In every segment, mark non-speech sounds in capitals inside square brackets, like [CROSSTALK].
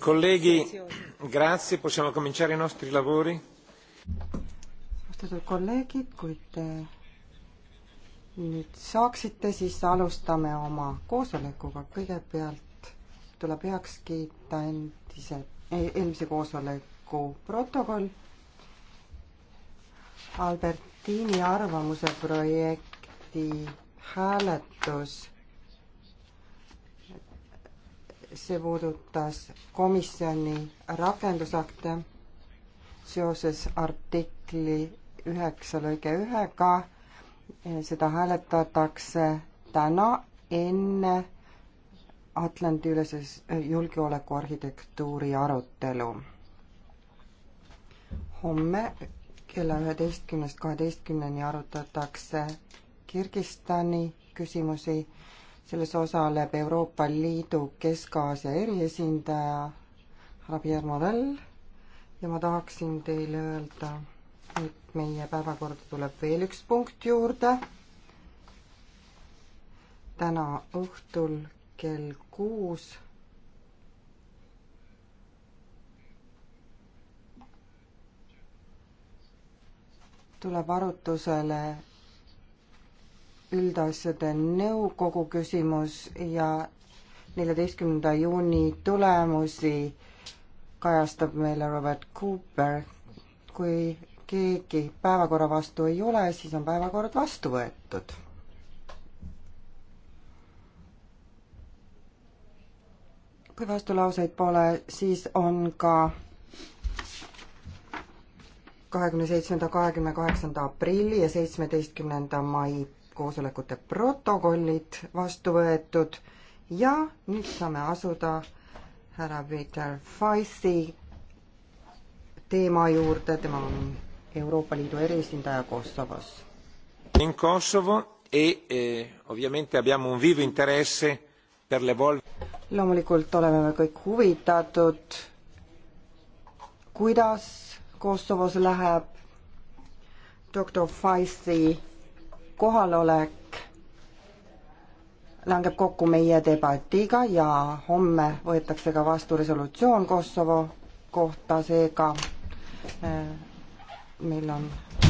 kolleegi, grazie, possiamo cominciare i nostri lavori. austatud kolleegid, kui te nüüd saaksite, siis alustame oma koosolekuga. kõigepealt tuleb heaks kiita endise, eelmise koosoleku protokoll. Albertini arvamuse projekti hääletus see puudutas komisjoni rakendusakte seoses artikli üheksa lõige ühega. seda hääletatakse täna enne Atlandi-ülese julgeolekuarhitektuuri arutelu. homme kella üheteistkümnest kaheteistkümneni arutatakse Kirgistani küsimusi selles osaleb Euroopa Liidu Kesk-Aasia eriesindaja härra Pierre Morel ja ma tahaksin teile öelda, et meie päevakorda tuleb veel üks punkt juurde. täna õhtul kell kuus tuleb arutusele üldasjade nõukogu küsimus ja neljateistkümnenda juuni tulemusi kajastab meile Robert Cooper. kui keegi päevakorra vastu ei ole, siis on päevakord vastu võetud. kui vastulauseid pole, siis on ka kahekümne seitsmenda, kahekümne kaheksanda aprilli ja seitsmeteistkümnenda mai koosolekute protokollid vastu võetud ja nüüd saame asuda härra Peter Faisi teema juurde, tema on Euroopa Liidu eriesindaja Kosovos. In Kosovo e eh, ovviamente abbiamo un vivo interesse per le vol-. loomulikult oleme me kõik huvitatud, kuidas Kosovos läheb doktor Faisi kohalolek langeb kokku meie debatiga ja homme võetakse ka vastu resolutsioon Kosovo kohta, seega äh, meil on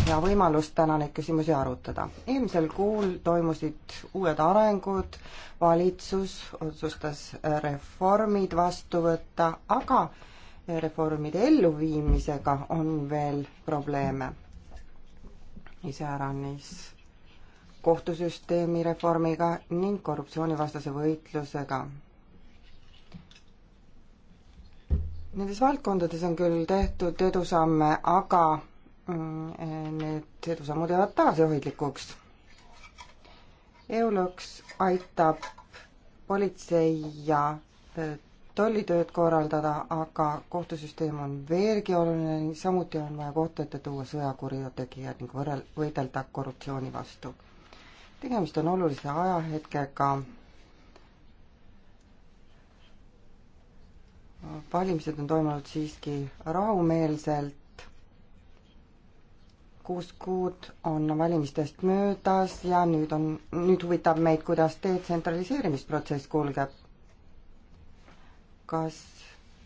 hea võimalus täna neid küsimusi arutada. eelmisel kuul toimusid uued arengud, valitsus otsustas äh, reformid vastu võtta, aga äh, reformide elluviimisega on veel probleeme. iseäranis kohtusüsteemi reformiga ning korruptsioonivastase võitlusega. Nendes valdkondades on küll tehtud edusamme, aga mm, need edusammud jäävad tagasihoidlikuks. EULUX aitab politsei ja äh, tollitööd korraldada, aga kohtusüsteem on veelgi oluline ning samuti on vaja kohtu ette tuua sõjakurjategijad ning võrrel-, võidelda korruptsiooni vastu tegemist on olulise ajahetkega. valimised on toimunud siiski rahumeelselt. kuus kuud on valimistest möödas ja nüüd on, nüüd huvitab meid, kuidas detsentraliseerimisprotsess kulgeb. kas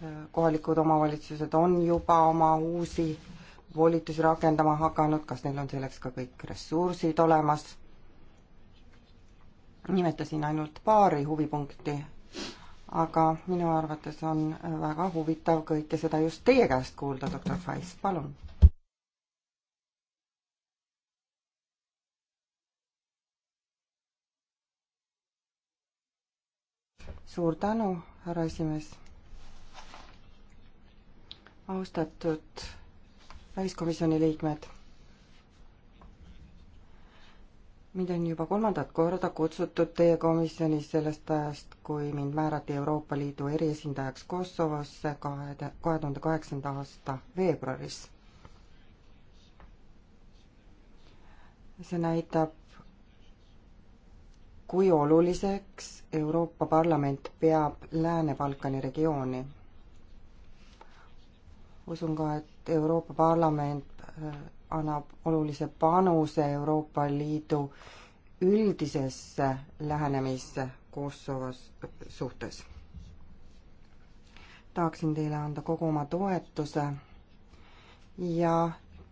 äh, kohalikud omavalitsused on juba oma uusi volitusi rakendama hakanud, kas neil on selleks ka kõik ressursid olemas nimetasin ainult paari huvipunkti, aga minu arvates on väga huvitav kõike seda just teie käest kuulda, doktor Fais, palun. suur tänu, härra esimees. austatud väliskomisjoni liikmed mind on juba kolmandat korda kutsutud teie komisjonis sellest ajast, kui mind määrati Euroopa Liidu eriesindajaks Kosovosse kahe, kahe tuhande kaheksanda aasta veebruaris. see näitab, kui oluliseks Euroopa Parlament peab Lääne-Balkani regiooni. usun ka, et Euroopa Parlament annab olulise panuse Euroopa Liidu üldisesse lähenemisse Kosovos äh, suhtes. tahaksin teile anda kogu oma toetuse ja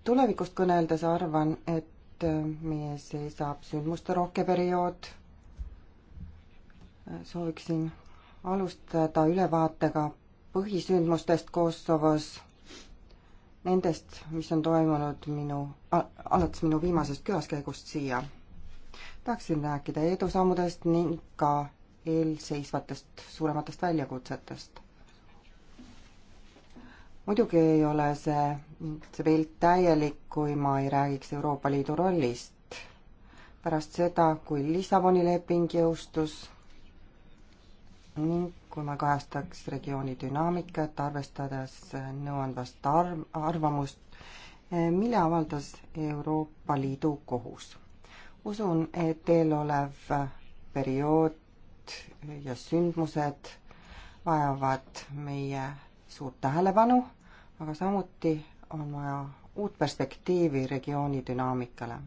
tulevikust kõneldes arvan, et äh, meie ees seisab sündmusterohke periood. Äh, sooviksin alustada ülevaatega põhisündmustest Kosovos nendest, mis on toimunud minu, alates minu viimasest külaskäigust siia. tahaksin rääkida edusammudest ning ka eelseisvatest suurematest väljakutsetest. muidugi ei ole see, see pilt täielik, kui ma ei räägiks Euroopa Liidu rollist. pärast seda, kui Lissaboni leping jõustus ning kui me kajastaks regiooni dünaamikat, arvestades nõuandvast arv, arvamust, eh, mille avaldas Euroopa Liidu kohus. usun, et eelolev periood ja sündmused vajavad meie suurt tähelepanu, aga samuti on vaja uut perspektiivi regiooni dünaamikale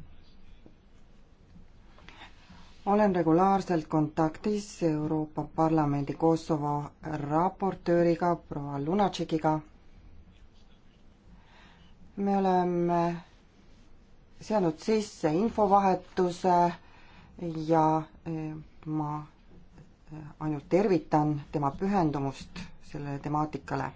olen regulaarselt kontaktis Euroopa Parlamendi Kosovo raportööriga proua Lunatšekiga. me oleme seadnud sisse infovahetuse ja eh, ma eh, ainult tervitan tema pühendumust sellele temaatikale.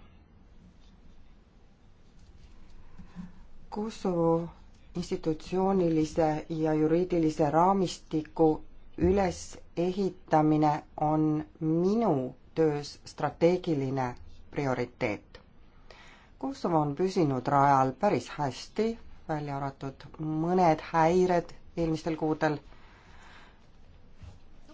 Kosovo institutsioonilise ja juriidilise raamistiku ülesehitamine on minu töös strateegiline prioriteet. Kosovo on püsinud rajal päris hästi, välja arvatud mõned häired eelmistel kuudel.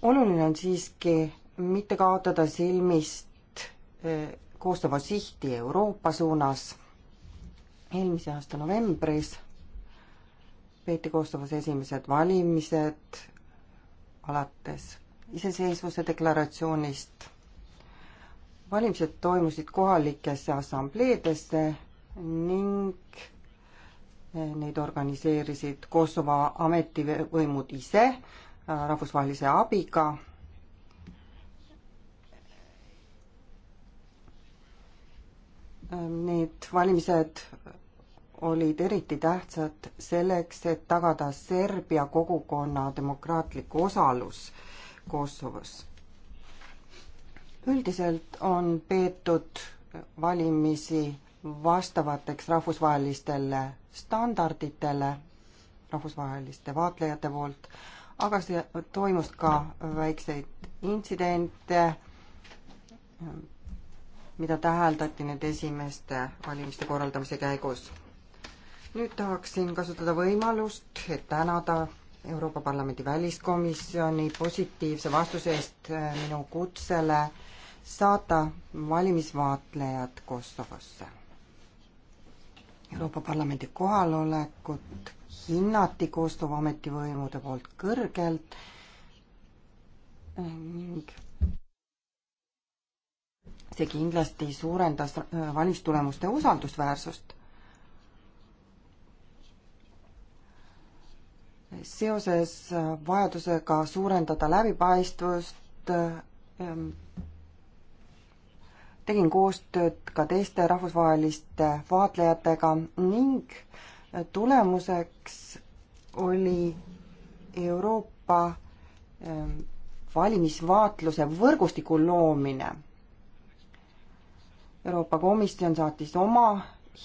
oluline on siiski mitte kaotada silmist eh, Kosovo sihti Euroopa suunas. eelmise aasta novembris peeti Kosovos esimesed valimised alates iseseisvuse deklaratsioonist. valimised toimusid kohalikesse assambleedesse ning eh, neid organiseerisid Kosovo ametivõimud ise eh, rahvusvahelise abiga. Eh, need valimised olid eriti tähtsad selleks, et tagada Serbia kogukonna demokraatlik osalus Kosovos. üldiselt on peetud valimisi vastavateks rahvusvahelistele standarditele rahvusvaheliste vaatlejate poolt, aga see toimus ka väikseid intsidente, mida täheldati nüüd esimeste valimiste korraldamise käigus nüüd tahaksin kasutada võimalust, et tänada Euroopa Parlamendi väliskomisjoni positiivse vastuse eest eh, minu kutsele saata valimisvaatlejad Kosovosse. Euroopa Parlamendi kohalolekut hinnati Kosovo ametivõimude poolt kõrgelt eh, ning see kindlasti suurendas eh, valimistulemuste usaldusväärsust seoses äh, vajadusega suurendada läbipaistvust äh, ähm, tegin koostööd ka teiste rahvusvaheliste vaatlejatega ning äh, tulemuseks oli Euroopa ähm, valimisvaatluse võrgustiku loomine. Euroopa Komisjon saatis oma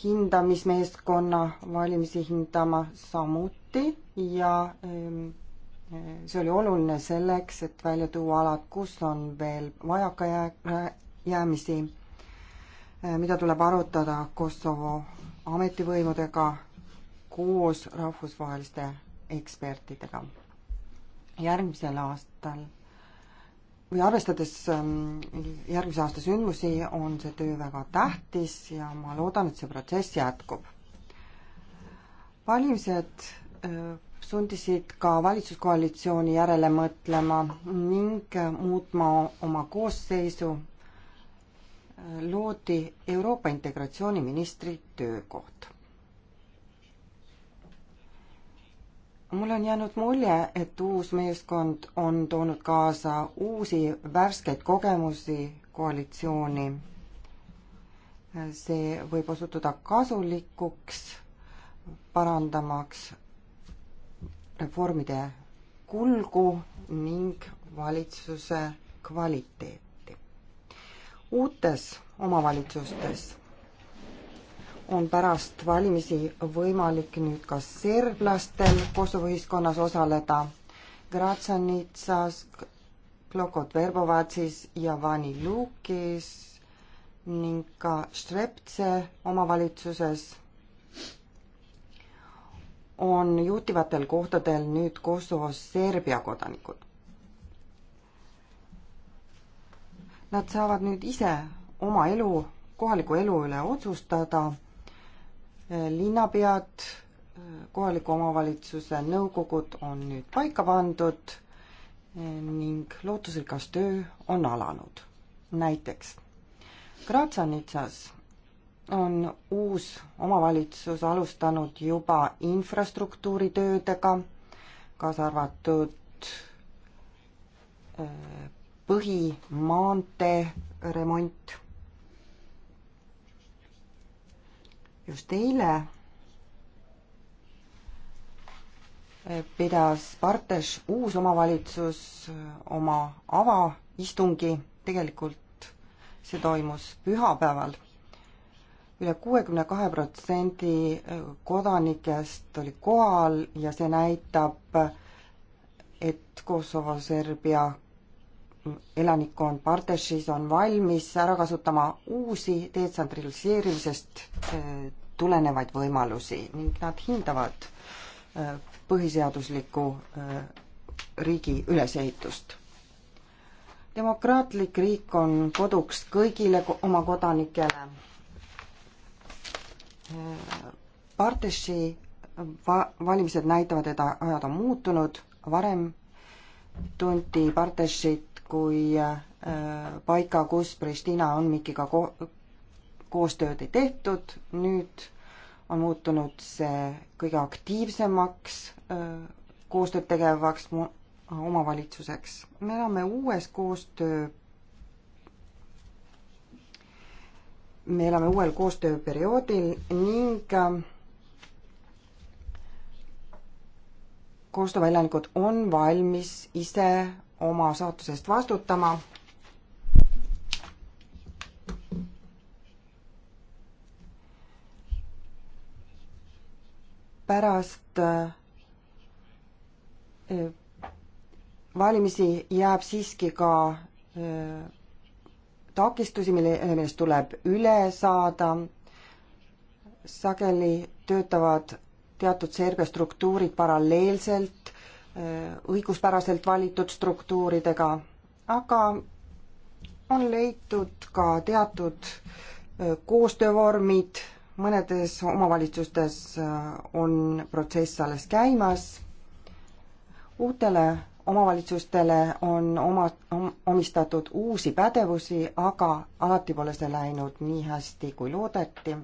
hindamismeeskonna valimisi hindama samuti ja ehm, eh, see oli oluline selleks, et välja tuua alad, kus on veel vajakajäämisi, eh, mida tuleb arutada Kosovo ametivõimudega koos rahvusvaheliste ekspertidega. järgmisel aastal või arvestades ähm, järgmise aasta sündmusi, on see töö väga tähtis ja ma loodan, et see protsess jätkub. valimised äh, sundisid ka valitsuskoalitsiooni järele mõtlema ning äh, muutma oma koosseisu. Äh, loodi Euroopa integratsiooniministri töökoht mul on jäänud mulje, et uus meeskond on toonud kaasa uusi värskeid kogemusi koalitsiooni. see võib osutuda kasulikuks, parandamaks reformide kulgu ning valitsuse kvaliteeti. uutes omavalitsustes on pärast valimisi võimalik nüüd ka serblastel Kosovo ühiskonnas osaleda. Gratsanitsas, Klokot-Verbovatsis ja Vani Lukis ning ka Štrebtse omavalitsuses on juhtivatel kohtadel nüüd Kosovos Serbia kodanikud. Nad saavad nüüd ise oma elu, kohaliku elu üle otsustada linnapead, kohaliku omavalitsuse nõukogud on nüüd paika pandud ning lootusrikas töö on alanud. näiteks Gratsanitsas on uus omavalitsus alustanud juba infrastruktuuritöödega, kaasa arvatud äh, põhimaantee remont just eile pidas Partes uus omavalitsus oma avaistungi, tegelikult see toimus pühapäeval üle kuuekümne kahe protsendi kodanikest oli kohal ja see näitab, et Kosovo-Serbia elanikkond Pardešis on valmis ära kasutama uusi detsentraliseerimisest äh, tulenevaid võimalusi ning nad hindavad äh, põhiseadusliku äh, riigi ülesehitust. demokraatlik riik on koduks kõigile oma kodanikele. Parteši va-, valimised näitavad, et ajad on muutunud, varem tunti Partešit kui äh, paika, kus Pristina UNMIK-iga ko-, koostööd ei tehtud, nüüd on muutunud see kõige aktiivsemaks äh, koostööd tegevaks omavalitsuseks. me elame uues koostöö, me elame uuel koostööperioodil ning äh, koostööväljanikud on valmis ise oma saatusest vastutama. pärast eh, valimisi jääb siiski ka eh, takistusi, mille, millest tuleb üle saada. sageli töötavad teatud Serbia struktuurid paralleelselt Äh, õiguspäraselt valitud struktuuridega, aga on leitud ka teatud äh, koostöövormid, mõnedes omavalitsustes äh, on protsess alles käimas, uutele omavalitsustele on oma om,, omistatud uusi pädevusi, aga alati pole see läinud nii hästi, kui loodeti.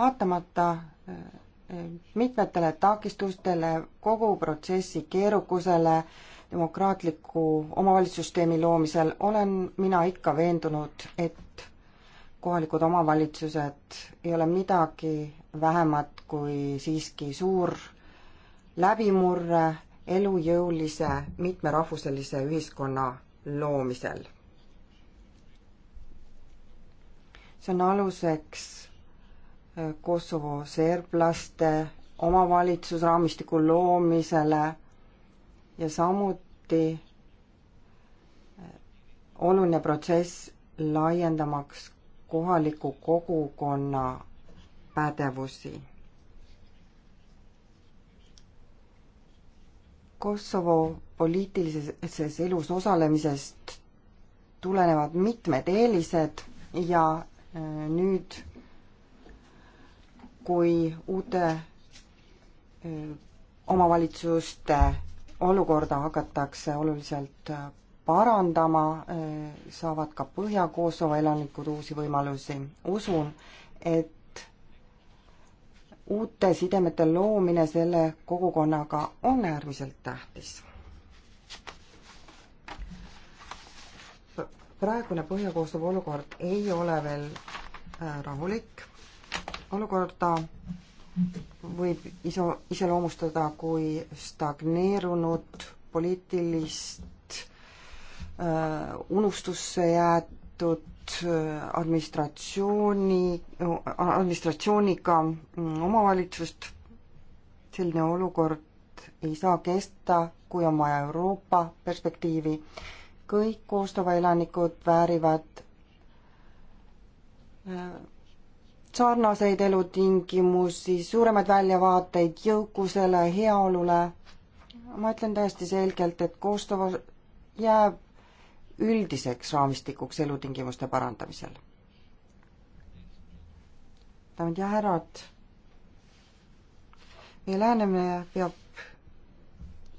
vaatamata mitmetele takistustele, kogu protsessi keerukusele, demokraatliku omavalitsussüsteemi loomisel olen mina ikka veendunud, et kohalikud omavalitsused ei ole midagi vähemat kui siiski suur läbimurre elujõulise mitmerahvuselise ühiskonna loomisel. see on aluseks Kosovo serblaste omavalitsusraamistiku loomisele ja samuti eh, oluline protsess laiendamaks kohaliku kogukonna pädevusi. Kosovo poliitilises elus osalemisest tulenevad mitmed eelised ja eh, nüüd kui uute omavalitsuste olukorda hakatakse oluliselt parandama, saavad ka Põhja-Kosovo elanikud uusi võimalusi. usun, et uute sidemete loomine selle kogukonnaga on äärmiselt tähtis. praegune Põhja-Kosovo olukord ei ole veel äh, rahulik olukorda võib iso-, iseloomustada kui stagneerunud poliitilist äh, unustusse jäetud äh, administratsiooni, administratsiooniga mm, omavalitsust. selline olukord ei saa kesta, kui on vaja Euroopa perspektiivi. kõik Kosovo elanikud väärivad äh, sarnaseid elutingimusi, suuremaid väljavaateid jõukusele, heaolule. ma ütlen täiesti selgelt, et Kosovo jääb üldiseks raamistikuks elutingimuste parandamisel. daamid ja härrad, meie lähenemine peab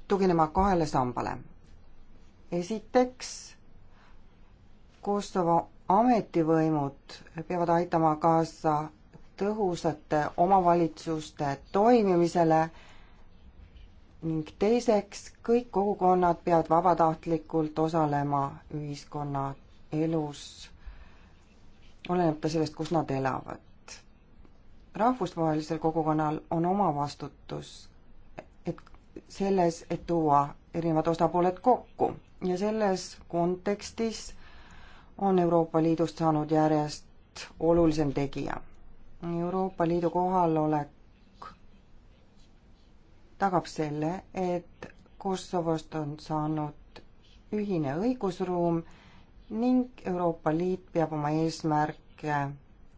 tuginema kahele sambale. esiteks, Kosovo ametivõimud peavad aitama kaasa tõhusate omavalitsuste toimimisele ning teiseks, kõik kogukonnad peavad vabatahtlikult osalema ühiskonna elus, oleneb ta sellest, kus nad elavad. rahvusvahelisel kogukonnal on oma vastutus, et selles, et tuua erinevad osapooled kokku ja selles kontekstis on Euroopa Liidust saanud järjest olulisem tegija. Euroopa Liidu kohalolek tagab selle, et Kosovost on saanud ühine õigusruum ning Euroopa Liit peab oma eesmärke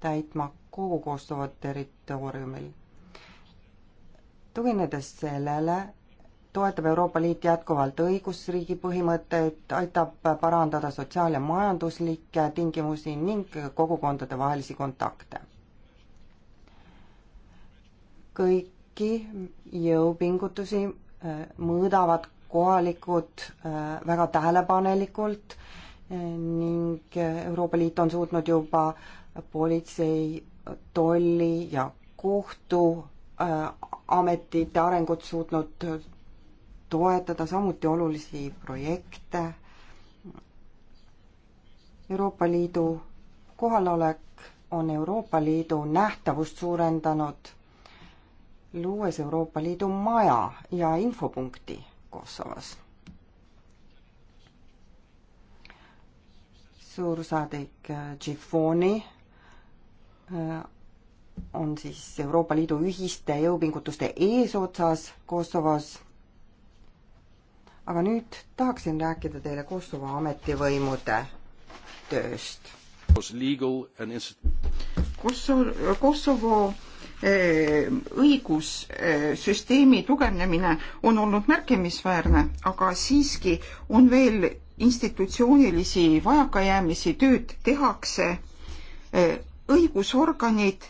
täitma kogu Kosovo territooriumil. tuginedes sellele, toetab Euroopa Liit jätkuvalt õigusriigi põhimõtteid, aitab parandada sotsiaal- ja majanduslikke tingimusi ning kogukondade vahelisi kontakte. kõiki jõupingutusi äh, mõõdavad kohalikud äh, väga tähelepanelikult äh, ning Euroopa Liit on suutnud juba politsei, tolli ja kohtu ametite arengut suutnud toetada samuti olulisi projekte. Euroopa Liidu kohalolek on Euroopa Liidu nähtavust suurendanud, luues Euroopa Liidu maja ja infopunkti Kosovos. suursaadik Gifoni äh, on siis Euroopa Liidu ühiste jõupingutuste eesotsas Kosovos aga nüüd tahaksin rääkida teile Kosovo ametivõimude tööst. Kosovo, Kosovo eh, õigussüsteemi eh, tugevnemine on olnud märkimisväärne, aga siiski on veel institutsioonilisi vajakajäämisi, tööd tehakse. Eh, õigusorganid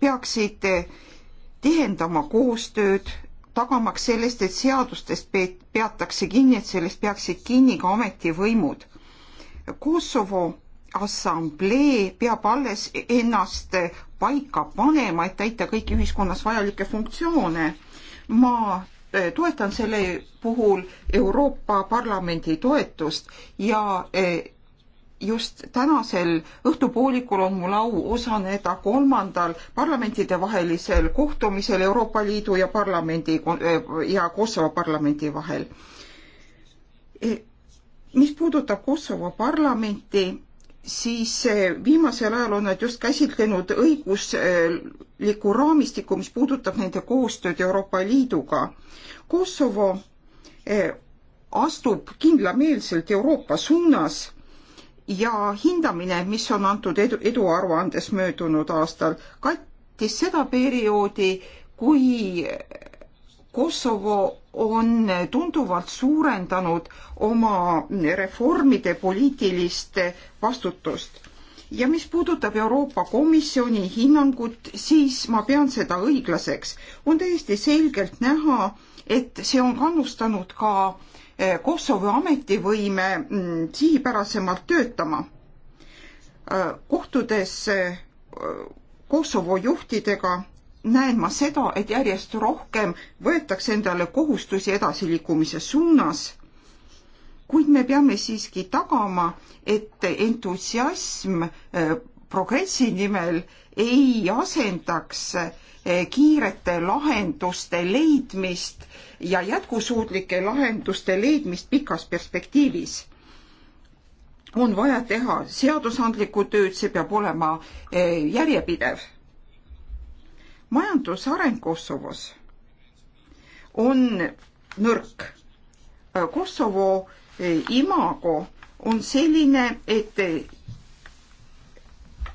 peaksid tihendama koostööd tagamaks sellest, et seadustest peatakse kinni, et sellest peaksid kinni ka ametivõimud. Kosovo assamblee peab alles ennast paika panema, et täita kõiki ühiskonnas vajalikke funktsioone. ma eh, toetan selle puhul Euroopa Parlamendi toetust ja eh, just tänasel õhtupoolikul on mul au osaneda kolmandal parlamentidevahelisel kohtumisel Euroopa Liidu ja parlamendi eh, ja Kosovo parlamendi vahel. E, mis puudutab Kosovo parlamenti, siis eh, viimasel ajal on nad just käsitlenud õiguslikku raamistikku, mis puudutab nende koostööd Euroopa Liiduga. Kosovo eh, astub kindlameelselt Euroopa suunas ja hindamine, mis on antud edu, eduaruandes möödunud aastal, kattis seda perioodi, kui Kosovo on tunduvalt suurendanud oma reformide poliitilist vastutust ja mis puudutab Euroopa Komisjoni hinnangut, siis ma pean seda õiglaseks. on täiesti selgelt näha, et see on kannustanud ka äh, Eh, Kosovo ametivõime mm, sihipärasemalt töötama. Eh, kohtudes eh, Kosovo juhtidega näen ma seda, et järjest rohkem võetakse endale kohustusi edasiliikumise suunas. kuid me peame siiski tagama, et entusiasm progressi nimel ei asendaks kiirete lahenduste leidmist ja jätkusuutlike lahenduste leidmist pikas perspektiivis on vaja teha seadusandlikku tööd, see peab olema eh, järjepidev. majandusareng Kosovos on nõrk. Kosovo eh, imago on selline, et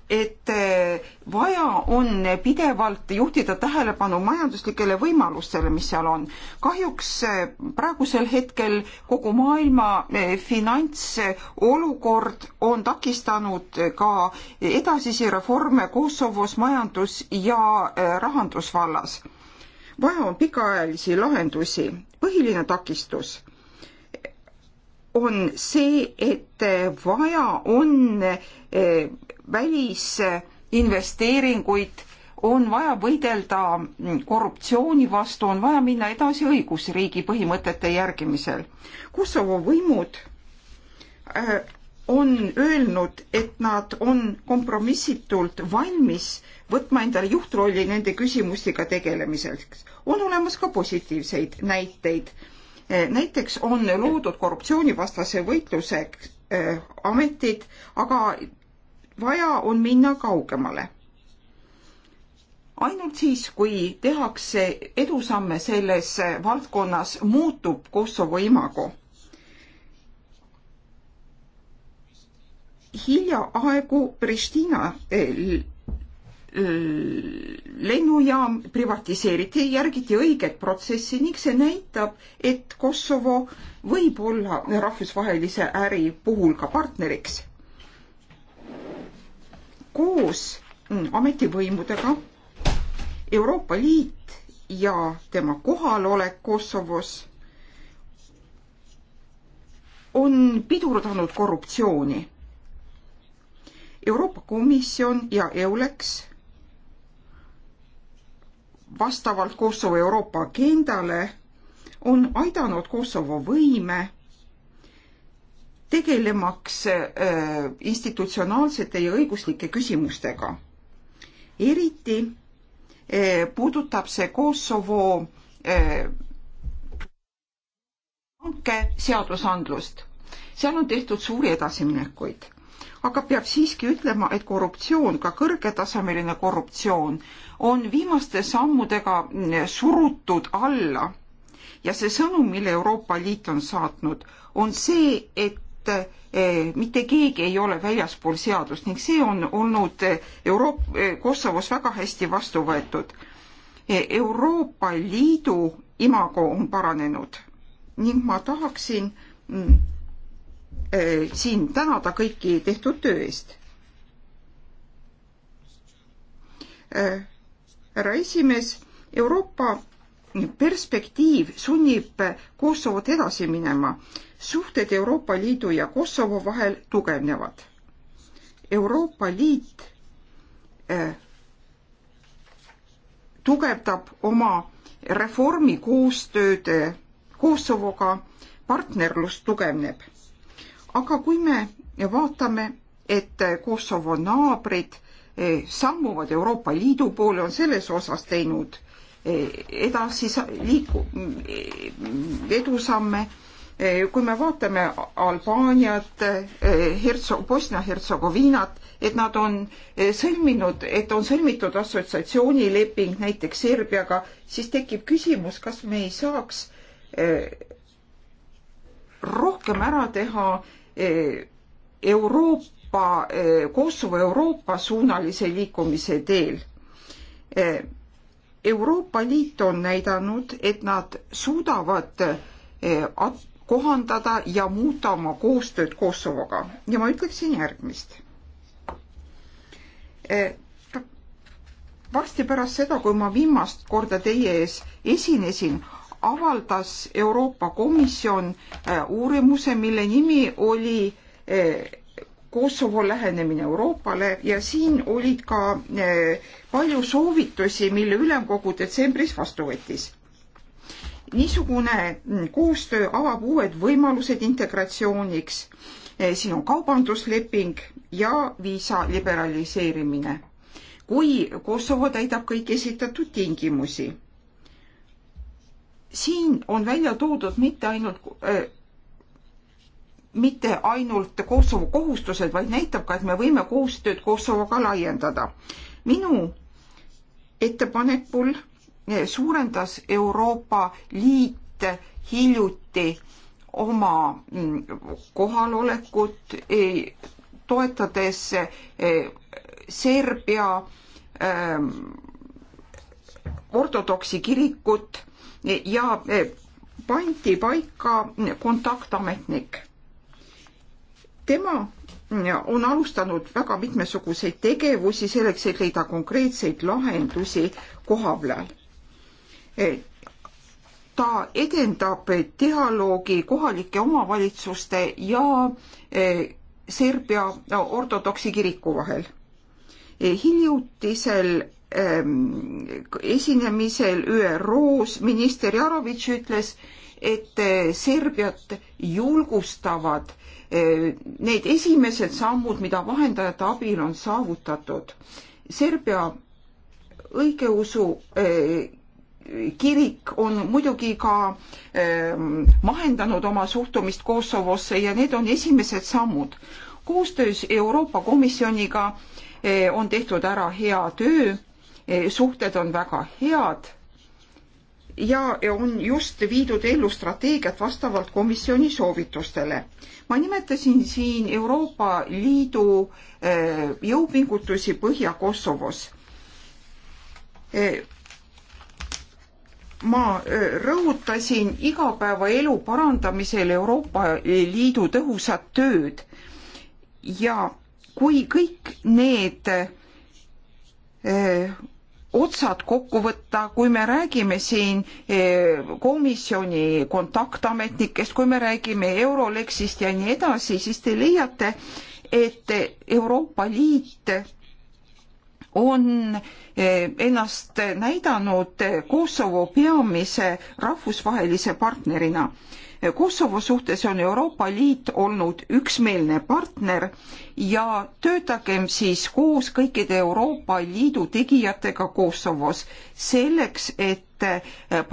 et eh, vaja on pidevalt juhtida tähelepanu majanduslikele võimalustele, mis seal on. kahjuks eh, praegusel hetkel kogu maailma eh, finantsolukord on takistanud ka edasisi reforme Kosovos majandus- ja rahandusvallas. vaja on pikaajalisi lahendusi. põhiline takistus on see, et vaja on välisinvesteeringuid, on vaja võidelda korruptsiooni vastu, on vaja minna edasi õigusriigi põhimõtete järgimisel. Kosovo võimud äh, on öelnud, et nad on kompromissitult valmis võtma endale juhtrolli nende küsimustega tegelemiseks. on olemas ka positiivseid näiteid. Äh, näiteks on loodud korruptsioonivastase võitluse äh, ametid, aga vaja on minna kaugemale. ainult siis, kui tehakse edusamme selles valdkonnas, muutub Kosovo imago. hiljaaegu Pristina eh, lennujaam privatiseeriti, järgiti õiget protsessi ning see näitab, et Kosovo võib olla rahvusvahelise äri puhul ka partneriks koos mm, ametivõimudega Euroopa Liit ja tema kohalolek Kosovos on pidurdanud korruptsiooni. Euroopa Komisjon ja EULEX vastavalt Kosovo Euroopa agendale on aidanud Kosovo võime tegelemaks äh, institutsionaalsete ja õiguslike küsimustega. eriti äh, puudutab see Kosovo äh, hanke seadusandlust. seal on tehtud suuri edasiminekuid, aga peab siiski ütlema, et korruptsioon, ka kõrgetasemeline korruptsioon, on viimaste sammudega surutud alla. ja see sõnum, mille Euroopa Liit on saatnud, on see, et Eh, mitte keegi ei ole väljaspool seadust ning see on olnud Euroop-, Kosovos väga hästi vastu võetud. Euroopa Liidu imago on paranenud ning ma tahaksin mm, eh, siin tänada kõiki tehtud töö eest. Eh, härra esimees, Euroopa perspektiiv sunnib Kosovot edasi minema. suhted Euroopa Liidu ja Kosovo vahel tugevnevad. Euroopa Liit äh, tugevdab oma reformikoostööd eh, Kosovoga, partnerlus tugevneb. aga kui me vaatame, et Kosovo naabrid eh, sammuvad Euroopa Liidu poole, on selles osas teinud edasi liiku-, edusamme. kui me vaatame Albaaniat, Hertso-, Bosnia-Hertsegoviinat, et nad on sõlminud, et on sõlmitud assotsiatsioonileping näiteks Serbiaga, siis tekib küsimus, kas me ei saaks eh, rohkem ära teha eh, Euroopa, eh, Kosovo Euroopa suunalise liikumise teel Euroopa Liit on näidanud, et nad suudavad eh, kohandada ja muuta oma koostööd Kosovoga ja ma ütleksin järgmist. Eh, varsti pärast seda, kui ma viimast korda teie ees esinesin, avaldas Euroopa Komisjon eh, uurimuse, mille nimi oli Kosovo lähenemine Euroopale ja siin olid ka eh, palju soovitusi, mille ülemkogu detsembris vastu võttis. niisugune mm, koostöö avab uued võimalused integratsiooniks. Eh, siin on kaubandusleping ja viisa liberaliseerimine, kui Kosovo täidab kõik esitatud tingimusi siin on välja toodud mitte ainult eh, mitte ainult Kosovo kohustused, vaid näitab ka, et me võime koostööd Kosovoga laiendada. minu ettepanekul eh, suurendas Euroopa Liit hiljuti oma mm, kohalolekut, eh, toetades eh, Serbia ehm, ortodoksi kirikut ja pandi paika kontaktametnik tema on alustanud väga mitmesuguseid tegevusi selleks, et leida konkreetseid lahendusi kohapeal. ta edendab dialoogi kohalike omavalitsuste ja e, Serbia ortodoksi kiriku vahel. E, hiljutisel e, esinemisel ÜRO-s minister Jarovitš ütles, et Serbiat julgustavad Eh, need esimesed sammud, mida vahendajate abil on saavutatud. Serbia õigeusu eh, kirik on muidugi ka vahendanud eh, oma suhtumist Kosovosse ja need on esimesed sammud. koostöös Euroopa Komisjoniga on tehtud ära hea töö, suhted on väga head ja on just viidud ellu strateegiat vastavalt komisjoni soovitustele. ma nimetasin siin Euroopa Liidu eh, jõupingutusi Põhja-Kosovos. Eh, ma eh, rõhutasin igapäevaelu parandamisel Euroopa Liidu tõhusat tööd ja kui kõik need otsad kokku võtta, kui me räägime siin eh, komisjoni kontaktametnikest, kui me räägime Eurolexist ja nii edasi, siis te leiate, et Euroopa Liit on eh, ennast näidanud Kosovo peamise rahvusvahelise partnerina Kosovo suhtes on Euroopa Liit olnud üksmeelne partner ja töötagem siis koos kõikide Euroopa Liidu tegijatega Kosovos selleks, et eh,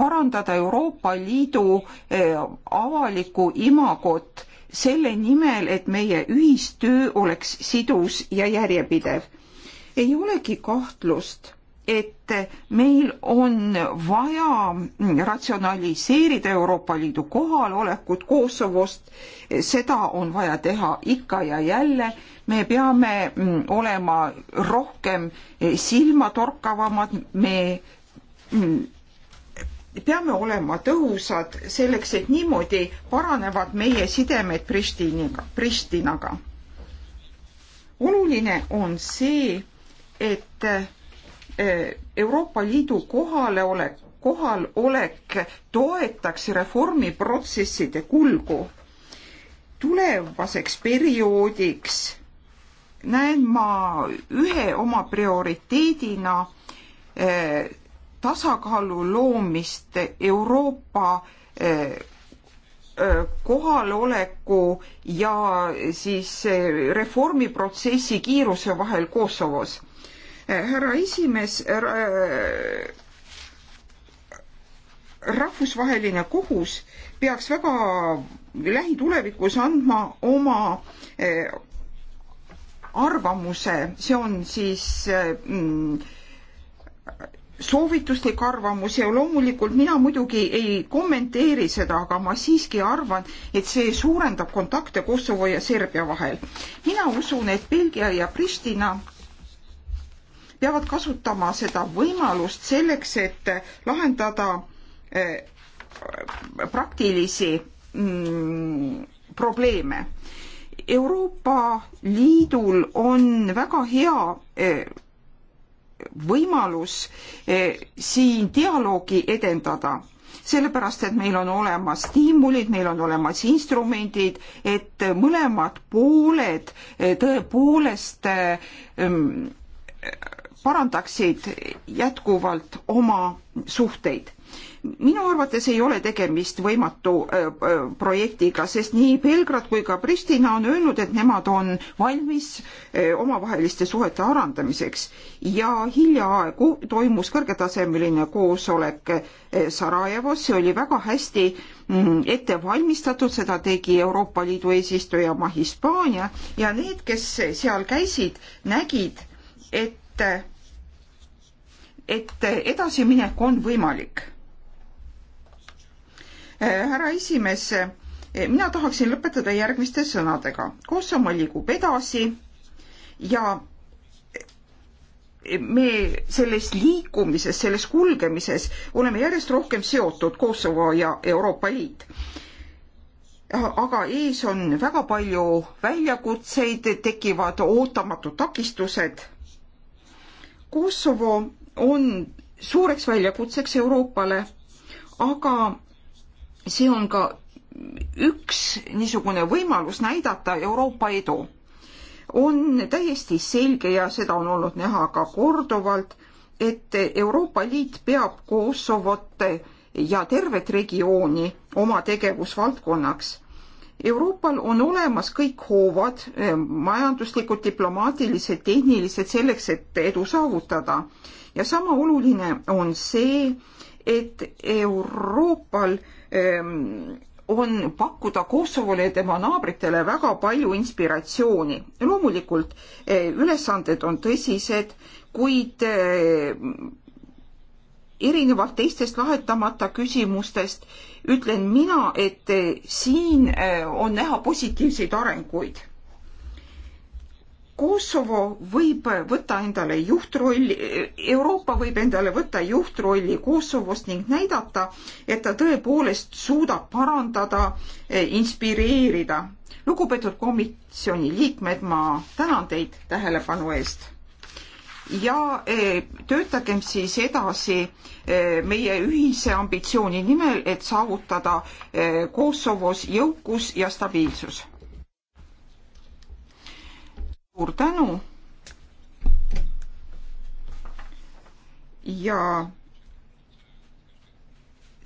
parandada Euroopa Liidu eh, avalikku imagot selle nimel, et meie ühistöö oleks sidus ja järjepidev. ei olegi kahtlust et meil on vaja ratsionaliseerida Euroopa Liidu kohalolekut Kosovost, seda on vaja teha ikka ja jälle, me peame mm, olema rohkem eh, silmatorkavamad, me mm, peame olema tõhusad selleks, et niimoodi paranevad meie sidemed Pristiniga, Pristinaga. oluline on see, et Eh, Euroopa Liidu kohalolek, kohalolek toetaks reformiprotsesside kulgu. tulevaseks perioodiks näen ma ühe oma prioriteedina eh, tasakaalu loomist Euroopa eh, kohaloleku ja siis reformiprotsessi kiiruse vahel Kosovos härra esimees, rahvusvaheline kohus peaks väga lähitulevikus andma oma eh, arvamuse, see on siis eh, mm, soovituslik arvamus ja loomulikult mina muidugi ei kommenteeri seda, aga ma siiski arvan, et see suurendab kontakte Kosovo ja Serbia vahel. mina usun, et Belgia ja Pristina peavad kasutama seda võimalust selleks, et lahendada eh, praktilisi mm, probleeme. Euroopa Liidul on väga hea eh, võimalus eh, siin dialoogi edendada, sellepärast et meil on olemas stiimulid, meil on olemas instrumendid, et mõlemad pooled tõepoolest mm, parandaksid jätkuvalt oma suhteid. minu arvates ei ole tegemist võimatu projektiga, sest nii Belgrad kui ka Pristina on öelnud, et nemad on valmis omavaheliste suhete arendamiseks ja hiljaaegu toimus kõrgetasemeline koosolek Sarajevos, see oli väga hästi mm, ette valmistatud, seda tegi Euroopa Liidu eesistujamaa Hispaania ja need, kes seal käisid, nägid, et et, et edasiminek on võimalik. Äh, härra esimees, äh, mina tahaksin lõpetada järgmiste sõnadega. Kosovo liigub edasi ja äh, me selles liikumises, selles kulgemises oleme järjest rohkem seotud Kosovo ja Euroopa Liit. aga ees on väga palju väljakutseid, tekivad ootamatud takistused. Kosovo on suureks väljakutseks Euroopale, aga see on ka üks niisugune võimalus näidata Euroopa edu. on täiesti selge ja seda on olnud näha ka korduvalt, et Euroopa Liit peab Kosovot ja tervet regiooni oma tegevusvaldkonnaks Euroopal on olemas kõik hoovad, eh, majanduslikud, diplomaatilised, tehnilised, selleks, et edu saavutada. ja sama oluline on see, et Euroopal ehm, on pakkuda Kosovole ja tema naabritele väga palju inspiratsiooni. loomulikult eh, ülesanded on tõsised, kuid eh, erinevalt teistest lahetamata küsimustest ütlen mina, et eh, siin eh, on näha positiivseid arenguid. Kosovo võib võtta endale juhtrolli, eh, Euroopa võib endale võtta juhtrolli Kosovost ning näidata, et ta tõepoolest suudab parandada, inspireerida. lugupeetud komisjoni liikmed, ma tänan teid tähelepanu eest ja eh, töötagem siis edasi eh, meie ühise ambitsiooni nimel, et saavutada eh, Kosovos jõukus ja stabiilsus. suur tänu. ja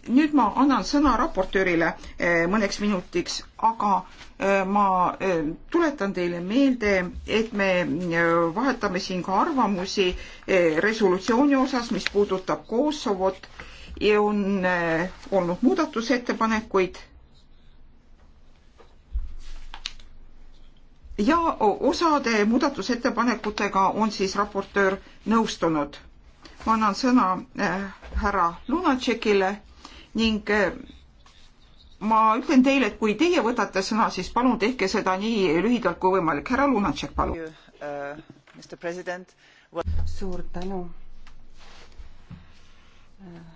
nüüd ma annan sõna raportöörile eh, mõneks minutiks, aga eh, ma eh, tuletan teile meelde, et me vahetame siin ka arvamusi resolutsiooni osas, mis puudutab Kosovot ja on olnud muudatusettepanekuid. ja osade muudatusettepanekutega on siis raportöör nõustunud. ma annan sõna härra Lunatšekile ning eh, ma ütlen teile, et kui teie võtate sõna, siis palun tehke seda nii lühidalt kui võimalik. härra Lunatšek, palun. Uh, suur tänu.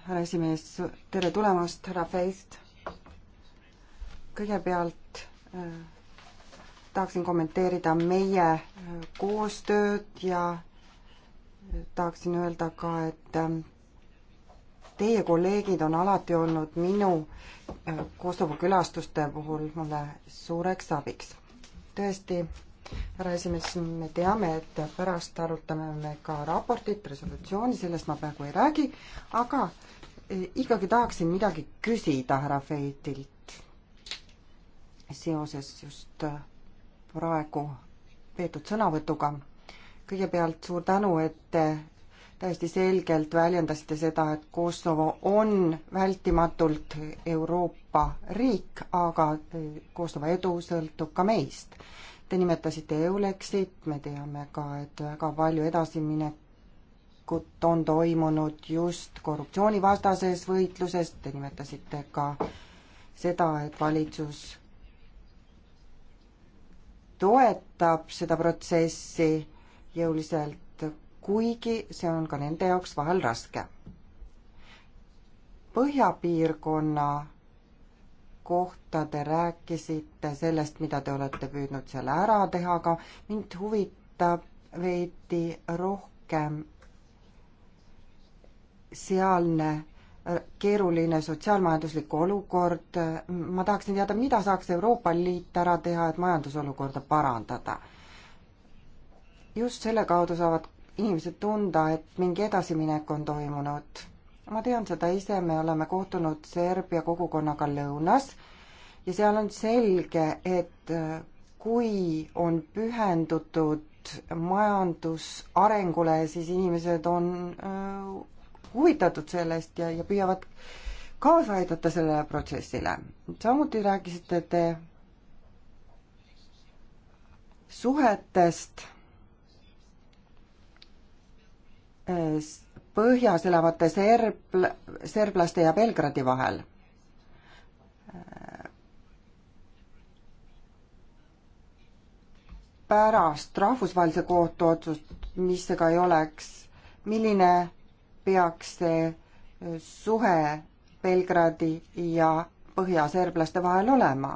härra esimees, tere tulemast, härra Feist. kõigepealt eh, tahaksin kommenteerida meie eh, koostööd ja tahaksin öelda ka, et teie kolleegid on alati olnud minu äh, Kosovo külastuste puhul mulle suureks abiks. tõesti, härra esimees, me teame, et pärast arutame me ka raportit, resolutsiooni, sellest ma praegu ei räägi, aga äh, ikkagi tahaksin midagi küsida härra Feitilt seoses just äh, praegu peetud sõnavõtuga. kõigepealt suur tänu, et te täiesti selgelt väljendasite seda, et Kosovo on vältimatult Euroopa riik, aga Kosovo edu sõltub ka meist. Te nimetasite EULEX-it, me teame ka, et väga palju edasiminekut on toimunud just korruptsioonivastases võitluses, te nimetasite ka seda, et valitsus toetab seda protsessi jõuliselt kuigi see on ka nende jaoks vahel raske. põhjapiirkonna kohta te rääkisite sellest, mida te olete püüdnud seal ära teha, aga mind huvitab veidi rohkem sealne äh, keeruline sotsiaalmajanduslik olukord, ma tahaksin teada, mida saaks Euroopa Liit ära teha, et majandusolukorda parandada. just selle kaudu saavad inimesed tunda, et mingi edasiminek on toimunud. ma tean seda ise, me oleme kohtunud Serbia kogukonnaga lõunas ja seal on selge, et äh, kui on pühendutud majandusarengule, siis inimesed on äh, huvitatud sellest ja, ja püüavad kaasa aidata sellele protsessile. samuti rääkisite te suhetest Äh, põhjas elavate serb-, serblaste ja Belgradi vahel. pärast rahvusvahelise kohtu otsust, mis see ka ei oleks, milline peaks see äh, suhe Belgradi ja põhjaserblaste vahel olema?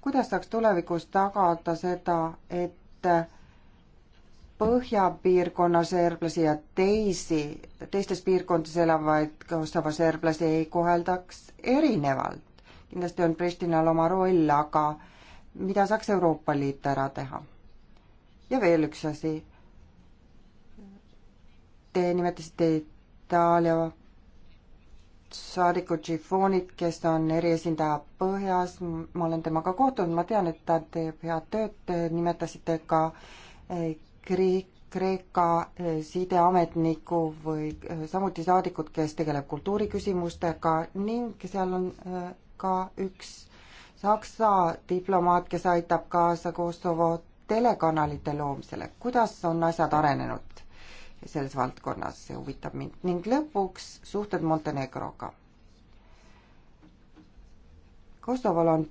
kuidas saaks tulevikus tagada seda, et äh, põhjapiirkonna serblasi ja teisi, teistes piirkondades elavaid Kosovo serblasi ei koheldaks erinevalt. kindlasti on Pristinal oma roll, aga mida saaks Euroopa Liit ära teha? ja veel üks asi. Te nimetasite Itaalia saadiku Tšifoonit, kes on eriesindaja Põhjas, ma olen temaga kohtunud, ma tean, et ta teeb head tööd, te nimetasite ka Kreek, Kreeka eh, sideametniku või eh, samuti saadikut, kes tegeleb kultuuriküsimustega ning seal on eh, ka üks Saksa diplomaat, kes aitab kaasa Kosovo telekanalite loomisele. kuidas on asjad arenenud selles valdkonnas, see huvitab mind. ning lõpuks suhted Montenegroga. Kosovol on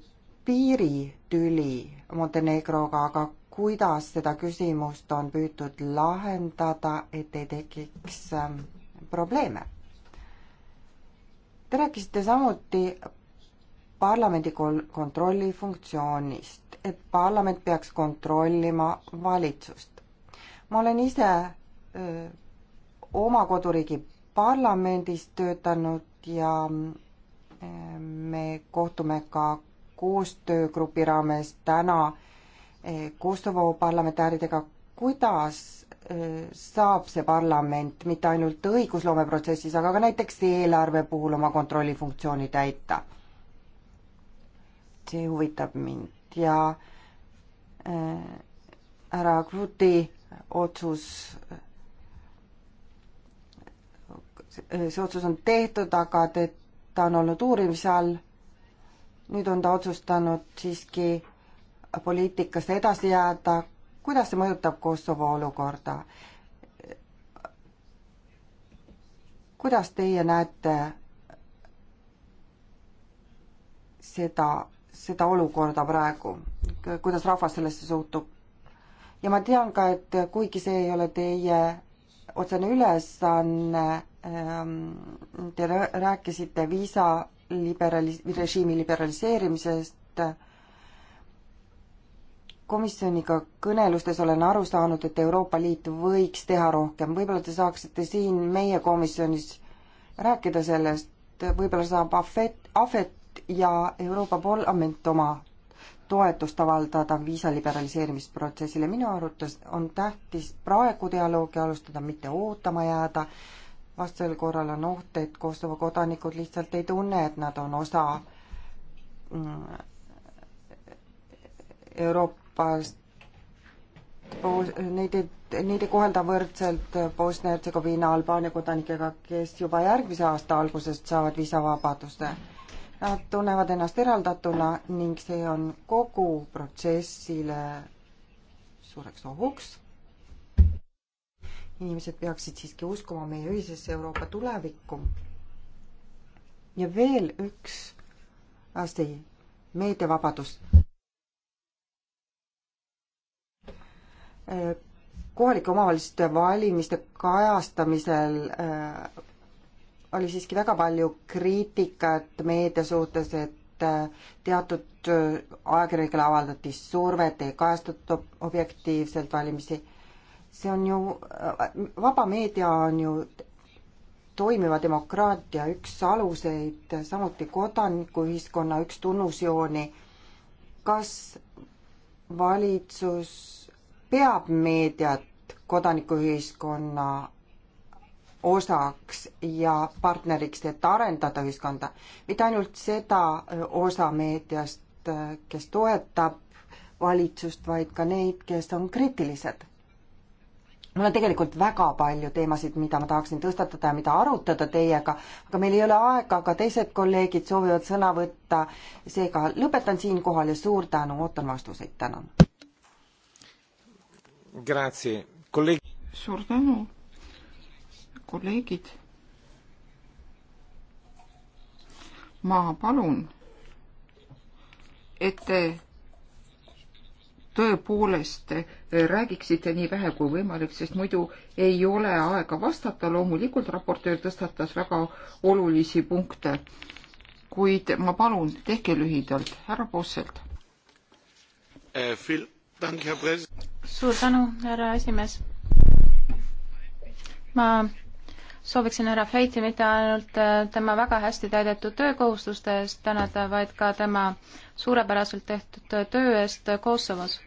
piiritüli Montenegroga, aga kuidas seda küsimust on püütud lahendada, et ei tekiks ähm, probleeme. Te rääkisite samuti parlamendi kontrolli funktsioonist, et parlament peaks kontrollima valitsust. ma olen ise öö, äh, oma koduriigi parlamendis töötanud ja öö, äh, me kohtume ka koostöögrupi raames täna öö, Kosovo parlamentääridega, kuidas äh, saab see parlament mitte ainult õigusloome protsessis, aga ka näiteks eelarve puhul oma kontrollifunktsiooni täita? see huvitab mind ja äh, härra Kruti otsus see otsus on tehtud, aga te, ta on olnud uurimise all. nüüd on ta otsustanud siiski poliitikast edasi jääda, kuidas see mõjutab Kosovo olukorda? kuidas teie näete seda, seda olukorda praegu, kuidas rahvas sellesse suhtub? ja ma tean ka, et kuigi see ei ole teie otsene ülesanne, ähm, te rääkisite viisa liberali-, režiimi liberaliseerimisest, komisjoniga kõnelustes olen aru saanud, et Euroopa Liit võiks teha rohkem, võib-olla te saaksite siin meie komisjonis rääkida sellest, võib-olla saab Afet, Afet ja Euroopa Parlament oma toetust avaldada viisa liberaliseerimisprotsessile, minu arvates on tähtis praegu dialoogi alustada, mitte ootama jääda, vastasel korral on oht, et Kosovo kodanikud lihtsalt ei tunne, et nad on osa mm, Euroopa Euroopast, neid ei, neid ei kohelda võrdselt Bosnia-Hertsegoviina Albaania kodanikega, kes juba järgmise aasta algusest saavad viisavabaduse. Nad tunnevad ennast eraldatuna ning see on kogu protsessile suureks ohuks. inimesed peaksid siiski uskuma meie ühisesse Euroopa tulevikku. ja veel üks asi, meediavabadus kohalike omavalitsuste valimiste kajastamisel äh, oli siiski väga palju kriitikat meedia suhtes, et äh, teatud äh, ajakirjanikele avaldati survet, ei kajastatud objektiivselt valimisi. see on ju, vaba meedia on ju toimiva demokraatia üks aluseid, samuti kodanikuühiskonna üks tunnusjooni. kas valitsus peab meediat kodanikuühiskonna osaks ja partneriks, et arendada ühiskonda. mitte ainult seda äh, osa meediast, äh, kes toetab valitsust, vaid ka neid, kes on kriitilised. mul on tegelikult väga palju teemasid, mida ma tahaksin tõstatada ja mida arutada teiega, aga meil ei ole aega, ka teised kolleegid soovivad sõna võtta, seega lõpetan siinkohal ja suur tänu, ootan vastuseid, tänan suur tänu, kolleegid. ma palun, et te tõepoolest räägiksite nii vähe kui võimalik, sest muidu ei ole aega vastata. loomulikult raportöör tõstatas väga olulisi punkte, kuid ma palun, tehke lühidalt, härra Posselt eh, suur tänu, härra esimees. ma sooviksin härra Feiti mitte ainult äh, tema väga hästi täidetud töökohustuste eest tänada, vaid ka tema suurepäraselt tehtud töö eest Kosovos.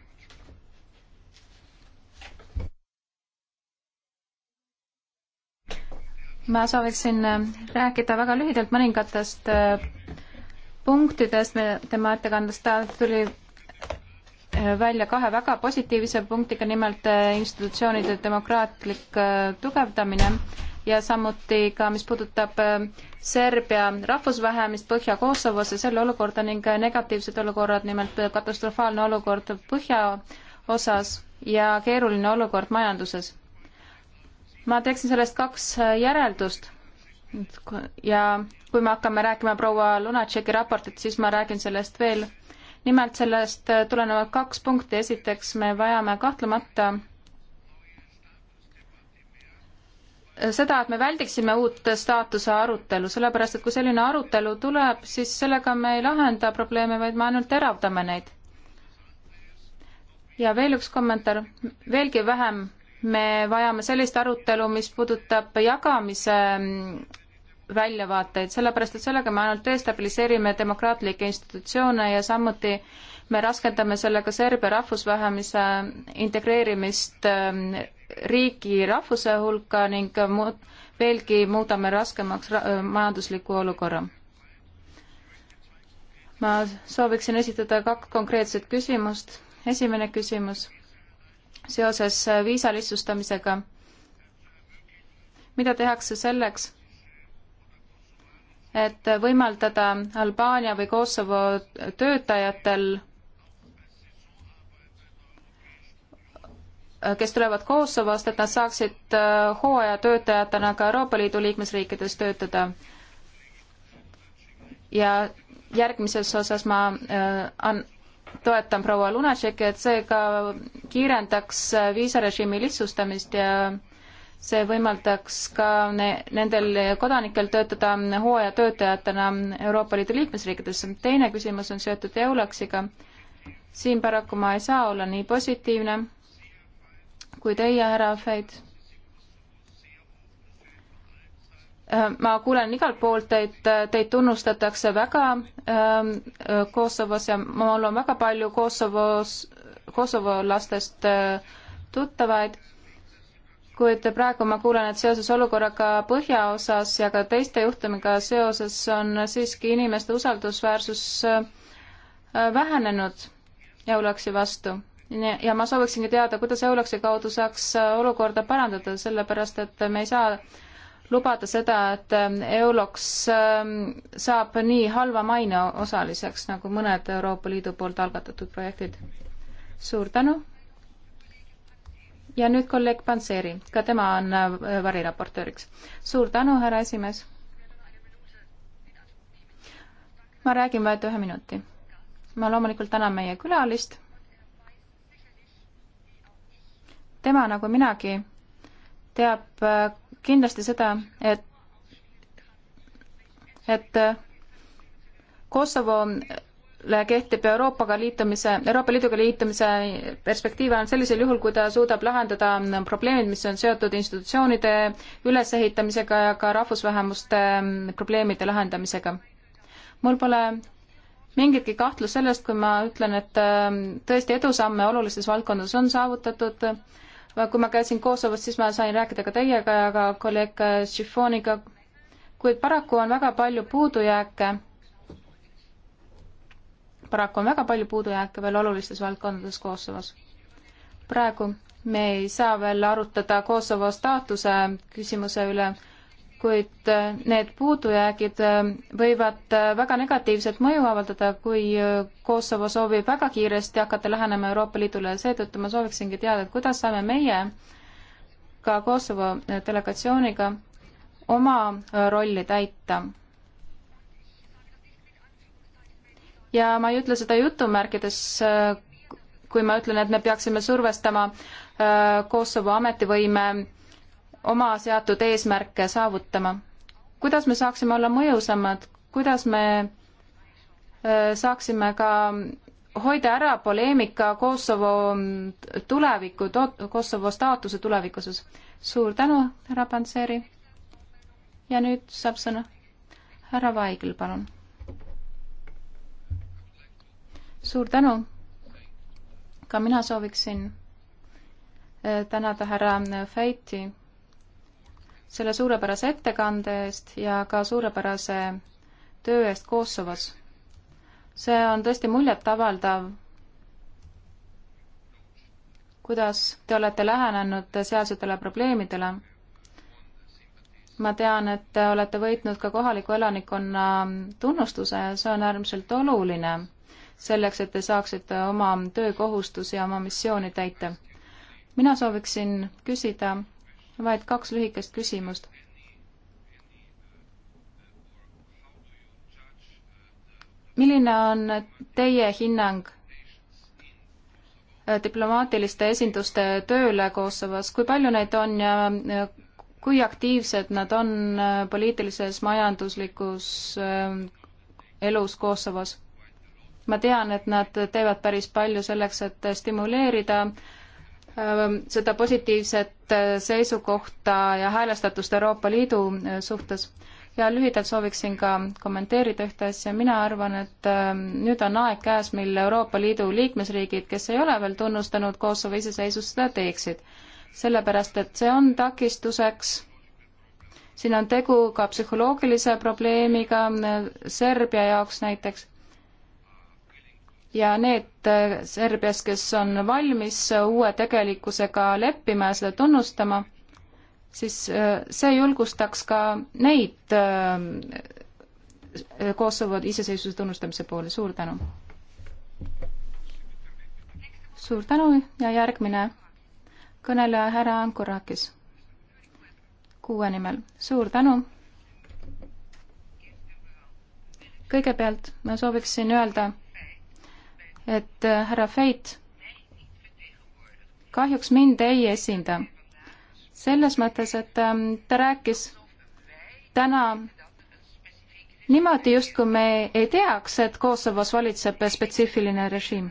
ma sooviksin äh, rääkida väga lühidalt mõningatest äh, punktidest tema ettekandest, ta tuli Eh, välja kahe väga positiivse punktiga, nimelt eh, institutsioonide demokraatlik eh, tugevdamine ja samuti ka, mis puudutab Serbia rahvusvähemist Põhja-Kosovos ja selle olukorda ning negatiivsed olukorrad, nimelt katastrofaalne olukord põhja osas ja keeruline olukord majanduses. ma teeksin sellest kaks järeldust ja kui me hakkame rääkima proua Lunatšeki raportit, siis ma räägin sellest veel nimelt sellest äh, tulenevad kaks punkti, esiteks me vajame kahtlemata äh, seda, et me väldiksime uut staatuse arutelu, sellepärast et kui selline arutelu tuleb, siis sellega me ei lahenda probleeme, vaid me ainult teravdame neid. ja veel üks kommentaar, veelgi vähem me vajame sellist arutelu, mis puudutab jagamise mm, väljavaateid, sellepärast et sellega me ainult destabiliseerime demokraatlikke institutsioone ja samuti me raskendame sellega Serbia rahvusvähemuse integreerimist ähm, riigi rahvuse hulka ning muud, veelgi muudame raskemaks ra äh, majandusliku olukorra. ma sooviksin esitada kaks konkreetset küsimust. esimene küsimus seoses viisa lihtsustamisega. mida tehakse selleks, et võimaldada Albaania või Kosovo töötajatel, kes tulevad Kosovost, et nad saaksid äh, hooajatöötajatena ka Euroopa Liidu liikmesriikides töötada. ja järgmises osas ma äh, an-, toetan proua Lunatšeki, et see ka kiirendaks äh, viisarežiimi lihtsustamist ja see võimaldaks ka ne, nendel kodanikel töötada hooajatöötajatena Euroopa Liidu liikmesriikides. teine küsimus on seotud EULAX-iga. siin paraku ma ei saa olla nii positiivne kui teie, härra Feit. Äh, ma kuulen igalt poolt, et teid tunnustatakse väga ähm, äh, Kosovos ja mul on väga palju Kosovos, Kosovo lastest äh, tuttavaid kuid praegu ma kuulen, et seoses olukorraga põhjaosas ja ka teiste juhtumiga seoses on siiski inimeste usaldusväärsus äh, vähenenud EULAX-i vastu. ja ma sooviksingi teada, kuidas EULAX-i kaudu saaks äh, olukorda parandada, sellepärast et me ei saa lubada seda, et äh, EULAX ähm, saab nii halva maine osaliseks, nagu mõned Euroopa Liidu poolt algatatud projektid. suur tänu! ja nüüd kolleeg Panseri, ka tema on äh, variraportööriks. suur tänu, härra esimees. ma räägin vaid ühe minuti. ma loomulikult tänan meie külalist. tema nagu minagi teab äh, kindlasti seda, et, et äh, Kosovo kehtib Euroopaga liitumise, Euroopa Liiduga liitumise perspektiiv ainult sellisel juhul, kui ta suudab lahendada probleemid, mis on seotud institutsioonide ülesehitamisega ja ka rahvusvähemuste probleemide lahendamisega. mul pole mingitki kahtlust sellest, kui ma ütlen, et ähm, tõesti edusamme olulistes valdkondades on saavutatud, kui ma käisin Kosovos, siis ma sain rääkida ka teiega ja ka kolleeg Šifoniga, kuid paraku on väga palju puudujääke paraku on väga palju puudujääke veel olulistes valdkondades Kosovos. praegu me ei saa veel arutada Kosovo staatuse küsimuse üle, kuid äh, need puudujäägid äh, võivad äh, väga negatiivset mõju avaldada, kui Kosovo soovib väga kiiresti hakata lähenema Euroopa Liidule ja seetõttu ma sooviksingi teada, et kuidas saame meie ka Kosovo delegatsiooniga oma rolli täita ja ma ei ütle seda jutumärkides, äh, kui ma ütlen, et me peaksime survestama äh, Kosovo ametivõime oma seatud eesmärke saavutama. kuidas me saaksime olla mõjusamad, kuidas me äh, saaksime ka hoida ära poleemika Kosovo tuleviku, Kosovo staatuse tuleviku osas. suur tänu, härra Panseri. ja nüüd saab sõna härra Vaigel, palun suur tänu. ka mina sooviksin äh, tänada härra Feiti selle suurepärase ettekande eest ja ka suurepärase töö eest Kosovos. see on tõesti muljetavaldav, kuidas te olete lähenenud sealsetele probleemidele. ma tean, et te olete võitnud ka kohaliku elanikkonna tunnustuse ja see on äärmiselt oluline selleks, et te saaksite oma töökohustusi ja oma missiooni täita. mina sooviksin küsida vaid kaks lühikest küsimust. milline on teie hinnang diplomaatiliste esinduste tööle Kosovos, kui palju neid on ja kui aktiivsed nad on poliitilises, majanduslikus äh, elus Kosovos? ma tean, et nad teevad päris palju selleks, et stimuleerida ähm, seda positiivset äh, seisukohta ja häälestatust Euroopa Liidu äh, suhtes. ja lühidalt sooviksin ka kommenteerida ühte asja, mina arvan, et ähm, nüüd on aeg käes, mil Euroopa Liidu liikmesriigid, kes ei ole veel tunnustanud Kosovo iseseisvust, seda teeksid. sellepärast, et see on takistuseks siin on tegu ka psühholoogilise probleemiga äh, Serbia jaoks näiteks ja need äh, Serbias, kes on valmis äh, uue tegelikkusega leppima ja seda tunnustama, siis äh, see julgustaks ka neid Kosovo iseseisvuse tunnustamise poole, suur tänu! suur tänu ja järgmine kõneleja härra Ankurakis kuue nimel. suur tänu! kõigepealt ma sooviksin öelda, et äh, härra Feit kahjuks mind ei esinda. selles mõttes, et ähm, ta rääkis täna niimoodi, justkui me ei teaks, et Kosovos valitseb spetsiifiline režiim.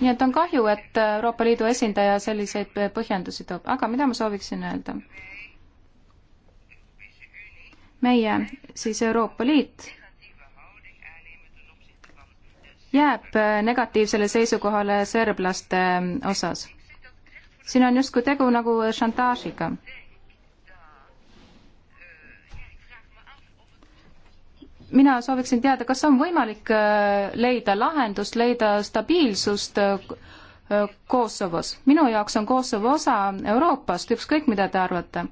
nii et on kahju, et Euroopa Liidu esindaja selliseid põhjendusi toob, aga mida ma sooviksin öelda? meie, siis Euroopa Liit, jääb negatiivsele seisukohale serblaste osas. siin on justkui tegu nagu šantaažiga. mina sooviksin teada, kas on võimalik äh, leida lahendust, leida stabiilsust äh, Kosovos. minu jaoks on Kosovo osa Euroopast, ükskõik mida te arvate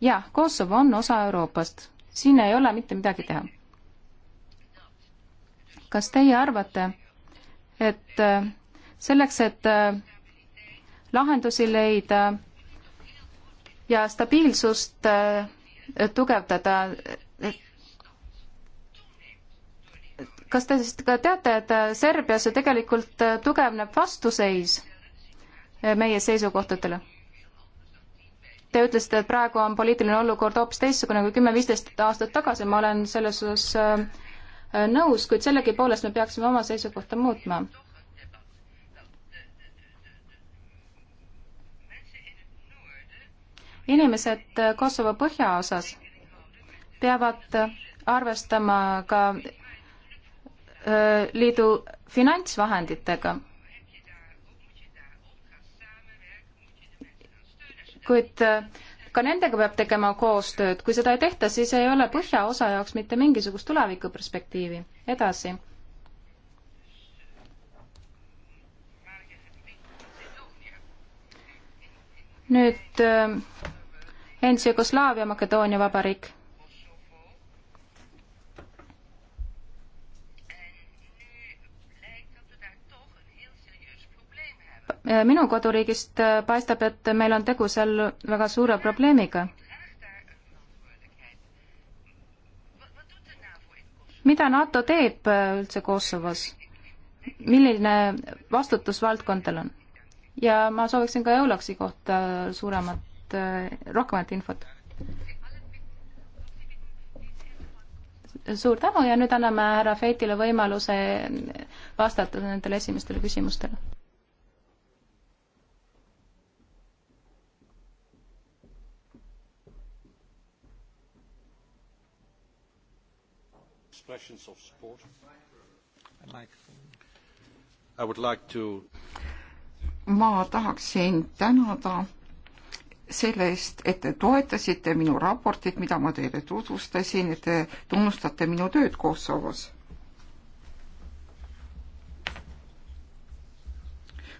jah, Kosovo on osa Euroopast, siin ei ole mitte midagi teha. kas teie arvate, et äh, selleks, et äh, lahendusi leida ja stabiilsust äh, tugevdada, kas te siis ka teate, et Serbias ju tegelikult tugevneb vastuseis meie seisukohtadele? Te ütlesite, et praegu on poliitiline olukord hoopis teistsugune kui kümme-viisteist aastat tagasi, ma olen selles osas äh, nõus, kuid sellegipoolest me peaksime oma seisukohta muutma. inimesed äh, Kosovo põhjaosas peavad äh, arvestama ka liidu finantsvahenditega kuid äh, ka nendega peab tegema koostööd, kui seda ei tehta, siis ei ole põhjaosa jaoks mitte mingisugust tulevikuperspektiivi. edasi. nüüd äh, endise Jugoslaavia Makedoonia Vabariik minu koduriigist äh, paistab, et meil on tegu seal väga suure probleemiga. mida NATO teeb äh, üldse Kosovos? milline vastutusvaldkond tal on? ja ma sooviksin ka EULAX-i kohta suuremat, äh, rohkemat infot. suur tänu ja nüüd anname härra Feitile võimaluse vastata nendele esimestele küsimustele expressions of support. I'd like, I would like to ma tahaksin tänada selle eest, et te toetasite minu raportit, mida ma teile tutvustasin, et te tunnustate minu tööd Kosovos.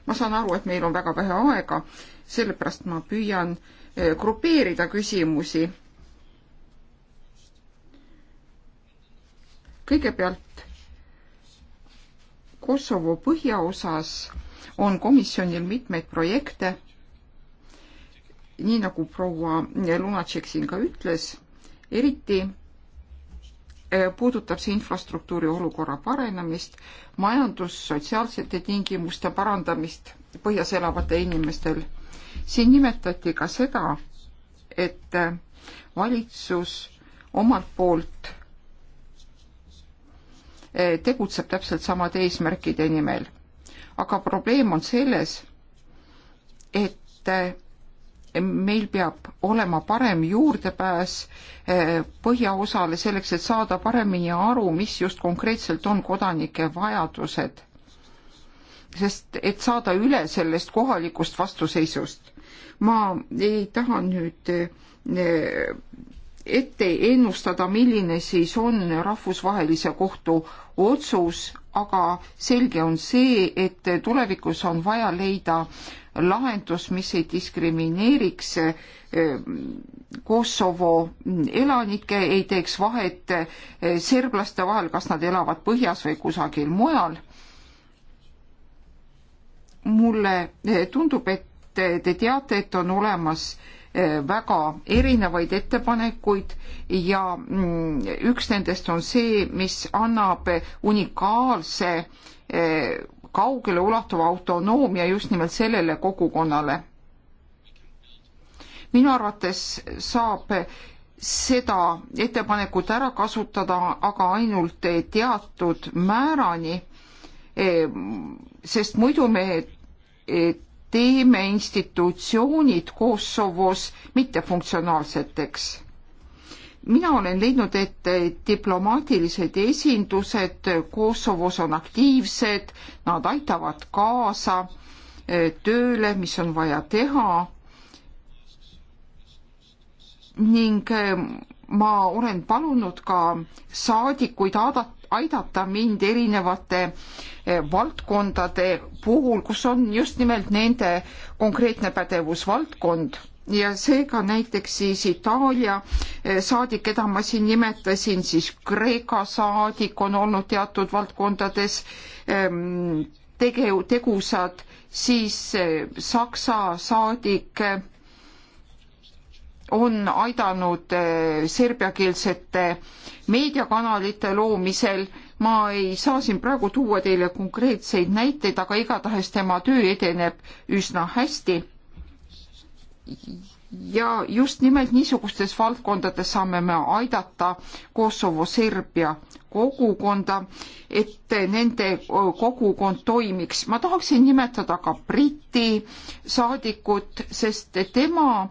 ma saan aru, et meil on väga vähe aega, sellepärast ma püüan eh, grupeerida küsimusi kõigepealt Kosovo põhjaosas on komisjonil mitmeid projekte, nii nagu proua Lunatšek siin ka ütles, eriti eh, puudutab see infrastruktuuri olukorra parenemist, majandus, sotsiaalsete tingimuste parandamist põhjas elavatel inimestel. siin nimetati ka seda, et eh, valitsus omalt poolt Eh, tegutseb täpselt samade eesmärkide nimel. aga probleem on selles, et eh, meil peab olema parem juurdepääs eh, põhjaosale selleks, et saada paremini aru, mis just konkreetselt on kodanike vajadused. sest et saada üle sellest kohalikust vastuseisust. ma ei taha nüüd ette ennustada, milline siis on rahvusvahelise kohtu otsus, aga selge on see, et tulevikus on vaja leida lahendus, mis ei diskrimineeriks eh, Kosovo elanikke, ei teeks vahet eh, serblaste vahel, kas nad elavad põhjas või kusagil mujal. mulle eh, tundub, et te teate, et on olemas äh, Äh, väga erinevaid ettepanekuid ja mm, üks nendest on see, mis annab unikaalse äh, kaugele ulatuva autonoomia just nimelt sellele kogukonnale. minu arvates saab seda ettepanekut ära kasutada, aga ainult teatud määrani, eh, sest muidu me eh, teeme institutsioonid Kosovos mittefunktsionaalseteks. mina olen leidnud, et diplomaatilised esindused Kosovos on aktiivsed, nad aitavad kaasa e, tööle, mis on vaja teha ning e, ma olen palunud ka saadikuid aadata aidata mind erinevate eh, valdkondade puhul, kus on just nimelt nende konkreetne pädevusvaldkond ja seega näiteks siis Itaalia eh, saadik, keda ma siin nimetasin, siis Kreeka saadik on olnud teatud valdkondades ehm, tege-, tegusad, siis eh, Saksa saadik on aidanud eh, serbiakeelsete meediakanalite loomisel. ma ei saa siin praegu tuua teile konkreetseid näiteid, aga igatahes tema töö edeneb üsna hästi. ja just nimelt niisugustes valdkondades saame me aidata Kosovo-Serbia kogukonda, et nende eh, kogukond toimiks. ma tahaksin nimetada ka Briti saadikut, sest tema äh,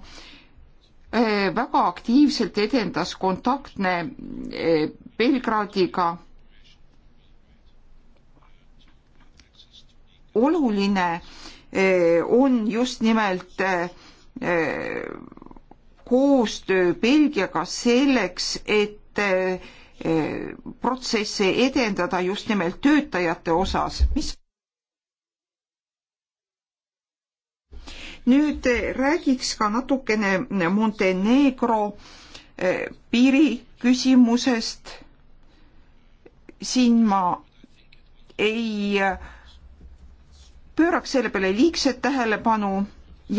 Äh, väga aktiivselt edendas kontaktne äh, Belgradiga. oluline äh, on just nimelt koostöö Belgiaga selleks, et protsesse edendada just nimelt töötajate osas, mis nüüd eh, räägiks ka natukene Montenegro eh, piiri küsimusest. siin ma ei eh, pööraks selle peale liigset tähelepanu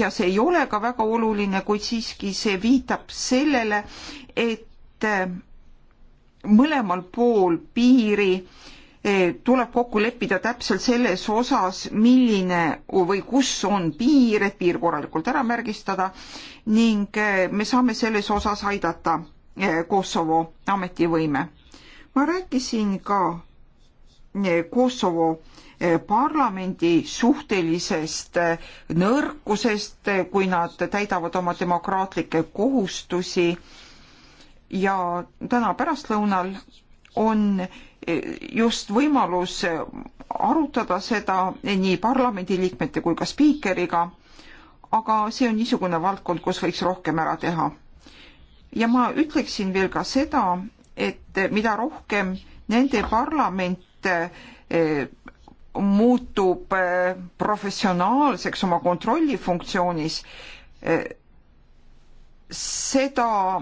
ja see ei ole ka väga oluline, kuid siiski see viitab sellele, et mõlemal pool piiri äh, Eh, tuleb kokku leppida täpselt selles osas, milline või kus on piir, et piir korralikult ära märgistada ning eh, me saame selles osas aidata eh, Kosovo ametivõime. ma rääkisin ka Kosovo parlamendi suhtelisest nõrkusest, kui nad täidavad oma demokraatlikke kohustusi ja täna pärastlõunal on just võimalus arutada seda nii parlamendiliikmete kui ka spiikeriga, aga see on niisugune valdkond, kus võiks rohkem ära teha. ja ma ütleksin veel ka seda, et mida rohkem nende parlament eh, muutub eh, professionaalseks oma kontrollifunktsioonis, eh, seda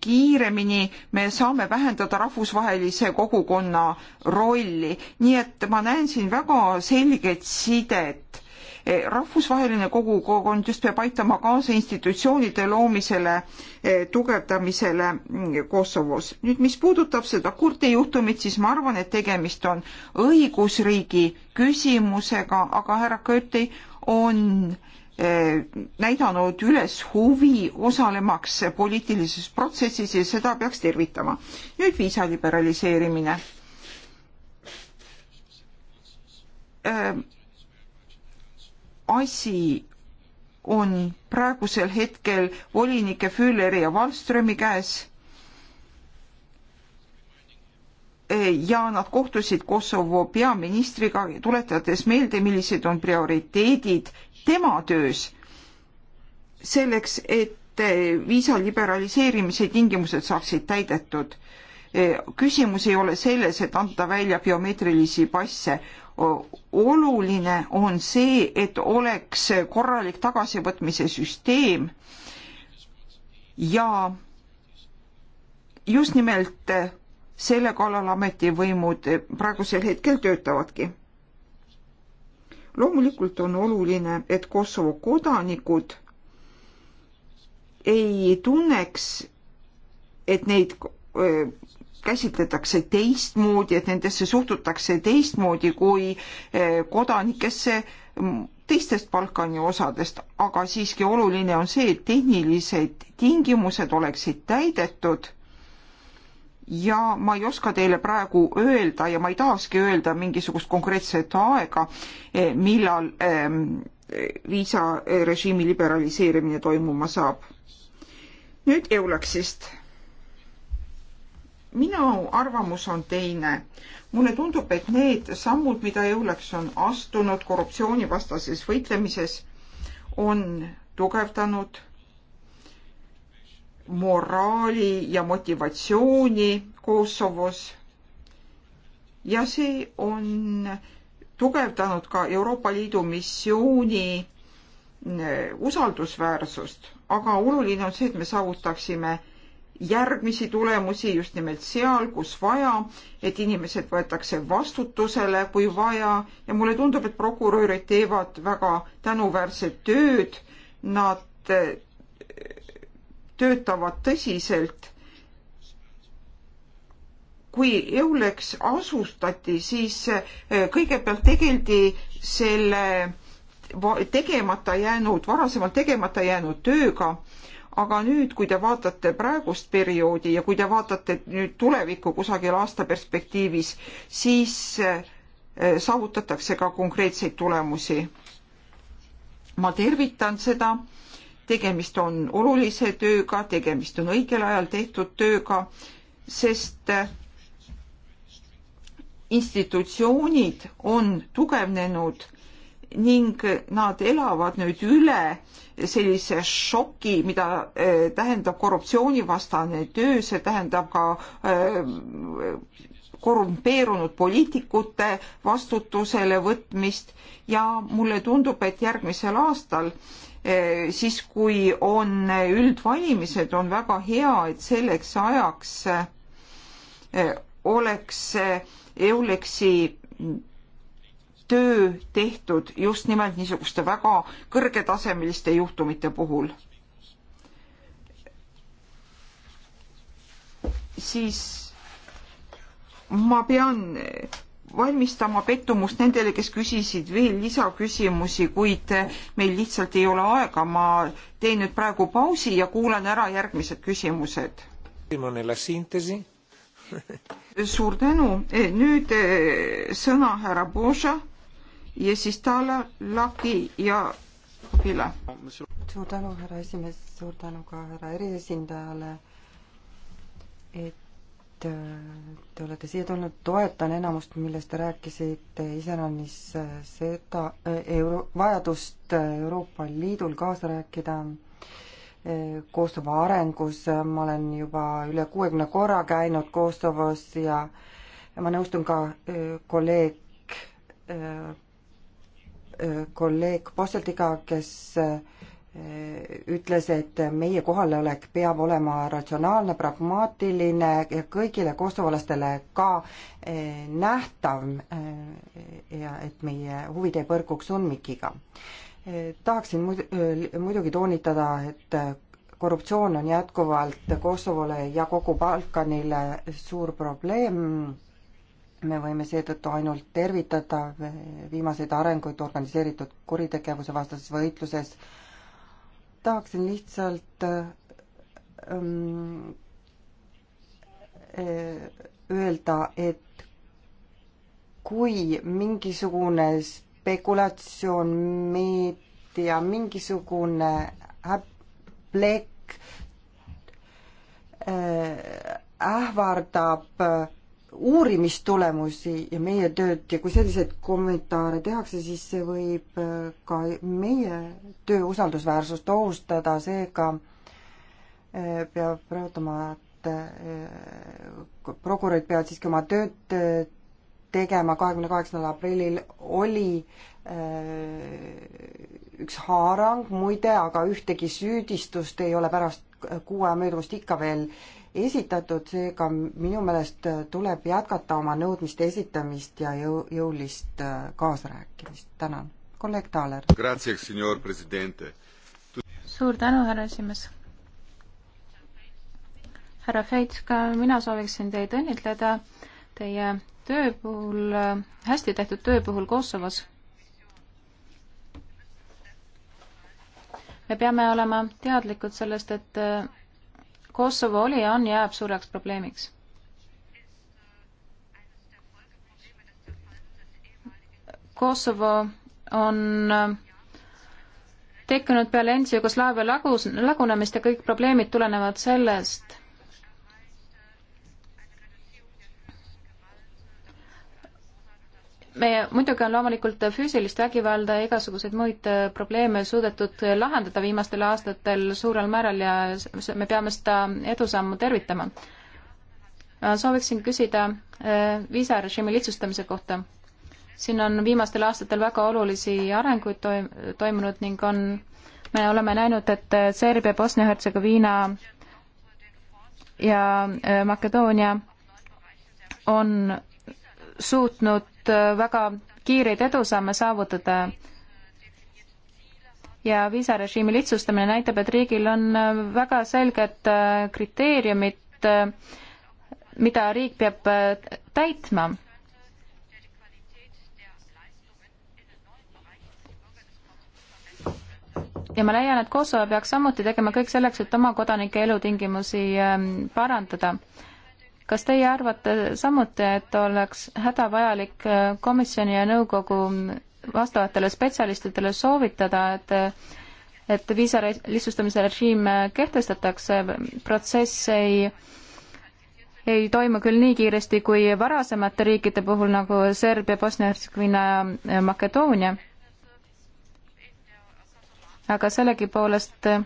kiiremini me saame vähendada rahvusvahelise kogukonna rolli. nii et ma näen siin väga selget sidet. E, rahvusvaheline kogukond just peab aitama kaasa institutsioonide loomisele, e, tugevdamisele mm, Kosovos. nüüd, mis puudutab seda kurdi juhtumit, siis ma arvan, et tegemist on õigusriigi küsimusega, aga härra Köti on äh, Eh, näidanud üles huvi osalemaks poliitilises protsessis ja seda peaks tervitama. nüüd viisa liberaliseerimine. Eh, asi on praegusel hetkel volinike Fülleri ja Wallströmi käes eh, ja nad kohtusid Kosovo peaministriga, tuletades meelde, millised on prioriteedid tema töös selleks, et eh, viisa liberaliseerimise tingimused saaksid täidetud. Eh, küsimus ei ole selles, et anda välja biomeetrilisi passe. oluline on see, et oleks korralik tagasivõtmise süsteem ja just nimelt eh, selle kallal ametivõimud praegusel hetkel töötavadki loomulikult on oluline, et Kosovo kodanikud ei tunneks, et neid käsitletakse teistmoodi, et nendesse suhtutakse teistmoodi kui kodanikesse teistest Balkani osadest, aga siiski oluline on see, et tehnilised tingimused oleksid täidetud ja ma ei oska teile praegu öelda ja ma ei tahakski öelda mingisugust konkreetset aega, eh, millal ehm, viisarežiimi liberaliseerimine toimuma saab. nüüd EULAX-ist. minu arvamus on teine. mulle tundub, et need sammud, mida EULAX on astunud korruptsioonivastases võitlemises, on tugevdanud moraali ja motivatsiooni Kosovos. ja see on tugevdanud ka Euroopa Liidu missiooni eh, usaldusväärsust, aga oluline on see, et me saavutaksime järgmisi tulemusi just nimelt seal, kus vaja, et inimesed võetakse vastutusele, kui vaja ja mulle tundub, et prokurörid teevad väga tänuväärset tööd. Nad eh, töötavad tõsiselt. kui Euleks asustati, siis eh, kõigepealt tegeldi selle tegemata jäänud, varasemalt tegemata jäänud tööga aga nüüd, kui te vaatate praegust perioodi ja kui te vaatate nüüd tulevikku kusagil aasta perspektiivis, siis eh, saavutatakse ka konkreetseid tulemusi. ma tervitan seda tegemist on olulise tööga, tegemist on õigel ajal tehtud tööga, sest institutsioonid on tugevnenud ning nad elavad nüüd üle sellise šoki, mida eh, tähendab korruptsioonivastane töö, see tähendab ka eh, korrumpeerunud poliitikute vastutusele võtmist ja mulle tundub, et järgmisel aastal äh, Eh, siis, kui on üldvalimised, on väga hea, et selleks ajaks eh, oleks eh, Euleksi töö tehtud just nimelt niisuguste väga kõrgetasemeliste juhtumite puhul. siis ma pean valmistama pettumust nendele, kes küsisid veel lisaküsimusi, kuid eh, meil lihtsalt ei ole aega, ma teen nüüd praegu pausi ja kuulan ära järgmised küsimused. [LAUGHS] suur tänu, eh, nüüd eh, sõna härra Boža ja siis Tala, Laki ja Pila. suur tänu, härra esimees, suur tänu ka härra eriesindajale, et Äh, te olete siia tulnud, toetan enamust, millest te rääkisite, iseäranis äh, seda äh, euro, vajadust Euroopa Liidul kaasa rääkida Kosovo arengus, ma olen juba üle kuuekümne korra käinud Kosovos ja ma nõustun ka kolleeg, kolleeg Posseltiga, kes ütles, et meie kohalolek peab olema ratsionaalne, pragmaatiline ja kõigile kosovlastele ka eh, nähtav eh, ja et meie huvid ei põrkuks sunmikiga. Eh, tahaksin muidugi toonitada, et korruptsioon on jätkuvalt Kosovole ja kogu Balkanile suur probleem me võime seetõttu ainult tervitada viimaseid arenguid organiseeritud kuritegevuse vastases võitluses äh, tahaksin lihtsalt ähm, äh, öelda, et kui mingisugune spekulatsioon, meedia, mingisugune plekk äh, ähvardab äh, uurimistulemusi ja meie tööd ja kui selliseid kommentaare tehakse, siis see võib äh, ka meie töö usaldusväärsust ohustada, seega äh, peab rõhutama, et äh, prokurörid peavad siiski oma tööd tegema, kahekümne kaheksandal aprillil oli üks haarang muide, aga ühtegi süüdistust ei ole pärast kuu aja möödumist ikka veel äh, esitatud, seega minu meelest tuleb jätkata oma nõudmiste esitamist ja jõu, jõulist äh, kaasarääkimist. tänan. kolleeg Taaler. suur tänu, härra esimees. härra Feits, ka mina sooviksin teid õnnitleda teie töö puhul, hästi tehtud töö puhul Kosovos. me peame olema teadlikud sellest, et Kosovo oli ja on, jääb suureks probleemiks. Kosovo on tekkinud peale endise Jugoslaavia lagus, lagunemist ja kõik probleemid tulenevad sellest me, muidugi on loomulikult füüsilist vägivalda ja igasuguseid muid äh, probleeme suudetud lahendada viimastel aastatel suurel määral ja me peame seda edusammu tervitama. sooviksin küsida äh, viisarežiimi lihtsustamise kohta. siin on viimastel aastatel väga olulisi arenguid toim-, toimunud ning on, me oleme näinud, et äh, Serbia, Bosnia-Hertsegoviina ja Makedoonia on suutnud suutnud äh, väga kiireid edusamme saavutada ja viisarežiimi lihtsustamine näitab, et riigil on äh, väga selged äh, kriteeriumid, mida riik peab täitma. ja ma leian, et Kosovo peaks samuti tegema kõik selleks, et oma kodanike elutingimusi parandada kas teie arvate samuti, et oleks hädavajalik äh, komisjoni ja nõukogu vastavatele spetsialistidele soovitada, et et viisa lihtsustamise režiim äh, kehtestatakse, protsess ei ei toimu küll nii kiiresti kui varasemate riikide puhul nagu Serbia, Bosnia-Hertsegoviina ja Makedoonia. aga sellegipoolest äh,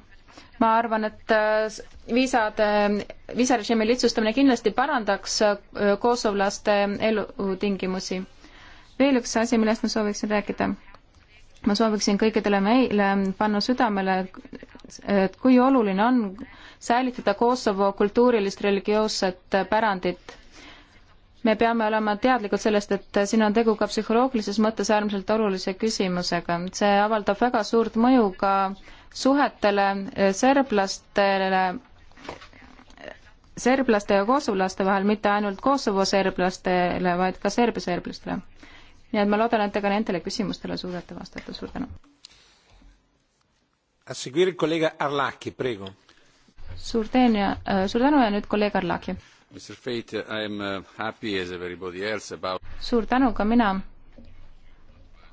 ma arvan, et äh, viisade, viisarežiimi lihtsustamine kindlasti parandaks äh, kosovlaste elutingimusi. veel üks asi, millest ma sooviksin rääkida. ma sooviksin kõikidele meile panna südamele, et kui oluline on säilitada Kosovo kultuurilist religioosset pärandit. me peame olema teadlikud sellest, et siin on tegu ka psühholoogilises mõttes äärmiselt olulise küsimusega. see avaldab väga suurt mõju ka äh, suhetele eh, serblastele serblaste ja kosovolaste vahel, mitte ainult Kosovo serblastele, vaid ka Serbia serblastele. nii et ma loodan, et te ka nendele küsimustele suudate vastata, suur tänu. suur teen ja eh, suur tänu ja nüüd kolleeg Arlaki. Eh, about... suur tänu ka mina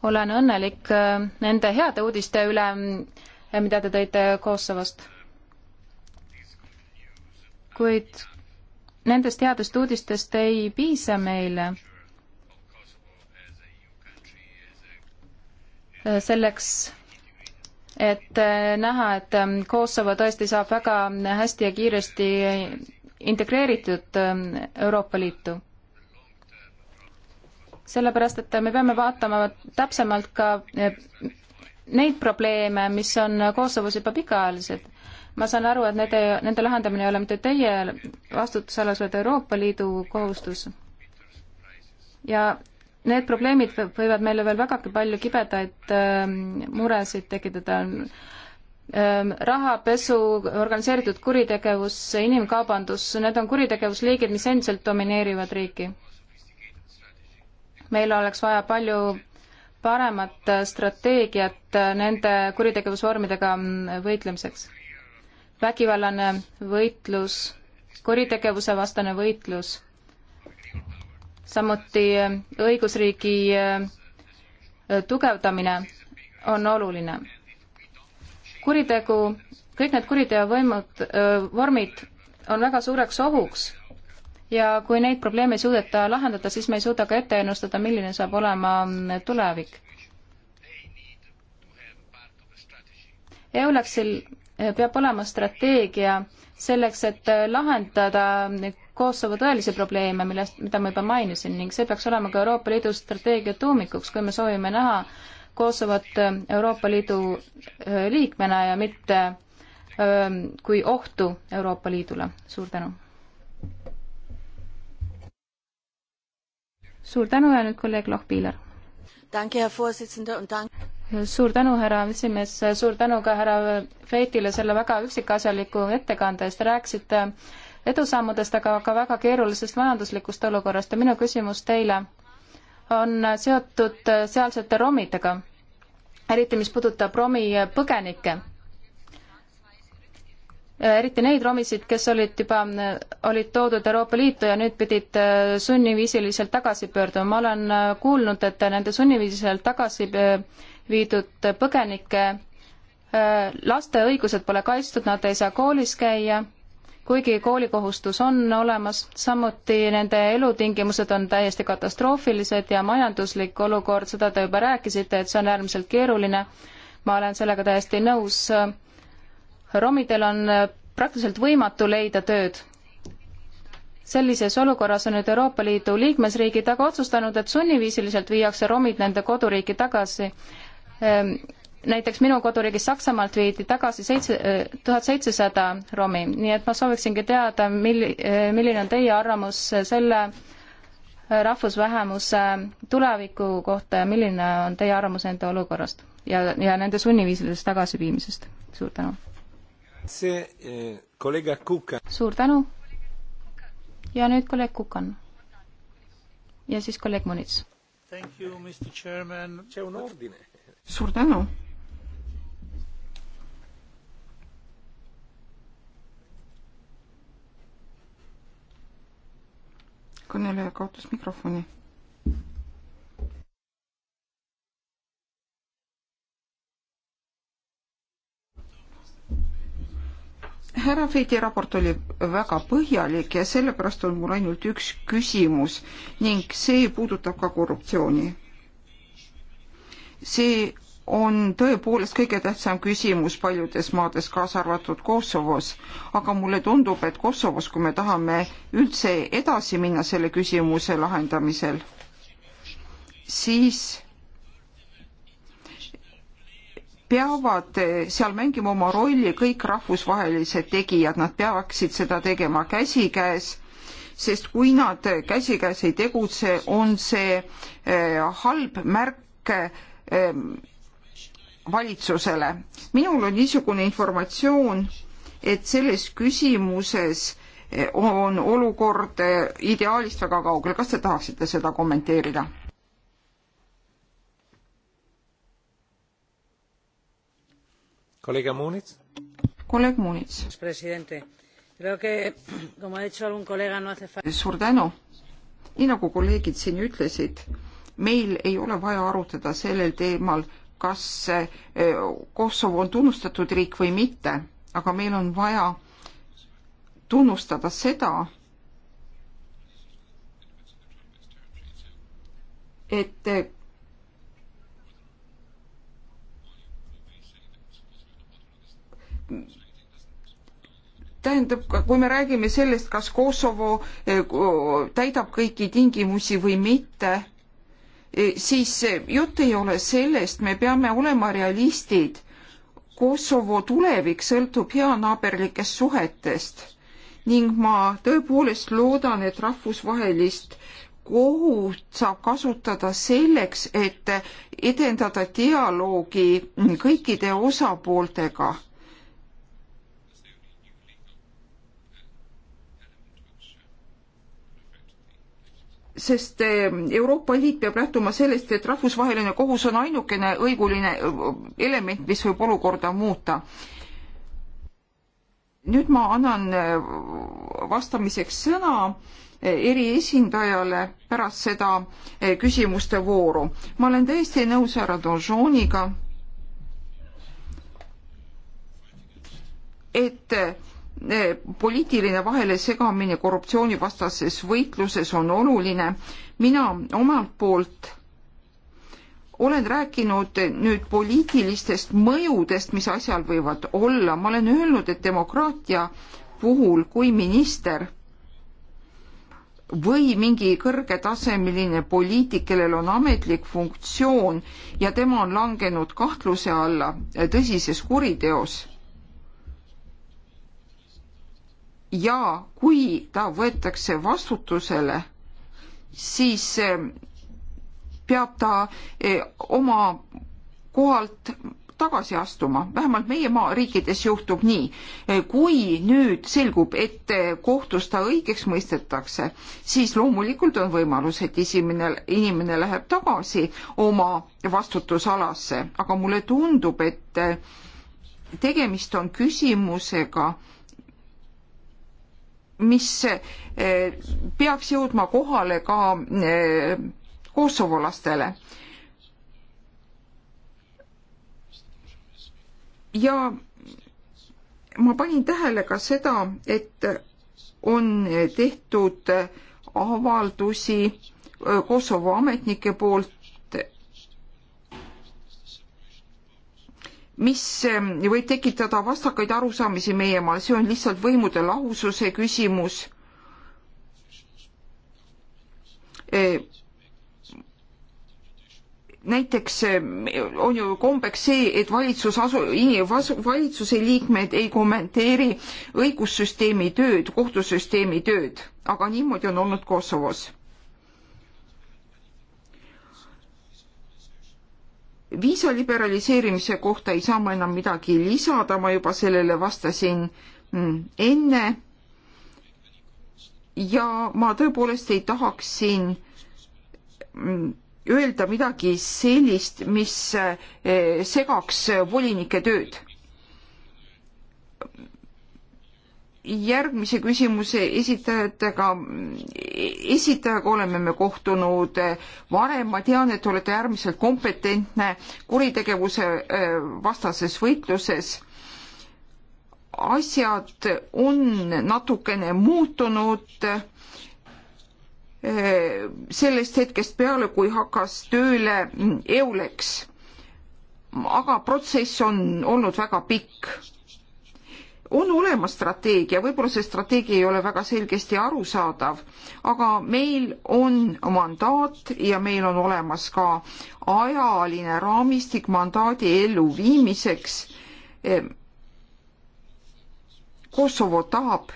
olen õnnelik nende heade uudiste üle, mida te tõite Kosovost. kuid nendest headest uudistest ei piisa meile selleks, et näha, et Kosovo tõesti saab väga hästi ja kiiresti integreeritud Euroopa Liitu sellepärast, et me peame vaatama täpsemalt ka neid probleeme, mis on Kosovos juba pikaajalised. ma saan aru, et nende, nende lahendamine ei ole mitte teie vastutusalas, vaid Euroopa Liidu kohustus. ja need probleemid võivad meile veel vägagi palju kibedaid äh, muresid tekitada ähm,. rahapesu, organiseeritud kuritegevus, inimkaubandus, need on kuritegevusliigid, mis endiselt domineerivad riiki. meil oleks vaja palju paremat strateegiat nende kuritegevusvormidega võitlemiseks. vägivallane võitlus, kuritegevuse vastane võitlus, samuti õigusriigi äh, tugevdamine on oluline. kuritegu, kõik need kuriteovõimud, äh, vormid on väga suureks ohuks ja kui neid probleeme ei suudeta lahendada, siis me ei suuda ka ette ennustada, milline saab olema tulevik. EULEX-il peab olema strateegia selleks, et lahendada Kosovo tõelisi probleeme, millest, mida ma juba mainisin ning see peaks olema ka Euroopa Liidu strateegia tuumikuks, kui me soovime näha Kosovot Euroopa Liidu äh, liikmena ja mitte ähm, kui ohtu Euroopa Liidule. suur tänu! suur tänu ja nüüd kolleeg Lohpiiler. suur tänu, härra esimees, suur tänu ka härra Feitile selle väga üksikasjaliku ettekande eest, te rääkisite edusammudest, aga ka väga keerulisest majanduslikust olukorrast ja minu küsimus teile on seotud sealsete romidega, eriti mis puudutab romi põgenikke Äh, eriti neid romisid, kes olid juba, äh, olid toodud Euroopa Liitu ja nüüd pidid äh, sunniviisiliselt tagasi pöörduma. ma olen kuulnud, et nende sunniviisiliselt tagasi viidud põgenike laste õigused pole kaitstud, nad ei saa koolis käia, kuigi koolikohustus on olemas, samuti nende elutingimused on täiesti katastroofilised ja majanduslik olukord, seda te juba rääkisite, et see on äärmiselt keeruline. ma olen sellega täiesti nõus romidel on äh, praktiliselt võimatu leida tööd. sellises olukorras on nüüd Euroopa Liidu liikmesriigid aga otsustanud, et sunniviisiliselt viiakse romid nende koduriiki tagasi. Ähm, näiteks minu koduriigis Saksamaalt viidi tagasi seitse, äh, tuhat seitsesada romi, nii et ma sooviksingi teada, mil-, äh, milline on teie arvamus selle rahvusvähemuse tuleviku kohta ja milline on teie arvamus nende olukorrast ja, ja nende sunniviisilisest tagasiviimisest? suur tänu Eh, suur tänu. ja nüüd kolleeg Kukan. ja siis kolleeg Munits. suur tänu. kõneleja kaotas mikrofoni härra Feidi raport oli väga põhjalik ja sellepärast on mul ainult üks küsimus ning see puudutab ka korruptsiooni. see on tõepoolest kõige tähtsam küsimus paljudes maades, kaasa arvatud Kosovos, aga mulle tundub, et Kosovos, kui me tahame üldse edasi minna selle küsimuse lahendamisel, siis peavad eh, seal mängima oma rolli kõik rahvusvahelised tegijad, nad peaksid seda tegema käsikäes, sest kui nad käsikäes ei tegutse, on see eh, halb märk eh, valitsusele. minul on niisugune informatsioon, et selles küsimuses on olukord ideaalist väga kaugel, kas te tahaksite seda kommenteerida? kolleeg Muunits. kolleeg Muunits. suur tänu. nii nagu kolleegid siin ütlesid, meil ei ole vaja arutada sellel teemal, kas eh, Kosovo on tunnustatud riik või mitte, aga meil on vaja tunnustada seda, et tähendab, kui me räägime sellest, kas Kosovo eh, täidab kõiki tingimusi või mitte, eh, siis eh, jutt ei ole sellest, me peame olema realistid. Kosovo tulevik sõltub heanaaberlikest suhetest ning ma tõepoolest loodan, et rahvusvahelist kohut saab kasutada selleks, et edendada dialoogi kõikide osapooltega sest eh, Euroopa Liit peab lähtuma sellest, et rahvusvaheline kohus on ainukene õiguline eh, element, mis võib olukorda muuta. nüüd ma annan eh, vastamiseks sõna eriesindajale pärast seda küsimuste vooru. ma olen täiesti nõus härra Donžoniga, et Eh, poliitiline vahelesegamine korruptsioonivastases võitluses on oluline. mina omalt poolt olen rääkinud nüüd poliitilistest mõjudest, mis asjal võivad olla. ma olen öelnud, et demokraatia puhul, kui minister või mingi kõrgetasemeline poliitik, kellel on ametlik funktsioon ja tema on langenud kahtluse alla tõsises kuriteos ja kui ta võetakse vastutusele, siis eh, peab ta eh, oma kohalt tagasi astuma, vähemalt meie maa riikides juhtub nii. Eh, kui nüüd selgub, et kohtus ta õigeks mõistetakse, siis loomulikult on võimalus, et esimene inimene läheb tagasi oma vastutusalasse, aga mulle tundub, et tegemist on küsimusega, mis eh, peaks jõudma kohale ka eh, kosovolastele. ja ma panin tähele ka seda, et on tehtud avaldusi Kosovo ametnike poolt mis ähm, võib tekitada vastakaid arusaamisi meie maal, see on lihtsalt võimude lahususe küsimus. Äh, näiteks ähm, on ju kombeks see, et valitsus asu-, valitsuse liikmed ei kommenteeri õigussüsteemi tööd, kohtusüsteemi tööd, aga niimoodi on olnud Kosovos viisa liberaliseerimise kohta ei saa ma enam midagi lisada, ma juba sellele vastasin mm, enne. ja ma tõepoolest ei tahaks siin mm, öelda midagi sellist, mis eh, segaks volinike tööd järgmise küsimuse esitajatega, esitajaga oleme me kohtunud varem, ma tean, et olete äärmiselt kompetentne kuritegevuse äh, vastases võitluses. asjad on natukene muutunud äh, sellest hetkest peale, kui hakkas tööle EULEX. aga protsess on olnud väga pikk on olemas strateegia, võib-olla see strateegia ei ole väga selgesti arusaadav, aga meil on mandaat ja meil on olemas ka ajaline raamistik mandaadi elluviimiseks. Eh, Kosovo tahab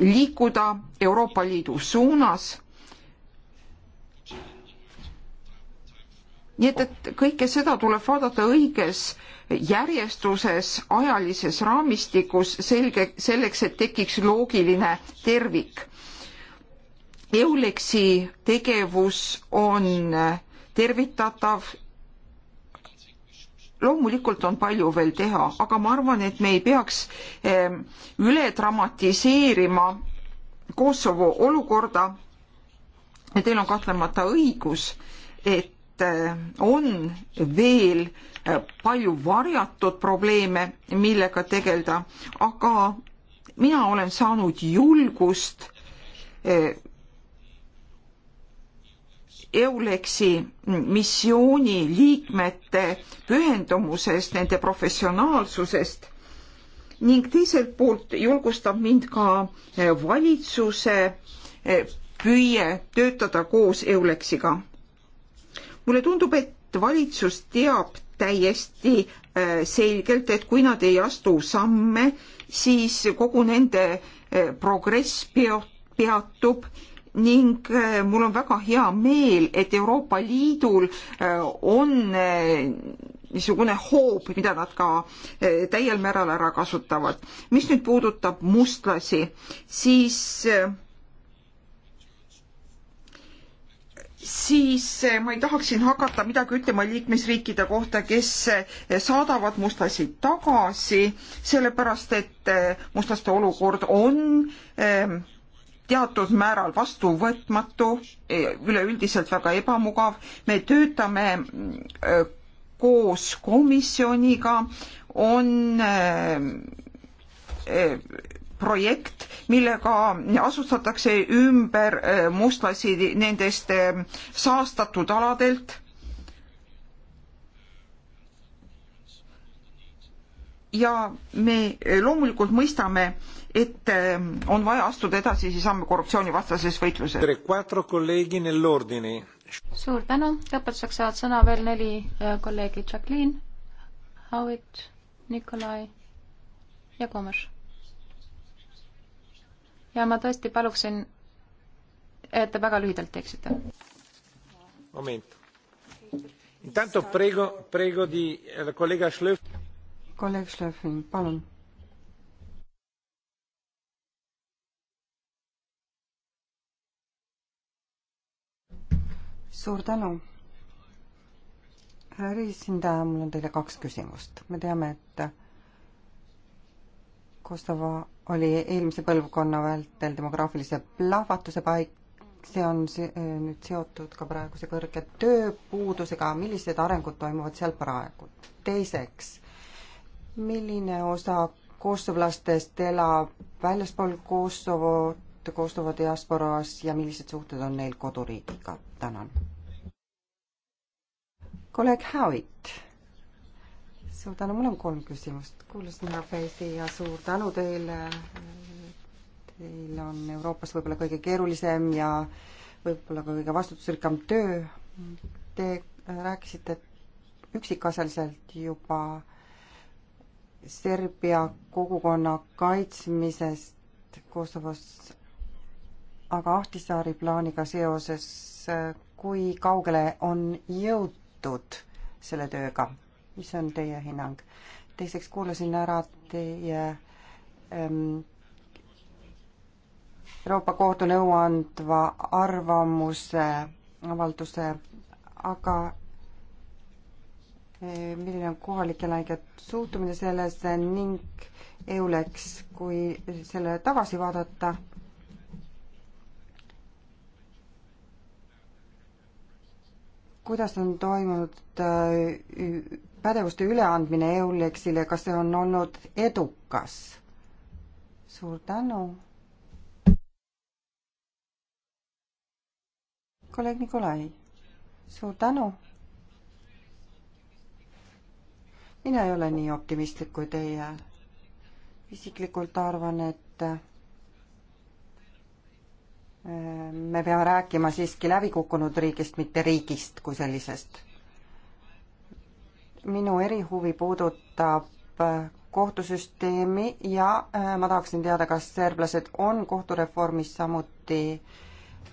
liikuda Euroopa Liidu suunas nii et, et kõike seda tuleb vaadata õiges järjestuses, ajalises raamistikus selge, selleks, et tekiks loogiline tervik. Euleksi tegevus on tervitatav. loomulikult on palju veel teha, aga ma arvan, et me ei peaks ehm, üle dramatiseerima Kosovo olukorda. Teil on kahtlemata õigus, et Eh, on veel eh, palju varjatud probleeme, millega tegeleda, aga mina olen saanud julgust eh, EULEX-i missiooni liikmete pühendumusest, nende professionaalsusest ning teiselt poolt julgustab mind ka valitsuse püüe töötada koos EULEX-iga mulle tundub, et valitsus teab täiesti äh, selgelt, et kui nad ei astu samme, siis kogu nende äh, progress peatub ning äh, mul on väga hea meel, et Euroopa Liidul on niisugune hoob, mida nad ka täiel määral ära kasutavad. mis nüüd puudutab mustlasi, siis siis eh, ma ei tahaks siin hakata midagi ütlema liikmesriikide kohta, kes eh, saadavad mustlasid tagasi, sellepärast et eh, mustlaste olukord on ehm, teatud määral vastuvõtmatu, üleüldiselt väga ebamugav. me töötame koos komisjoniga, on projekt, millega asustatakse ümber äh, mustlasi nendest äh, saastatud aladelt. ja me äh, loomulikult mõistame, et on vaja astuda edasisi samme korruptsioonivastases võitluses. suur tänu, lõpetuseks saavad sõna veel neli kolleegi, Jacqueline, Howitt, Nikolai ja Komas ja ma tõesti paluksin, et te väga lühidalt teeksite. moment. Intanto prego, prego di eh, la collega Schlöf. kolleeg Schlöfin, palun. suur tänu. härra Riisindaja, mul on teile kaks küsimust. me teame, et Kosovo oli eelmise põlvkonna vältel demograafilise plahvatuse paik, see on see, eh, nüüd seotud ka praeguse kõrge tööpuudusega, millised arengud toimuvad seal praegu? teiseks, milline osa kosovlastest elab väljaspool Kosovot, Kosovo diasporaas ja millised suhted on neil koduriigiga? tänan. kolleeg Howitt suur tänu, mul on kolm küsimust. kuulasin Rafeisi ja suur tänu teile. Teil on Euroopas võib-olla kõige keerulisem ja võib-olla ka kõige vastutusrikkam töö. Te rääkisite üksikasjaliselt juba Serbia kogukonna kaitsmisest Kosovos, aga Ahtisaari plaaniga seoses, kui kaugele on jõutud selle tööga? mis on teie hinnang? teiseks kuulasin ära teie ähm, Euroopa Kohtu nõuandva arvamuse avalduse, aga äh, milline on kohalike elanike suhtumine sellesse ning EULEX, kui selle tagasi vaadata, kuidas on toimunud äh, pädevuste üleandmine EULEX-ile, kas see on olnud edukas? suur tänu. kolleeg Nikolai, suur tänu. mina ei ole nii optimistlik kui teie. isiklikult arvan, et äh, me peame rääkima siiski läbikukkunud riigist, mitte riigist kui sellisest minu erihuvi puudutab äh, kohtusüsteemi ja äh, ma tahaksin teada, kas serblased on kohtureformis samuti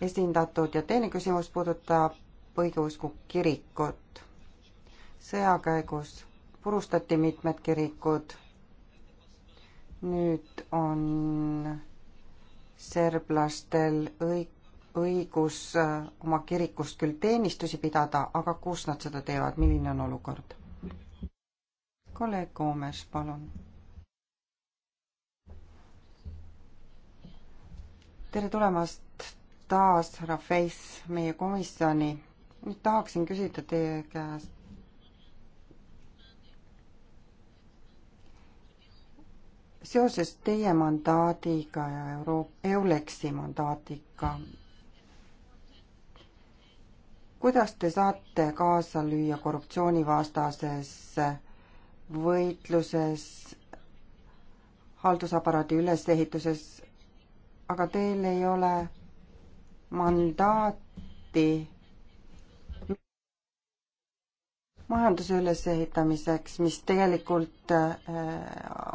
esindatud ja teine küsimus puudutab õigeusku kirikut. sõja käigus purustati mitmed kirikud. nüüd on serblastel õig-, õigus äh, oma kirikus küll teenistusi pidada, aga kus nad seda teevad, milline on olukord? kolleeg Koomes, palun. tere tulemast taas, härra Feiss, meie komisjoni. nüüd tahaksin küsida teie käest seoses teie mandaadiga ja Euroopa, EULEX-i mandaadiga, kuidas te saate kaasa lüüa korruptsioonivastases võitluses, haldusaparaadi ülesehituses, aga teil ei ole mandaati majanduse ülesehitamiseks, mis tegelikult äh,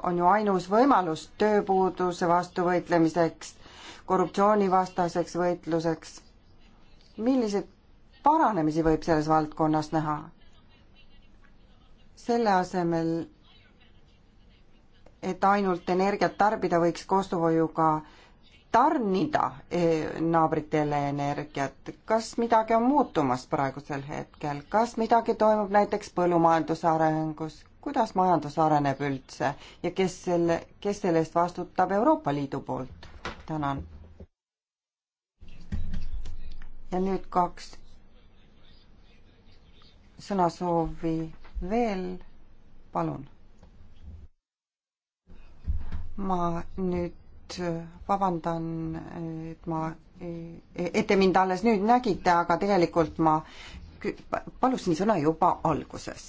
on ju ainus võimalus tööpuuduse vastu võitlemiseks, korruptsioonivastaseks võitluseks. milliseid paranemisi võib selles valdkonnas näha? selle asemel, et ainult energiat tarbida, võiks koostööhoiuga tarnida eh, naabritele energiat, kas midagi on muutumas praegusel hetkel, kas midagi toimub näiteks põllumajanduse arengus, kuidas majandus areneb üldse ja kes selle, kes selle eest vastutab Euroopa Liidu poolt? tänan. ja nüüd kaks sõnasoovi veel, palun. ma nüüd äh, vabandan, et ma, äh, e-, et te mind alles nüüd nägite, aga tegelikult ma palusin sõna juba alguses.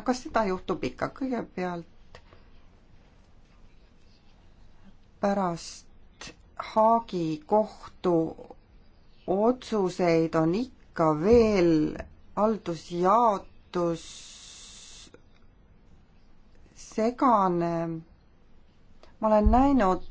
aga seda juhtub ikka, kõigepealt pärast Haagi kohtu otsuseid on ikka veel haldusjaotus segane. ma olen näinud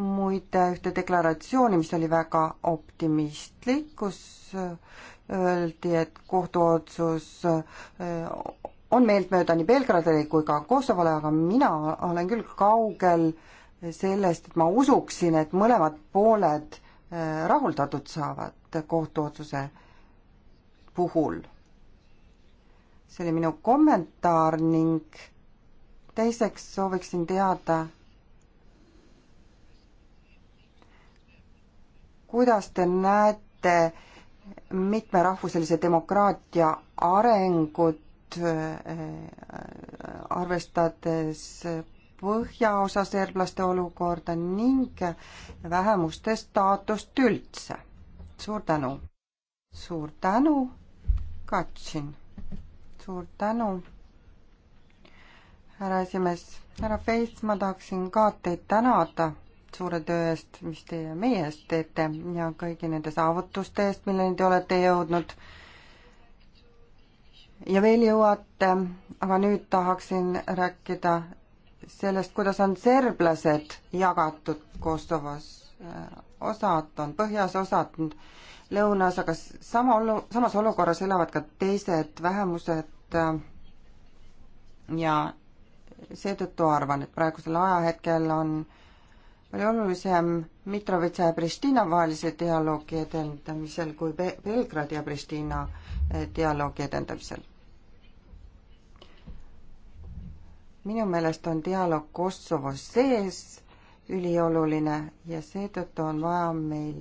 muide ühte deklaratsiooni, mis oli väga optimistlik, kus öeldi, et kohtuotsus äh, on meeltmööda nii Belgradile kui ka Kosovole, aga mina olen küll kaugel sellest, et ma usuksin, et mõlemad pooled äh, rahuldatud saavad kohtuotsuse puhul see oli minu kommentaar ning teiseks sooviksin teada, kuidas te näete mitmerahvuselise demokraatia arengut arvestades põhjaosa serblaste olukorda ning vähemuste staatust üldse. suur tänu! suur tänu, Katšin! suur tänu, härra esimees. härra Feist, ma tahaksin ka teid tänada suure töö eest, mis teie meie eest teete ja kõigi nende saavutuste eest, milleni te olete jõudnud. ja veel jõuate, aga nüüd tahaksin rääkida sellest, kuidas on serblased jagatud Kosovos. Äh, osad on põhjas, osad on lõunas, aga sama olu, samas olukorras elavad ka teised vähemused, Äh, ja seetõttu arvan, et praegusel ajahetkel on palju olulisem Mitrovitsa ja Pristina vahelise dialoogi edendamisel kui Be-, Belgradi ja Pristina äh, dialoogi edendamisel. minu meelest on dialoog Kosovo sees ülioluline ja seetõttu on vaja meil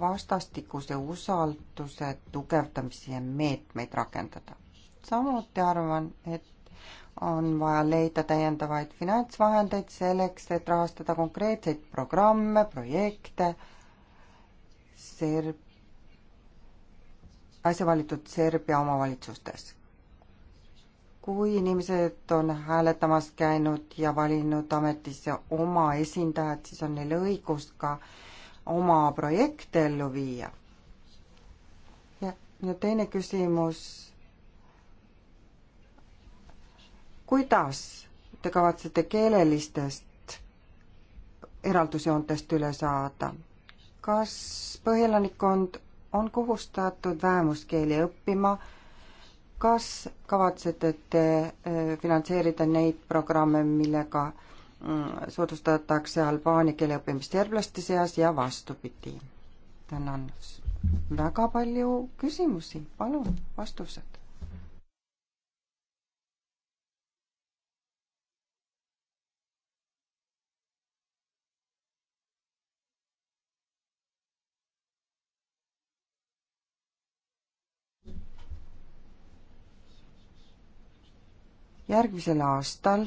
vastastikuse usalduse tugevdamise meetmeid rakendada samuti arvan, et on vaja leida täiendavaid finantsvahendeid selleks, et rahastada konkreetseid programme, projekte. Serb-, äsja valitud Serbia omavalitsustes. kui inimesed on hääletamas käinud ja valinud ametisse oma esindajad, siis on neil õigus ka oma projekte ellu viia. ja, ja teine küsimus kuidas te kavatsete keelelistest eraldusjoontest üle saada? kas põhielanikkond on kohustatud vähemuskeeli õppima? kas kavatsete te eh, finantseerida neid programme, millega mm, soodustatakse albaania keele õppimist serblaste seas ja vastupidi? tänan väga palju küsimusi, palun vastused. järgmisel aastal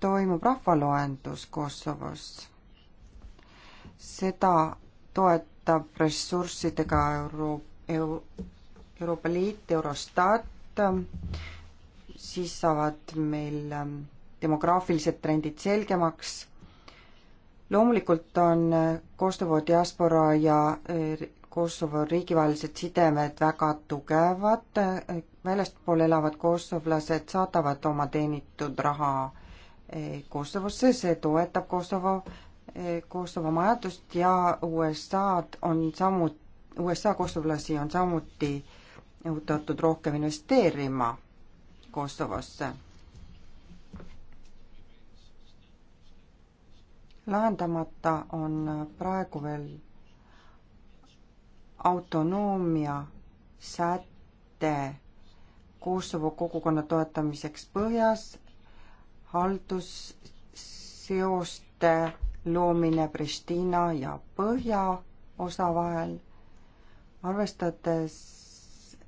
toimub rahvaloendus Kosovos. seda toetab ressurssidega Euro-, Euro-, Euroopa Liit, Eurostat, siis saavad meil ähm, demograafilised trendid selgemaks, loomulikult on äh, Kosovo diaspora ja äh, Kosovo riigivahelised sidemed väga tugevad, äh, väljaspool elavad kosovlased saadavad oma teenitud raha eh, Kosovosse, see toetab Kosovo, eh, Kosovo majandust ja USA-d on samu, USA kosovolasi on samuti õhutatud rohkem investeerima Kosovosse. lahendamata on praegu veel autonoomia säte Kosovo kogukonna toetamiseks põhjas, haldusseoste loomine Pristina ja põhja osa vahel, arvestades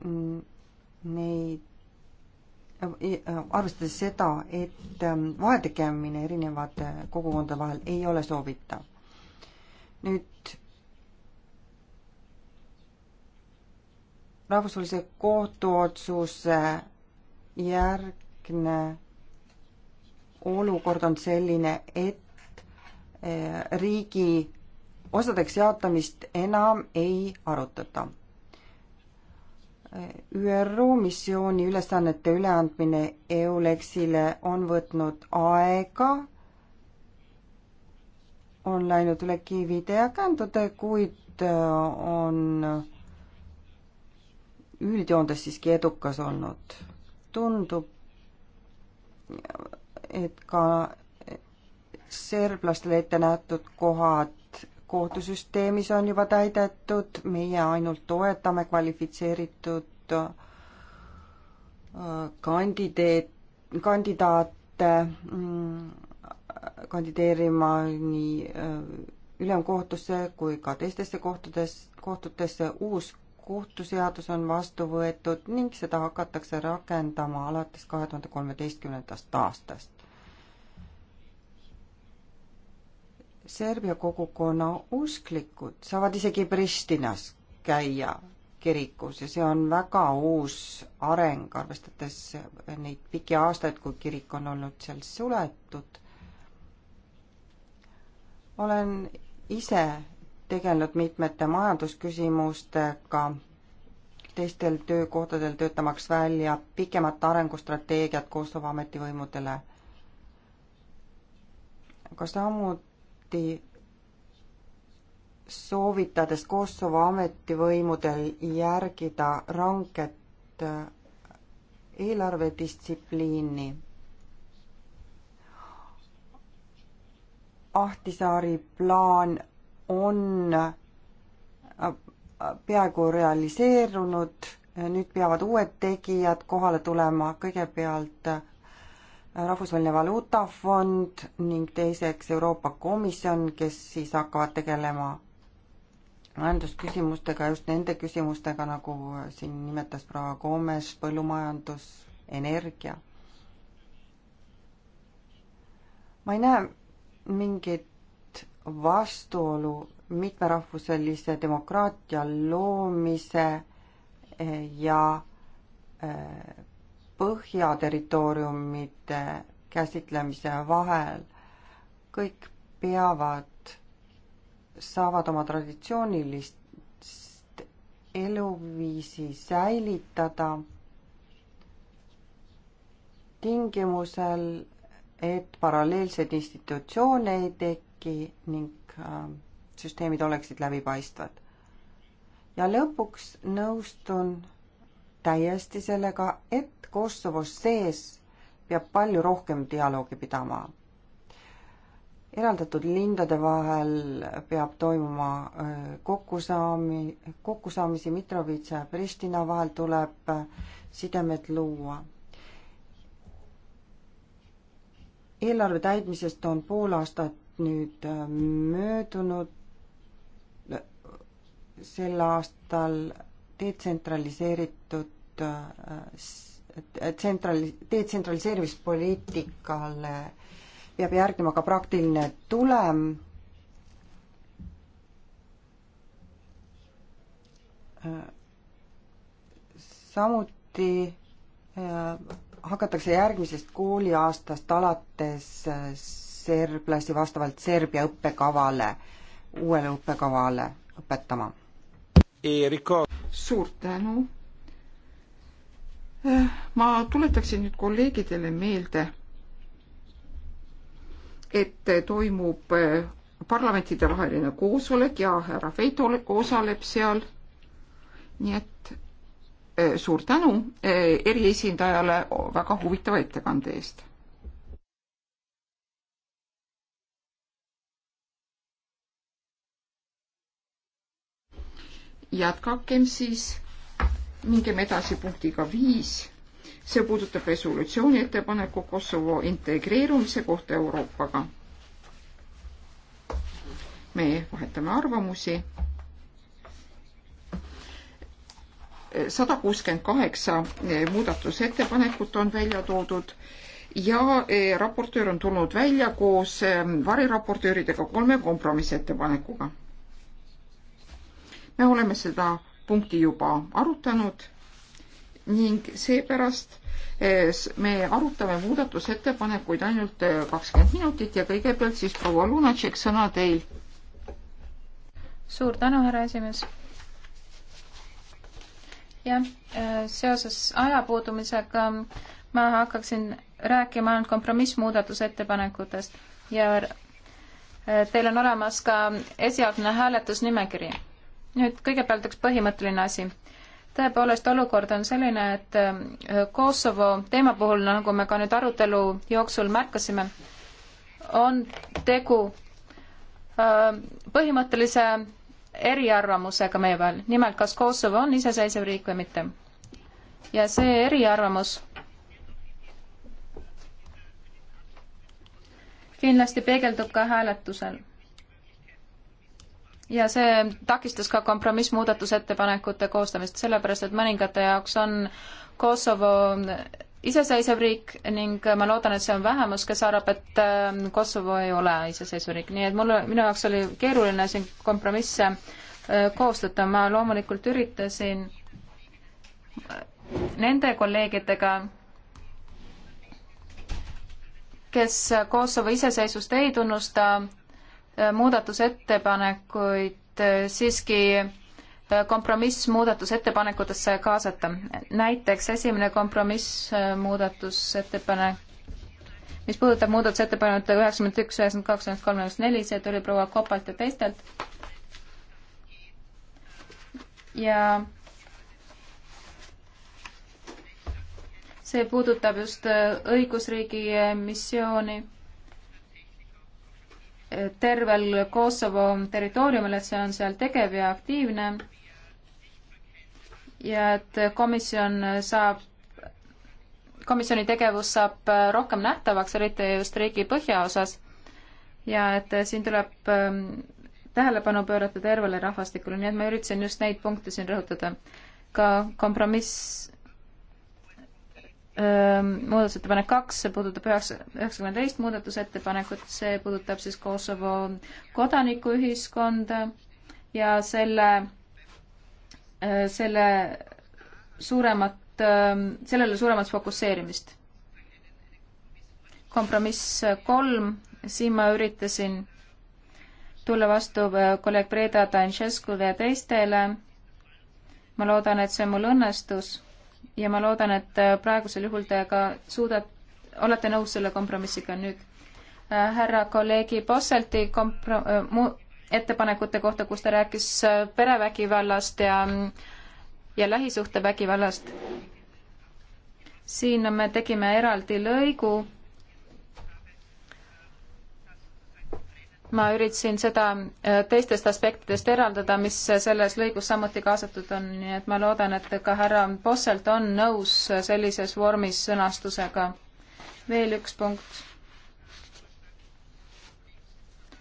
neid e-, e-, arvestades seda, et ähm, vahe tegemine erinevate kogukondade vahel ei ole soovitav. nüüd rahvusvahelise kohtuotsuse järgne olukord on selline, et eh, riigi osadeks jaotamist enam ei arutata. ÜRO missiooni ülesannete üleandmine EULEX-ile on võtnud aega, on läinud üle kivide ja kändude, kuid eh, on üldjoontes siiski edukas olnud. tundub, et ka serblastele ette nähtud kohad kohtusüsteemis on juba täidetud, meie ainult toetame kvalifitseeritud äh, kandideet, kandidaate mm, kandideerima nii äh, ülemkohtusse kui ka teistesse kohtades, kohtutesse uus kohtuseadus on vastu võetud ning seda hakatakse rakendama alates kahe tuhande kolmeteistkümnendast aastast. Serbia kogukonna usklikud saavad isegi Pristinas käia kirikus ja see on väga uus areng, arvestades neid pikki aastaid, kui kirik on olnud seal suletud. olen ise tegelenud mitmete majandusküsimustega, teistel töökohtadel töötamaks välja pikemat arengustrateegiat Kosovo ametivõimudele. aga samuti soovitades Kosovo ametivõimudel järgida ranget eelarvedistsipliini. Ahtisaari plaan on äh, peaaegu realiseerunud, nüüd peavad uued tegijad kohale tulema, kõigepealt äh, Rahvusvaheline Valuutafond ning teiseks Euroopa Komisjon, kes siis hakkavad tegelema majandusküsimustega, just nende küsimustega, nagu äh, siin nimetas proua Gomes, põllumajandus, energia. ma ei näe mingeid vastuolu mitmerahvuselise demokraatia loomise eh, ja eh, põhjaterritooriumite käsitlemise vahel. kõik peavad, saavad oma traditsioonilist eluviisi säilitada tingimusel, et paralleelseid institutsioone ei teki, riiki ning äh, süsteemid oleksid läbipaistvad. ja lõpuks nõustun täiesti sellega, et Kosovos sees peab palju rohkem dialoogi pidama. eraldatud lindade vahel peab toimuma äh, kokkusaami, kokkusaamisi Mitrovitša ja Pristina vahel tuleb äh, sidemed luua. eelarve täitmisest on pool aastat nüüd äh, möödunud sel aastal detsentraliseeritud äh, tsentrali-, detsentraliseerimispoliitikale peab järgnema ka praktiline tulem samuti äh, hakatakse järgmisest kooliaastast alates serblasi vastavalt Serbia õppekavale, uuele õppekavale õpetama. E, suur tänu. Äh, ma tuletaksin nüüd kolleegidele meelde, et toimub äh, parlamentidevaheline koosolek ja härra Feito osaleb seal. nii et äh, suur tänu eriesindajale väga huvitava ettekande eest jätkakem siis, mingem edasi punktiga viis. see puudutab resolutsiooni ettepaneku Kosovo integreerumise kohta Euroopaga. me vahetame arvamusi. sada kuuskümmend kaheksa muudatusettepanekut on välja toodud ja e, raportöör on tulnud välja koos e, variraportööridega kolme kompromissettepanekuga me oleme seda punkti juba arutanud ning seepärast eh, me arutame muudatusettepanekuid ainult eh, kakskümmend minutit ja kõigepealt siis proua Lunatšek, sõna teil. suur tänu, härra esimees. jah, eh, seoses ajapuudumisega ma hakkaksin rääkima ainult kompromissmuudatusettepanekutest ja teil on olemas ka esialgne hääletusnimekiri nüüd kõigepealt üks põhimõtteline asi. tõepoolest, olukord on selline, et äh, Kosovo teema puhul, nagu me ka nüüd arutelu jooksul märkasime, on tegu äh, põhimõttelise eriarvamusega meie vahel, nimelt kas Kosovo on iseseisev riik või mitte. ja see eriarvamus kindlasti peegeldub ka hääletusel ja see takistas ka kompromissmuudatusettepanekute koostamist, sellepärast et mõningate jaoks on Kosovo iseseisev riik ning ma loodan, et see on vähemus, kes arvab, et ähm, Kosovo ei ole iseseisev riik, nii et mul, minu jaoks oli keeruline siin kompromisse äh, koostada, ma loomulikult üritasin äh, nende kolleegidega, kes Kosovo iseseisvust ei tunnusta, Äh, muudatusettepanekuid äh, siiski äh, kompromiss muudatusettepanekutesse kaasata. näiteks esimene kompromiss muudatusettepanek, mis puudutab muudatusettepanekut üheksakümmend üks, üheksakümmend kaks, üheksakümmend kolm, üheksakümmend neli, see tuli proua Kopalt ja teistelt. ja see puudutab just õigusriigi missiooni tervel Kosovo territooriumil, et see on seal tegev ja aktiivne ja et komisjon saab, komisjoni tegevus saab rohkem nähtavaks, eriti just riigi põhjaosas ja et siin tuleb ähm, tähelepanu pöörata tervele rahvastikule, nii et ma üritasin just neid punkte siin rõhutada. ka kompromiss muudatusettepanek kaks, see puudutab üheksa, üheksakümmend teist muudatusettepanekut, see puudutab siis Kosovo kodanikuühiskonda ja selle, selle suuremat, sellele suuremat fokusseerimist. kompromiss kolm, siin ma üritasin tulla vastu kolleeg Breda Danšeskule ja teistele. ma loodan, et see mul õnnestus ja ma loodan, et äh, praegusel juhul te ka suudad, olete nõus selle kompromissiga nüüd. Äh, härra kolleegi Posselti kompro-, äh, mu-, ettepanekute kohta, kus ta rääkis perevägivallast ja, ja lähisuhtevägivallast. siin me tegime eraldi lõigu ma üritasin seda äh, teistest aspektidest eraldada, mis selles lõigus samuti kaasatud on, nii et ma loodan, et ka härra Posselt on nõus sellises vormis sõnastusega. veel üks punkt.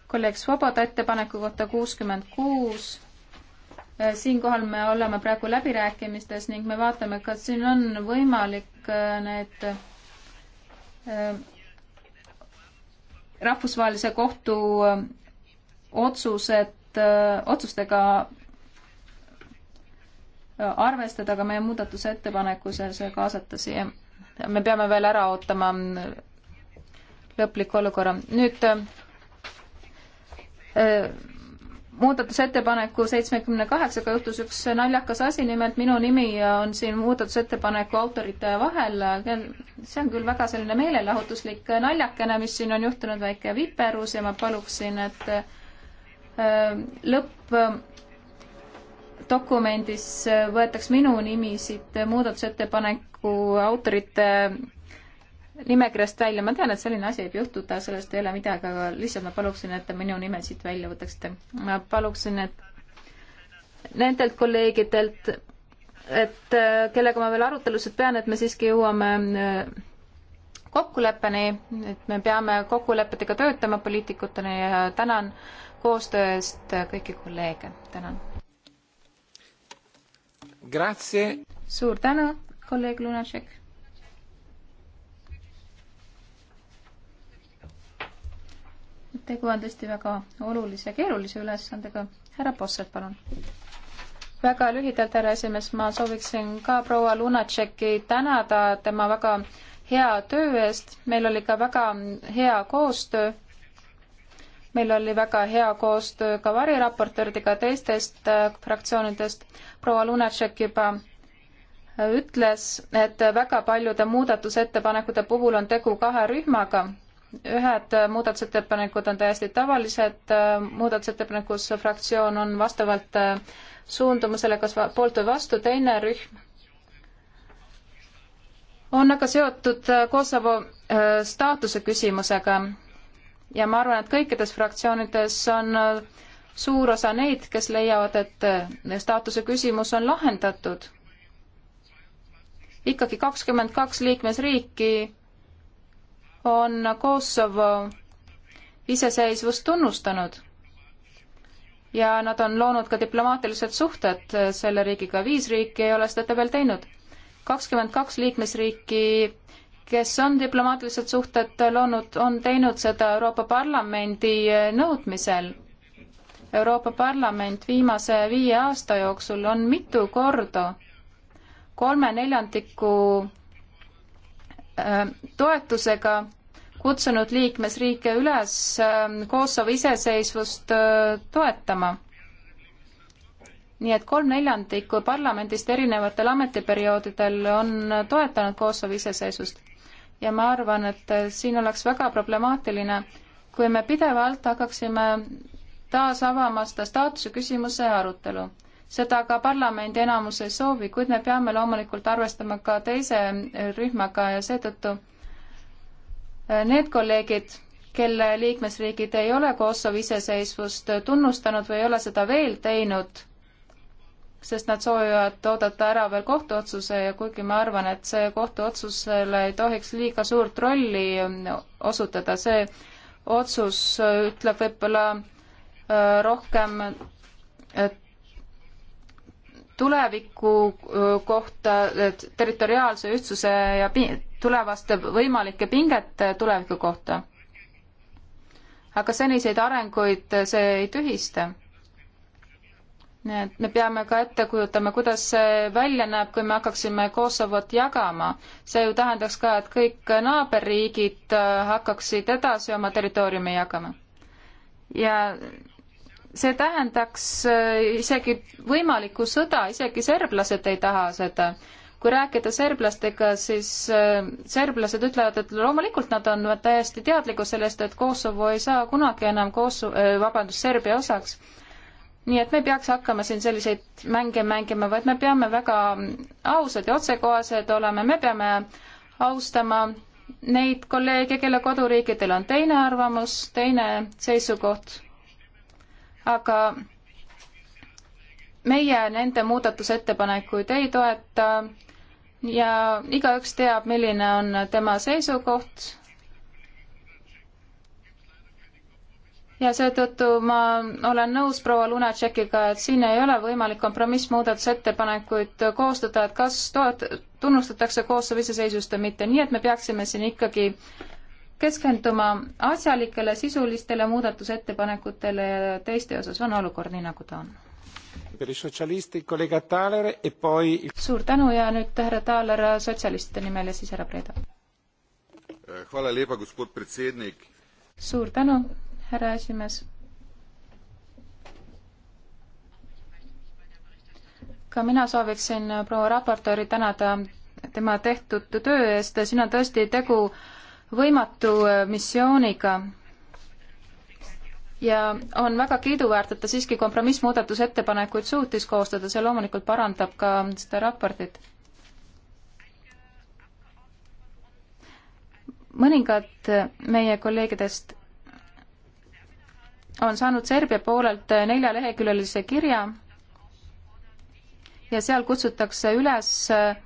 kolleeg Svoboda ettepaneku kohta kuuskümmend kuus. Äh, siinkohal me oleme praegu läbirääkimistes ning me vaatame, kas siin on võimalik äh, need rahvusvahelise kohtu äh, otsused, äh, otsustega äh, arvestada ka meie muudatusettepanekus ja see kaasata siia. me peame veel ära ootama lõpliku olukorra. nüüd muudatusettepaneku seitsmekümne kaheksaga juhtus üks naljakas asi, nimelt minu nimi on siin muudatusettepaneku autorite vahel. see on küll väga selline meelelahutuslik naljakene, mis siin on juhtunud, väike viperus ja ma paluksin, et äh, lõppdokumendis äh, äh, võetaks minu nimi siit muudatusettepaneku autorite nimekirjast välja, ma tean, et selline asi võib juhtuda, sellest ei ole midagi, aga lihtsalt ma paluksin, et te minu nime siit välja võtaksite. ma paluksin, et nendelt kolleegidelt, et äh, kellega ma veel arutelusid pean, et me siiski jõuame äh, kokkuleppeni, et me peame kokkulepetega töötama poliitikutena ja tänan koostöö eest kõiki kolleege, tänan. suur tänu, kolleeg Lunatšek tegu on tõesti väga olulise, keerulise ülesandega. härra Posselt, palun. väga lühidalt, härra esimees, ma sooviksin ka proua Lunatšeki tänada tema väga hea töö eest, meil oli ka väga hea koostöö. meil oli väga hea koostöö ka variraportööridega teistest äh, fraktsioonidest. proua Lunatšek juba äh, ütles, et väga paljude muudatusettepanekute puhul on tegu kahe rühmaga ühed muudatusettepanekud on täiesti tavalised muudatusettepanekud, kus fraktsioon on vastavalt äh, suundumusele kas poolt või vastu, teine rühm on aga seotud äh, Kosovo äh, staatuse küsimusega ja ma arvan, et kõikides fraktsioonides on suur osa neid, kes leiavad, et staatuse küsimus on lahendatud. ikkagi kakskümmend kaks liikmesriiki on Kosovo iseseisvust tunnustanud ja nad on loonud ka diplomaatilised suhted selle riigiga, viis riiki ei ole seda veel teinud. kakskümmend kaks liikmesriiki, kes on diplomaatilised suhted loonud, on teinud seda Euroopa Parlamendi nõudmisel. Euroopa Parlament viimase viie aasta jooksul on mitu korda kolme neljandiku Äh, toetusega kutsunud liikmesriike üles ähm, Kosovo iseseisvust äh, toetama. nii et kolm neljandikku parlamendist erinevatel ametiperioodidel on toetanud Kosovo iseseisvust ja ma arvan, et äh, siin oleks väga problemaatiline, kui me pidevalt hakkaksime taas avama seda staatuse küsimuse arutelu seda ka parlamendi enamus ei soovi, kuid me peame loomulikult arvestama ka teise rühmaga ja seetõttu eh, need kolleegid, kelle liikmesriigid ei ole Kosovo iseseisvust tunnustanud või ei ole seda veel teinud, sest nad soovivad oodata ära veel kohtuotsuse ja kuigi ma arvan, et see kohtuotsusele ei tohiks liiga suurt rolli eh, osutada, see otsus ütleb võib-olla eh, rohkem, et tuleviku kohta, territoriaalse ühtsuse ja tulevaste võimalike pingete tuleviku kohta. aga seniseid arenguid see ei tühista. nii et me peame ka ette kujutama, kuidas see välja näeb, kui me hakkaksime Kosovot jagama. see ju tähendaks ka, et kõik naaberriigid äh, hakkaksid edasi oma territooriumi jagama. ja see tähendaks äh, isegi võimalikku sõda, isegi serblased ei taha seda. kui rääkida serblastega, siis äh, serblased ütlevad, et loomulikult nad on täiesti teadlikud sellest, et Kosovo ei saa kunagi enam Kosovo, äh, vabandust, Serbia osaks. nii et me ei peaks hakkama siin selliseid mänge mängima, vaid me peame väga ausad ja otsekohased olema, me peame austama neid kolleege, kelle koduriikidel on teine arvamus, teine seisukoht aga meie nende muudatusettepanekuid ei toeta ja igaüks teab, milline on tema seisukoht. ja seetõttu ma olen nõus proua Lunatšekiga, et siin ei ole võimalik kompromissmuudatusettepanekuid koostada, et kas toet-, tunnustatakse Kosovo iseseisvust või mitte, nii et me peaksime siin ikkagi keskenduma asjalikele sisulistele muudatusettepanekutele ja teiste osas on olukord nii, nagu ta on. E poi... suur tänu ja nüüd härra Taaler sotsialistide nimel ja siis härra Preda. suur tänu, härra esimees. ka mina sooviksin proua raportööri tänada tema tehtud töö eest, siin on tõesti tegu äh, võimatu äh, missiooniga ja on väga kiiduväärt, et ta siiski kompromissmuudatusettepanekuid suutis koostada, see loomulikult parandab ka seda raportit. mõningad äh, meie kolleegidest on saanud Serbia poolelt äh, neljaleheküljelise kirja ja seal kutsutakse üles ähm,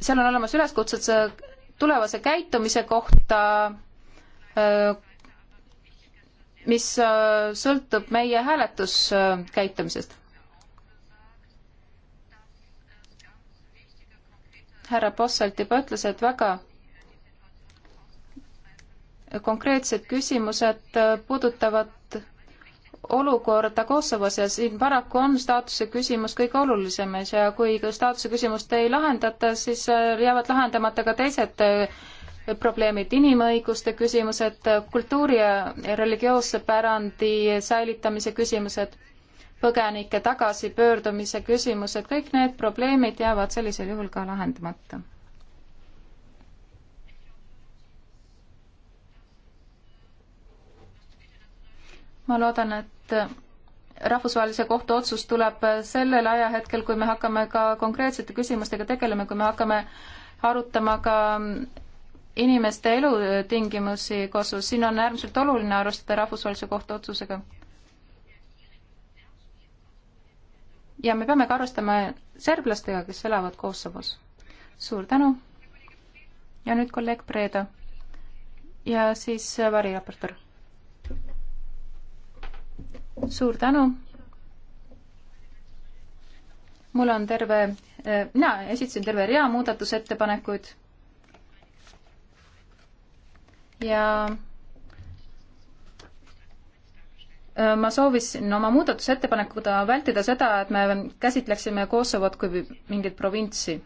seal on olemas üleskutsed tulevase käitumise kohta, mis sõltub meie hääletuskäitumisest. härra Posselt juba ütles, et väga konkreetsed küsimused puudutavad olukorda Kosovos ja siin paraku on staatuse küsimus kõige olulisem ja kui staatuse küsimust ei lahendata, siis äh, jäävad lahendamata ka teised äh, probleemid, inimõiguste küsimused, kultuuri ja religioosse pärandi säilitamise küsimused, põgenike tagasipöördumise küsimused, kõik need probleemid jäävad sellisel juhul ka lahendamata ma loodan, et rahvusvahelise kohtu otsus tuleb sellel ajahetkel, kui me hakkame ka konkreetsete küsimustega tegelema, kui me hakkame arutama ka inimeste elutingimusi Kosovos, siin on äärmiselt oluline arvestada rahvusvahelise kohtu otsusega. ja me peame ka arvestama serblastega, kes elavad Kosovos. suur tänu. ja nüüd kolleeg Preeda. ja siis äh, variraportor suur tänu. mul on terve, eh, mina esitasin terve rea muudatusettepanekuid. ja eh, ma soovisin oma muudatusettepanekuga vältida seda, et me käsitleksime Kosovot kui mingit provintsi.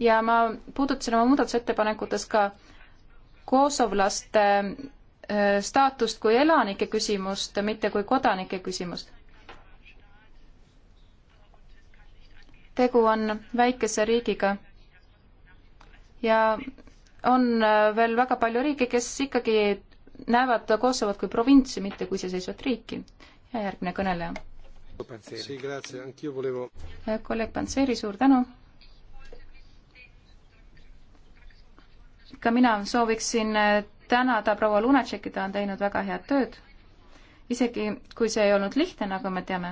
ja ma puudutasin oma muudatusettepanekutes ka kosovlaste Äh, staatust kui elanike küsimust, mitte kui kodanike küsimust. tegu on väikese riigiga ja on äh, veel väga palju riike, kes ikkagi näevad Kosovot kui provintsi, mitte kui iseseisvat riiki. ja järgmine kõneleja. Äh, kolleeg Panseri, suur tänu. ka mina sooviksin tänada proua Lunatšeki, ta on teinud väga head tööd. isegi kui see ei olnud lihtne, nagu me teame.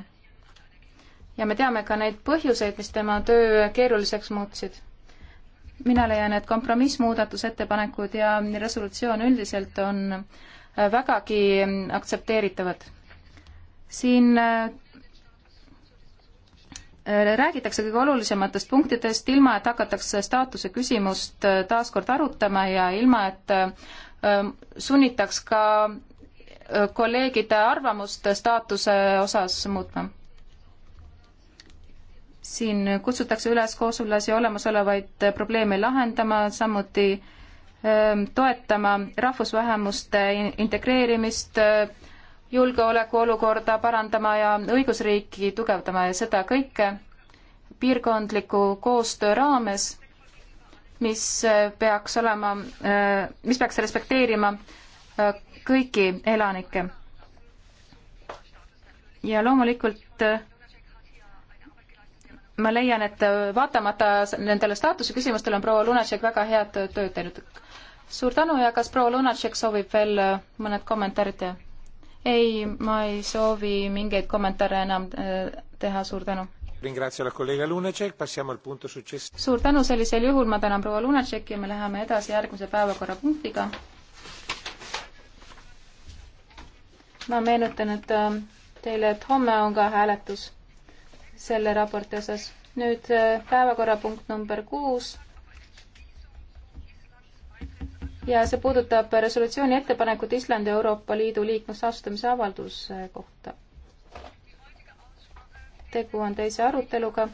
ja me teame ka neid põhjuseid, mis tema töö keeruliseks muutsid. mina leian, et kompromissmuudatusettepanekud ja resolutsioon üldiselt on vägagi aktsepteeritavad. siin äh, räägitakse kõige olulisematest punktidest, ilma et hakatakse staatuse küsimust äh, taas kord arutama ja ilma, et äh, Ähm, sunnitaks ka äh, kolleegide arvamust staatuse osas muutma. siin kutsutakse üles koosolasi olemasolevaid probleeme lahendama, samuti ähm, toetama rahvusvähemuste integreerimist, äh, julgeolekuolukorda parandama ja õigusriiki tugevdama ja seda kõike piirkondliku koostöö raames mis peaks olema, mis peaks respekteerima äh, kõiki elanikke. ja loomulikult äh, ma leian, et äh, vaatamata nendele staatuse küsimustele on proua Lunatšek väga head tööd teinud. suur tänu ja kas proua Lunatšek soovib veel mõned kommentaarid teha? ei, ma ei soovi mingeid kommentaare enam teha, suur tänu suur tänu, sellisel juhul ma tänan proua Lunatšeki ja me läheme edasi järgmise päevakorrapunktiga. ma meenutan, et ähm, teile, et homme on ka hääletus selle raporti osas. nüüd äh, päevakorrapunkt number kuus ja see puudutab resolutsiooni ettepanekut Islandi Euroopa Liidu liikmeks astumise avalduse kohta tegu on teise aruteluga.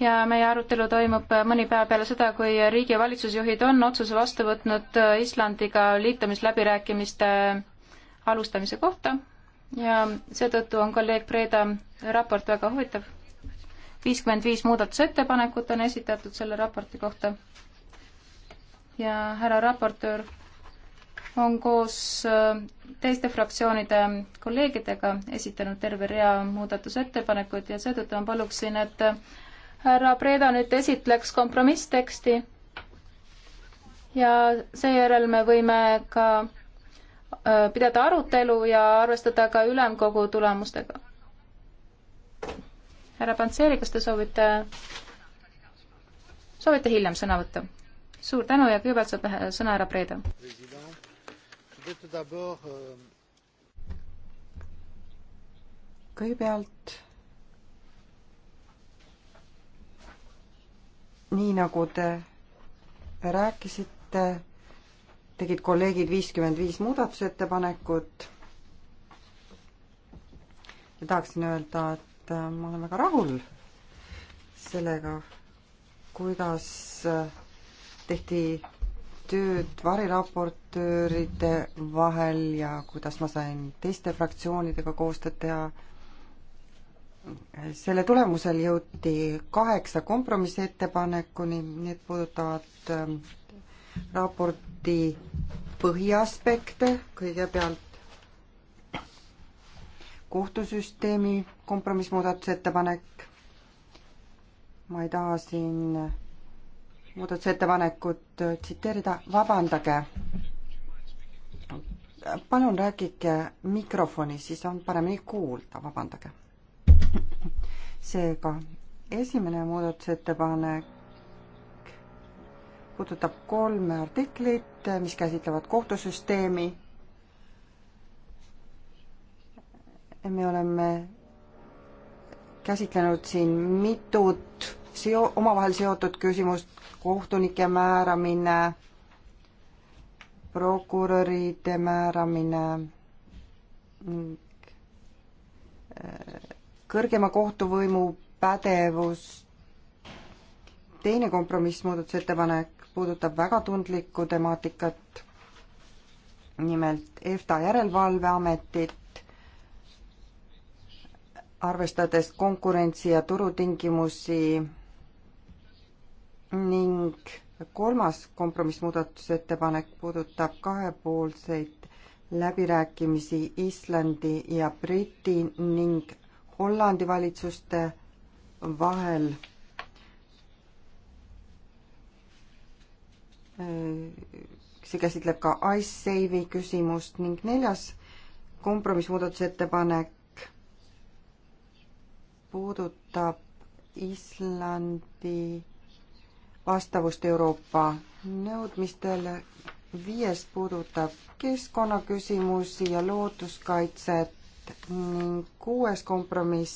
ja meie arutelu toimub mõni päev peale seda, kui riigi ja valitsusjuhid on otsuse vastu võtnud Islandiga liitumisläbirääkimiste alustamise kohta ja seetõttu on kolleeg Breda raport väga huvitav. viiskümmend viis muudatusettepanekut on esitatud selle raporti kohta ja härra raportöör on koos äh, teiste fraktsioonide kolleegidega esitanud terve rea muudatusettepanekuid ja seetõttu ma paluksin, et äh, härra Preda nüüd esitleks kompromissteksti ja seejärel me võime ka äh, pidada arutelu ja arvestada ka ülemkogu tulemustega. härra Pantseri, kas te soovite, soovite hiljem sõna võtta? suur tänu ja kõigepealt saab sõna härra Preda voudrais tout d'abord euh, kõigepealt nii nagu te rääkisite, tegid kolleegid viiskümmend viis muudatusettepanekut. ja tahaksin öelda, et äh, ma olen väga rahul sellega, kuidas äh, tehti tööd variraportööride vahel ja kuidas ma sain teiste fraktsioonidega koostööd teha. selle tulemusel jõuti kaheksa kompromissettepanekuni, need puudutavad ähm, raporti põhiaspekte, kõigepealt kohtusüsteemi kompromissmuudatusettepanek, ma ei taha siin muudatusettepanekut tsiteerida, vabandage. palun rääkige mikrofoni, siis on paremini kuulda, vabandage. seega esimene muudatusettepanek puudutab kolme artiklit, mis käsitlevad kohtusüsteemi. me oleme käsitlenud siin mitut seo-, omavahel seotud küsimust, kohtunike määramine, prokuröride määramine, äh, kõrgema kohtuvõimu pädevus, teine kompromiss, muudatusettepanek puudutab väga tundlikku temaatikat, nimelt EFTA Järelevalveametit, arvestades konkurentsi ja turutingimusi ning kolmas kompromissmuudatusettepanek puudutab kahepoolseid läbirääkimisi Islandi ja Briti ning Hollandi valitsuste vahel see käsitleb ka Ice-Save'i küsimust ning neljas kompromissmuudatusettepanek puudutab Islandi vastavust Euroopa nõudmistele. viies puudutab keskkonnaküsimusi ja looduskaitset ning kuues kompromiss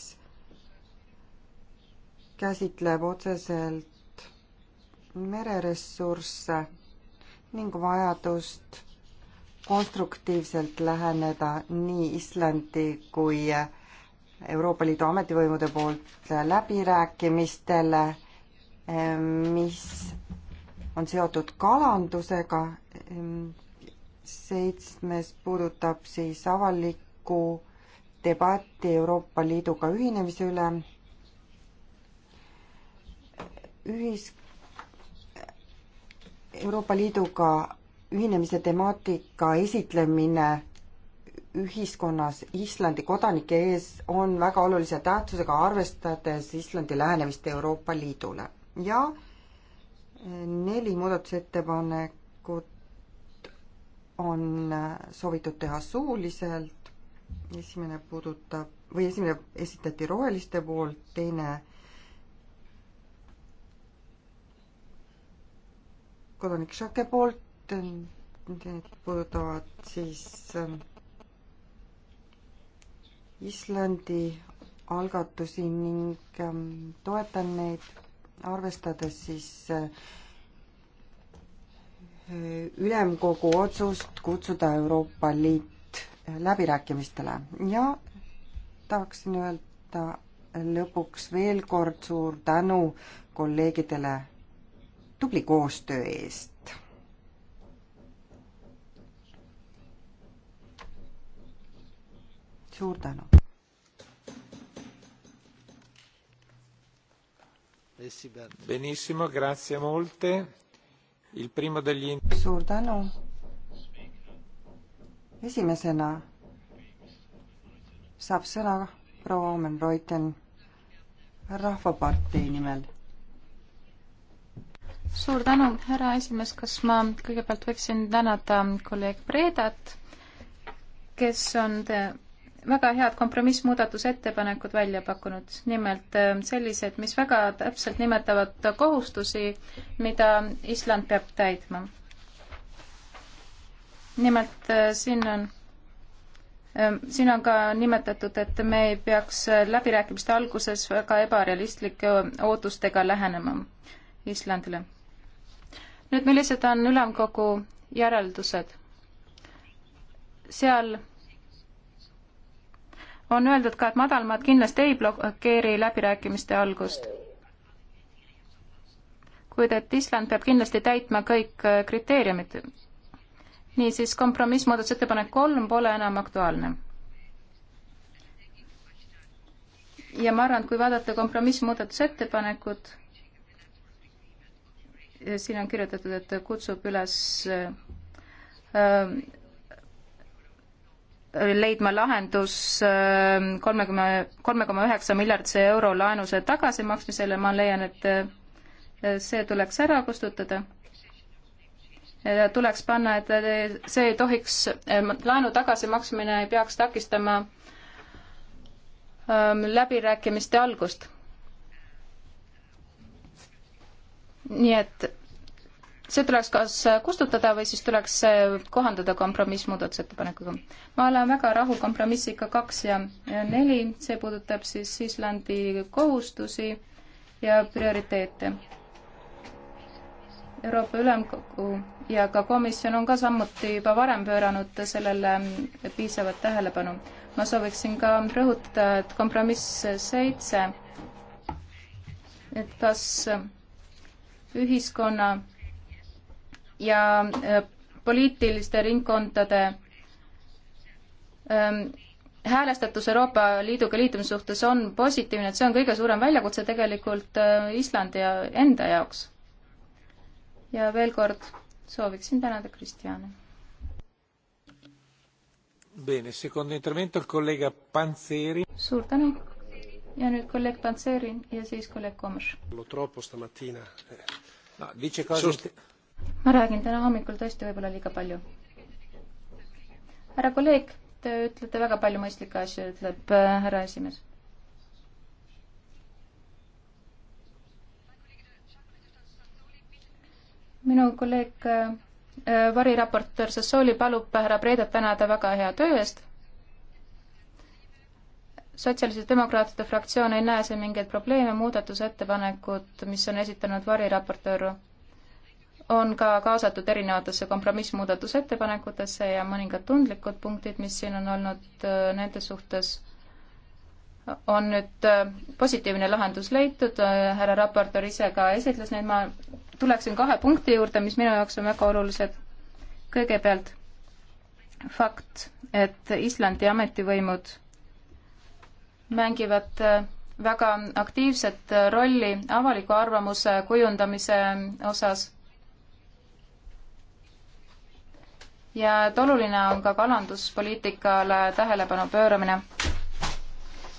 käsitleb otseselt mereressursse ning vajadust konstruktiivselt läheneda nii Islandi kui Euroopa Liidu ametivõimude poolt läbirääkimistele Ehm, mis on seotud kalandusega. Ehm, seitsmes puudutab siis avalikku debatti Euroopa Liiduga ühinemise üle. ühis, Euroopa Liiduga ühinemise temaatika esitlemine ühiskonnas Islandi kodanike ees on väga olulise tähtsusega, arvestades Islandi lähenemist Euroopa Liidule ja eh, neli muudatusettepanekut on eh, soovitud teha suuliselt. esimene puudutab või esimene esitati roheliste poolt, teine kodanik Šake poolt, need puudutavad siis eh, Islandi algatusi ning toetan neid arvestades siis äh, ülemkogu otsust kutsuda Euroopa Liit läbirääkimistele ja tahaksin öelda lõpuks veel kord suur tänu kolleegidele tubli koostöö eest. suur tänu! Eh Benissimo, grazie molte. Il primo degli... suur tänu. esimesena saab sõna proua Omen Reuten Rahvapartei nimel. suur tänu, härra esimees, kas ma kõigepealt võiksin tänada kolleeg Predat, kes on te väga head kompromissmuudatusettepanekud välja pakkunud, nimelt äh, sellised, mis väga täpselt nimetavad kohustusi, mida Island peab täitma. nimelt äh, siin on, äh, siin on ka nimetatud, et me ei peaks läbirääkimiste alguses väga ebarealistlike ootustega lähenema Islandile. nüüd, millised on ülemkogu järeldused? seal on öeldud ka, et madalmaad kindlasti ei blokeeri läbirääkimiste algust. kuid et Island peab kindlasti täitma kõik äh, kriteeriumid. niisiis kompromiss muudatusettepanek kolm pole enam aktuaalne. ja ma arvan, et kui vaadata kompromiss muudatusettepanekut, siin on kirjutatud, et kutsub üles äh, leidma lahendus ähm, kolmekümne, kolme koma üheksa miljardise euro laenuse tagasimaksmisele, ma leian, et äh, see tuleks ära kustutada. tuleks panna, et äh, see ei tohiks, ähm, laenu tagasimaksmine ei peaks takistama ähm, läbirääkimiste algust. nii et see tuleks kas kustutada või siis tuleks kohandada kompromiss muudatusettepanekuga. ma olen väga rahul kompromissiga kaks ja neli, see puudutab siis Islandi kohustusi ja prioriteete. Euroopa Ülemkogu ja ka komisjon on ka samuti juba varem pööranud sellele piisavat tähelepanu. ma sooviksin ka rõhutada, et kompromiss seitse, et kas ühiskonna ja äh, poliitiliste ringkondade ähm, häälestatus Euroopa Liiduga liitumise suhtes on positiivne, et see on kõige suurem väljakutse tegelikult äh, Islandi enda jaoks. ja veel kord sooviksin tänada Kristjane. suur tänu ja nüüd kolleeg Pantseri ja siis kolleeg Komes ma räägin täna hommikul tõesti võib-olla liiga palju. härra kolleeg, te ütlete väga palju mõistlikke asju, ütleb äh, härra esimees. minu kolleeg äh, äh, variraportöör Sassooli palub härra Preedat tänada väga hea töö eest. sotsialistide demokraatide fraktsioon ei näe siin mingeid probleeme, muudatusettepanekud, mis on esitanud variraportöör on ka kaasatud erinevatesse kompromissmuudatusettepanekutesse ja mõningad tundlikud punktid, mis siin on olnud äh, nende suhtes, äh, on nüüd äh, positiivne lahendus leitud, härra raportöör ise ka esitles neid, ma tuleksin kahe punkti juurde, mis minu jaoks on väga olulised. kõigepealt fakt, et Islandi ametivõimud mängivad väga aktiivset rolli avaliku arvamuse kujundamise osas ja et oluline on ka kalanduspoliitikale tähelepanu pööramine.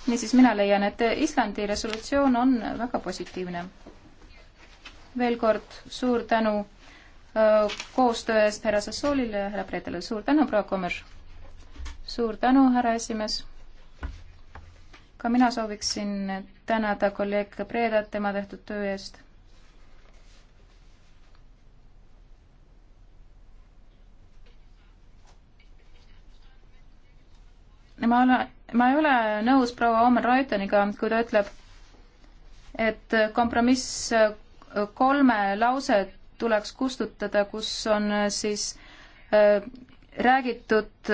niisiis, mina leian, et Islandi resolutsioon on väga positiivne. veel kord suur tänu äh, koostöö eest härra Sassoolile ja härra Predele. suur tänu, proua Kommer. suur tänu, härra esimees. ka mina sooviksin tänada kolleeg Predat tema tehtud töö eest ma olen, ma ei ole nõus proua Oman Reuteniga, kui ta ütleb, et kompromiss äh, kolme lause tuleks kustutada, kus on äh, siis äh, räägitud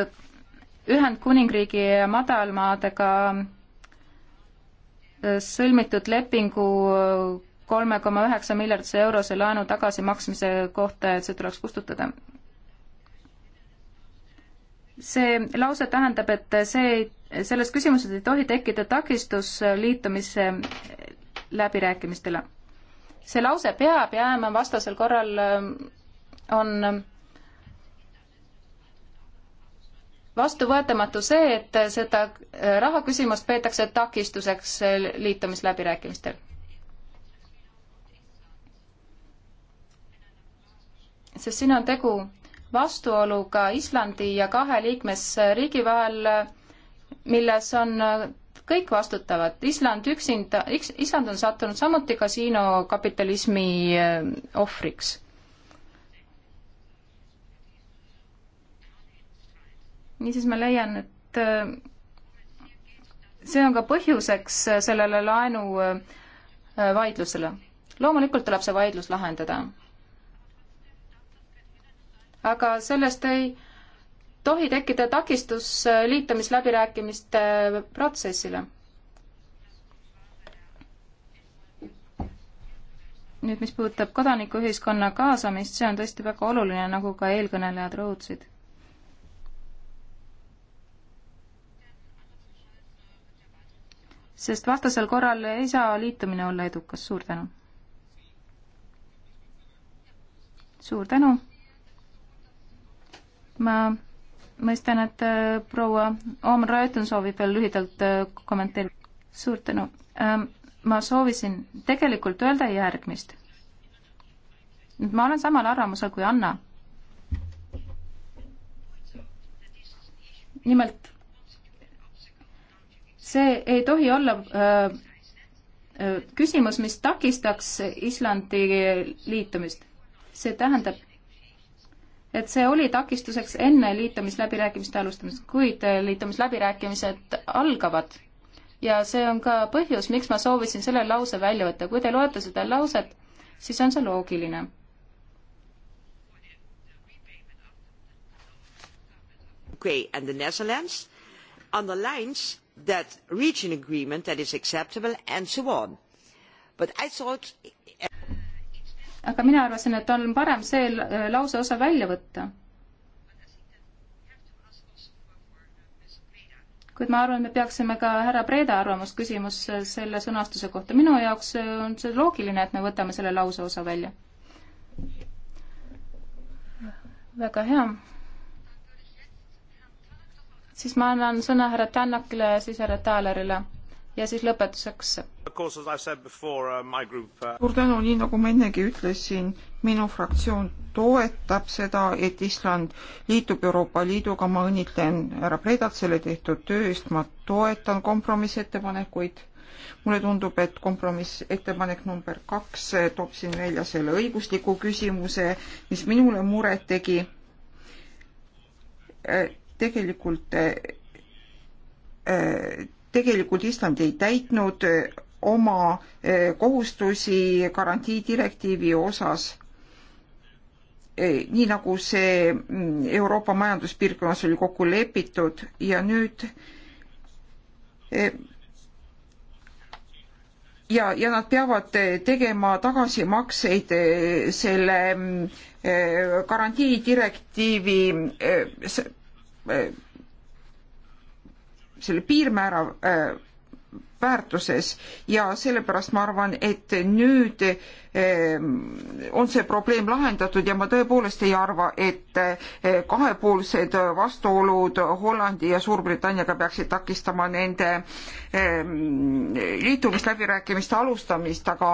Ühendkuningriigi ja madalmaadega äh, sõlmitud lepingu kolme koma üheksa miljardise eurose laenu tagasimaksmise kohta, et see tuleks kustutada see lause tähendab, et see, selles küsimuses ei tohi tekkida takistus liitumise läbirääkimistele. see lause peab jääma, vastasel korral on vastuvõetamatu see, et seda rahaküsimust peetakse takistuseks liitumisläbirääkimistel. sest siin on tegu vastuoluga Islandi ja kahe liikmesriigi vahel, milles on kõik vastutavad. Island üksinda, Island on sattunud samuti kasiinokapitalismi eh, ohvriks. niisiis ma leian, et eh, see on ka põhjuseks eh, sellele laenu vaidlusele. loomulikult tuleb see vaidlus lahendada aga sellest ei tohi tekkida takistus äh, liitumisläbirääkimiste äh, protsessile. nüüd, mis puudutab kodanikuühiskonna kaasamist, see on tõesti väga oluline, nagu ka eelkõnelejad rõhutasid sest vastasel korral ei saa liitumine olla edukas, suur tänu. suur tänu ma mõistan, et äh, proua Oom Rööten soovib veel lühidalt äh, kommenteerida. suur tänu. Ähm, ma soovisin tegelikult öelda järgmist. nüüd ma olen samal arvamusel kui Anna. nimelt, see ei tohi olla öö, äh, öö, küsimus, mis takistaks Islandi liitumist. see tähendab, et see oli takistuseks enne liitumisläbirääkimiste alustamist, kuid äh, liitumisläbirääkimised algavad ja see on ka põhjus, miks ma soovisin selle lause välja võtta. kui te loete seda lauset, siis on see loogiline. Norway and the Netherlands underlines that region agreement that is acceptable and so on. But I thought aga mina arvasin, et on parem see lauseosa välja võtta. kuid ma arvan, et me peaksime ka härra Breda arvamust küsimus selle sõnastuse kohta. minu jaoks on see loogiline, et me võtame selle lauseosa välja. väga hea. siis ma annan sõna härra Tannakile ja siis härra Taalerile ja siis lõpetuseks. Uh, uh, suur tänu, nii nagu ma ennegi ütlesin, minu fraktsioon toetab seda, et Island liitub Euroopa Liiduga, ma õnnitlen härra Predat selle tehtud töö eest, ma toetan kompromissettepanekuid. mulle tundub, et kompromissettepanek number kaks toob siin välja selle õigusliku küsimuse, mis minule muret tegi. Äh, tegelikult äh, äh, tegelikult Island ei täitnud eh, oma eh, kohustusi garantiidirektiivi osas, eh, nii nagu see mm, Euroopa Majanduspiirkonnas oli kokku lepitud ja nüüd ja, ja nad peavad tegema tagasimakseid selle mm, garantiidirektiivi selle piirmäära äh, väärtuses ja sellepärast ma arvan, et nüüd äh, on see probleem lahendatud ja ma tõepoolest ei arva, et äh, kahepoolsed vastuolud Hollandi ja Suurbritanniaga peaksid takistama nende liitumisläbirääkimiste alustamist, aga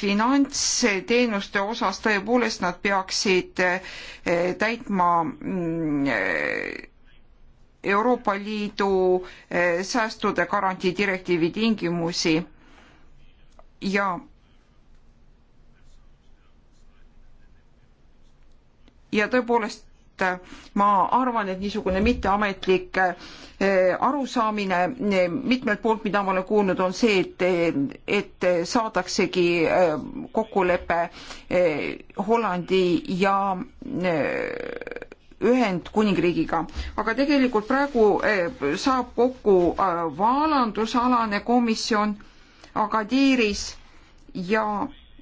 finantsteenuste osas tõepoolest nad peaksid täitma mm, Euroopa Liidu eh, säästude garantii direktiivi tingimusi ja ja tõepoolest eh, ma arvan, et niisugune mitteametlik eh, arusaamine mitmelt poolt, mida ma olen kuulnud, on see, et, et saadaksegi kokkulepe Hollandi ja Ühendkuningriigiga. aga tegelikult praegu eh, saab kokku äh, vaalandusalane komisjon Agadiiris ja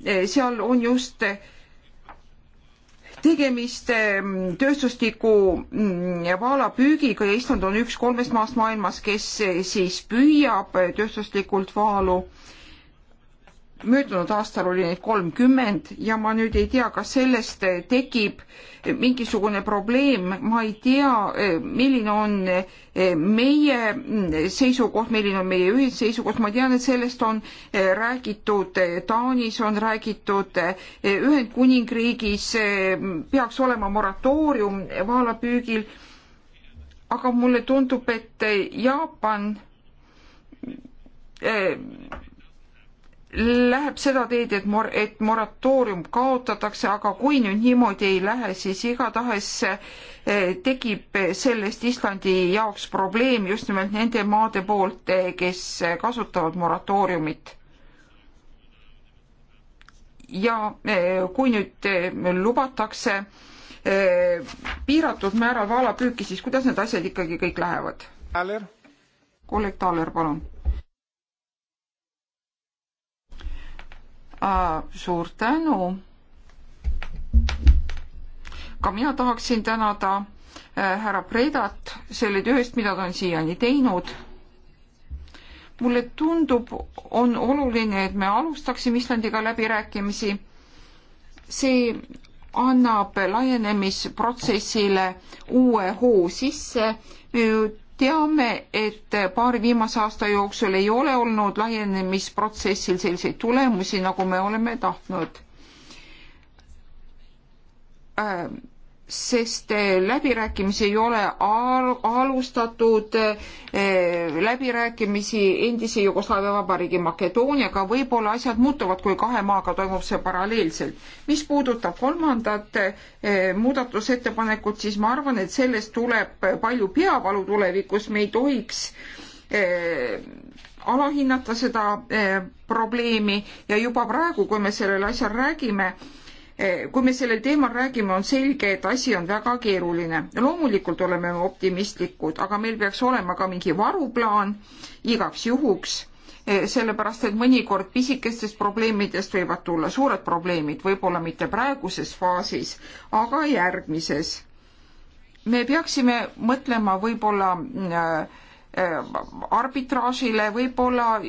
eh, seal on just eh, tegemist tööstusliku mm, vaalapüügiga ja Island on üks kolmest maast maailmas, kes siis püüab tööstuslikult vaalu möödunud aastal oli neid kolmkümmend ja ma nüüd ei tea, kas sellest tekib mingisugune probleem, ma ei tea, milline on meie seisukoht, milline on meie ühisseisukoht, ma tean, et sellest on räägitud Taanis, on räägitud Ühendkuningriigis, peaks olema moratoorium vaalapüügil, aga mulle tundub, et Jaapan läheb seda teed, et mor-, et moratoorium kaotatakse, aga kui nüüd niimoodi ei lähe, siis igatahes eh, tekib sellest Islandi jaoks probleem just nimelt nende maade poolt, eh, kes kasutavad moratooriumit. ja eh, kui nüüd lubatakse piiratud määral vaalapüüki, siis kuidas need asjad ikkagi kõik lähevad? kolleeg Taaler, palun suur tänu. ka mina tahaksin tänada eh, härra Predat selle tööst, mida ta on siiani teinud. mulle tundub, on oluline, et me alustaksime Islandiga läbirääkimisi. see annab laienemisprotsessile uue hoo sisse teame, et paari viimase aasta jooksul ei ole olnud laienemisprotsessil selliseid tulemusi, nagu me oleme tahtnud ähm sest eh, läbirääkimisi ei ole alustatud, eh, läbirääkimisi endise Jugoslaavia Vabariigi Makedooniaga, võib-olla asjad muutuvad, kui kahe maaga toimub see paralleelselt. mis puudutab kolmandat eh, muudatusettepanekut, siis ma arvan, et sellest tuleb palju peavalu tulevikus, me ei tohiks alahinnata seda probleemi ja juba praegu, kui me sellel asjal räägime, kui me sellel teemal räägime, on selge, et asi on väga keeruline. loomulikult oleme me optimistlikud, aga meil peaks olema ka mingi varuplaan igaks juhuks, e, sellepärast et mõnikord pisikestest probleemidest võivad tulla suured probleemid, võib-olla mitte praeguses faasis, aga järgmises. me peaksime mõtlema võib-olla äh, arbitraažile, võib-olla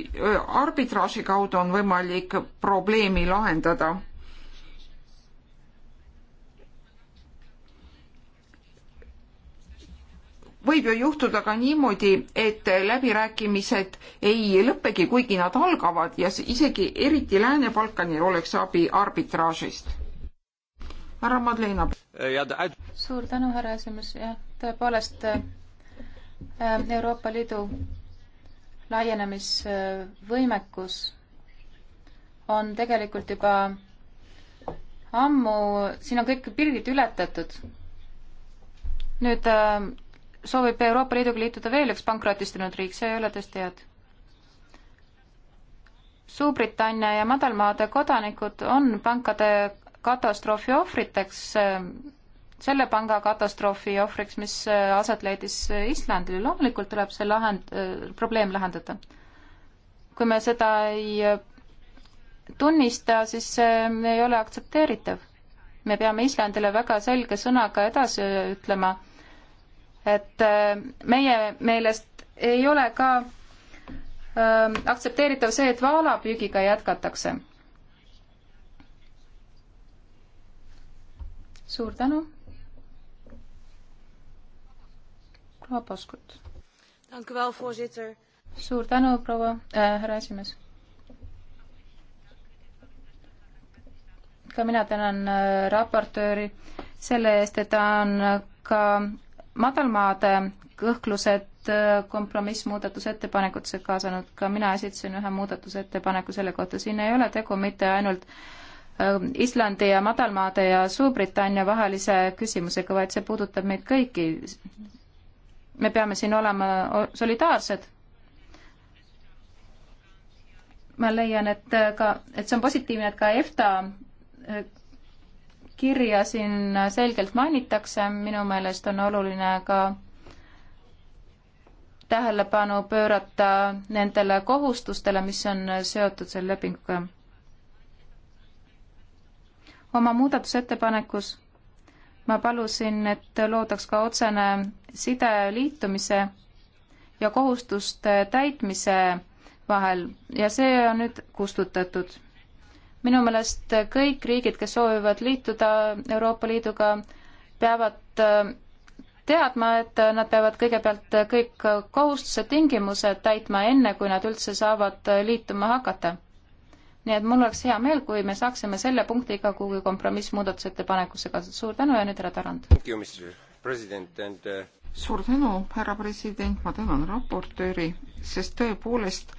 arbitraaži kaudu on võimalik probleemi lahendada. võib ju juhtuda ka niimoodi, et läbirääkimised ei lõppegi, kuigi nad algavad ja isegi eriti Lääne-Balkanil oleks abi arbitraažist. härra Madlena. suur tänu, härra esimees, jah, tõepoolest äh, Euroopa Liidu laienemisvõimekus on tegelikult juba ammu, siin on kõik piirid ületatud nüüd äh, soovib Euroopa Liiduga liituda veel üks pankrotistunud riik, see ei ole tõesti head. Suurbritannia ja madalmaade kodanikud on pankade katastroofi ohvriteks, selle panga katastroofi ohvriks, mis aset leidis Islandil. loomulikult tuleb see lahend, probleem lahendada. kui me seda ei tunnista, siis see ei ole aktsepteeritav. me peame Islandile väga selge sõnaga edasi ütlema et äh, meie meelest ei ole ka ähm, aktsepteeritav see, et vaalapüügiga jätkatakse. suur tänu. proua Paskut. suur tänu, proua äh,, härra esimees. ka mina tänan äh, raportööri selle eest, et ta on ka madalmaade kõhklused kompromissmuudatusettepanekutesse kaasanud, ka mina esitasin ühe muudatusettepaneku selle kohta, siin ei ole tegu mitte ainult ähm, Islandi ja Madalmaade ja Suurbritannia vahelise küsimusega, vaid see puudutab meid kõiki. me peame siin olema solidaarsed. ma leian, et äh, ka, et see on positiivne, et ka EFTA äh, kirja siin selgelt mainitakse, minu meelest on oluline ka tähelepanu pöörata nendele kohustustele, mis on seotud selle lepinguga. oma muudatusettepanekus ma palusin, et loodaks ka otsene side liitumise ja kohustuste täitmise vahel ja see on nüüd kustutatud minu meelest kõik riigid, kes soovivad liituda Euroopa Liiduga, peavad äh, teadma, et äh, nad peavad kõigepealt äh, kõik kohustused, tingimused täitma, enne kui nad üldse saavad liituma hakata. nii et mul oleks hea meel, kui me saaksime selle punkti ka kuhugi kompromissmuudatusettepanekusse kaasa. suur tänu ja nüüd härra Tarand. suur tänu, härra president, ma tänan raportööri, sest tõepoolest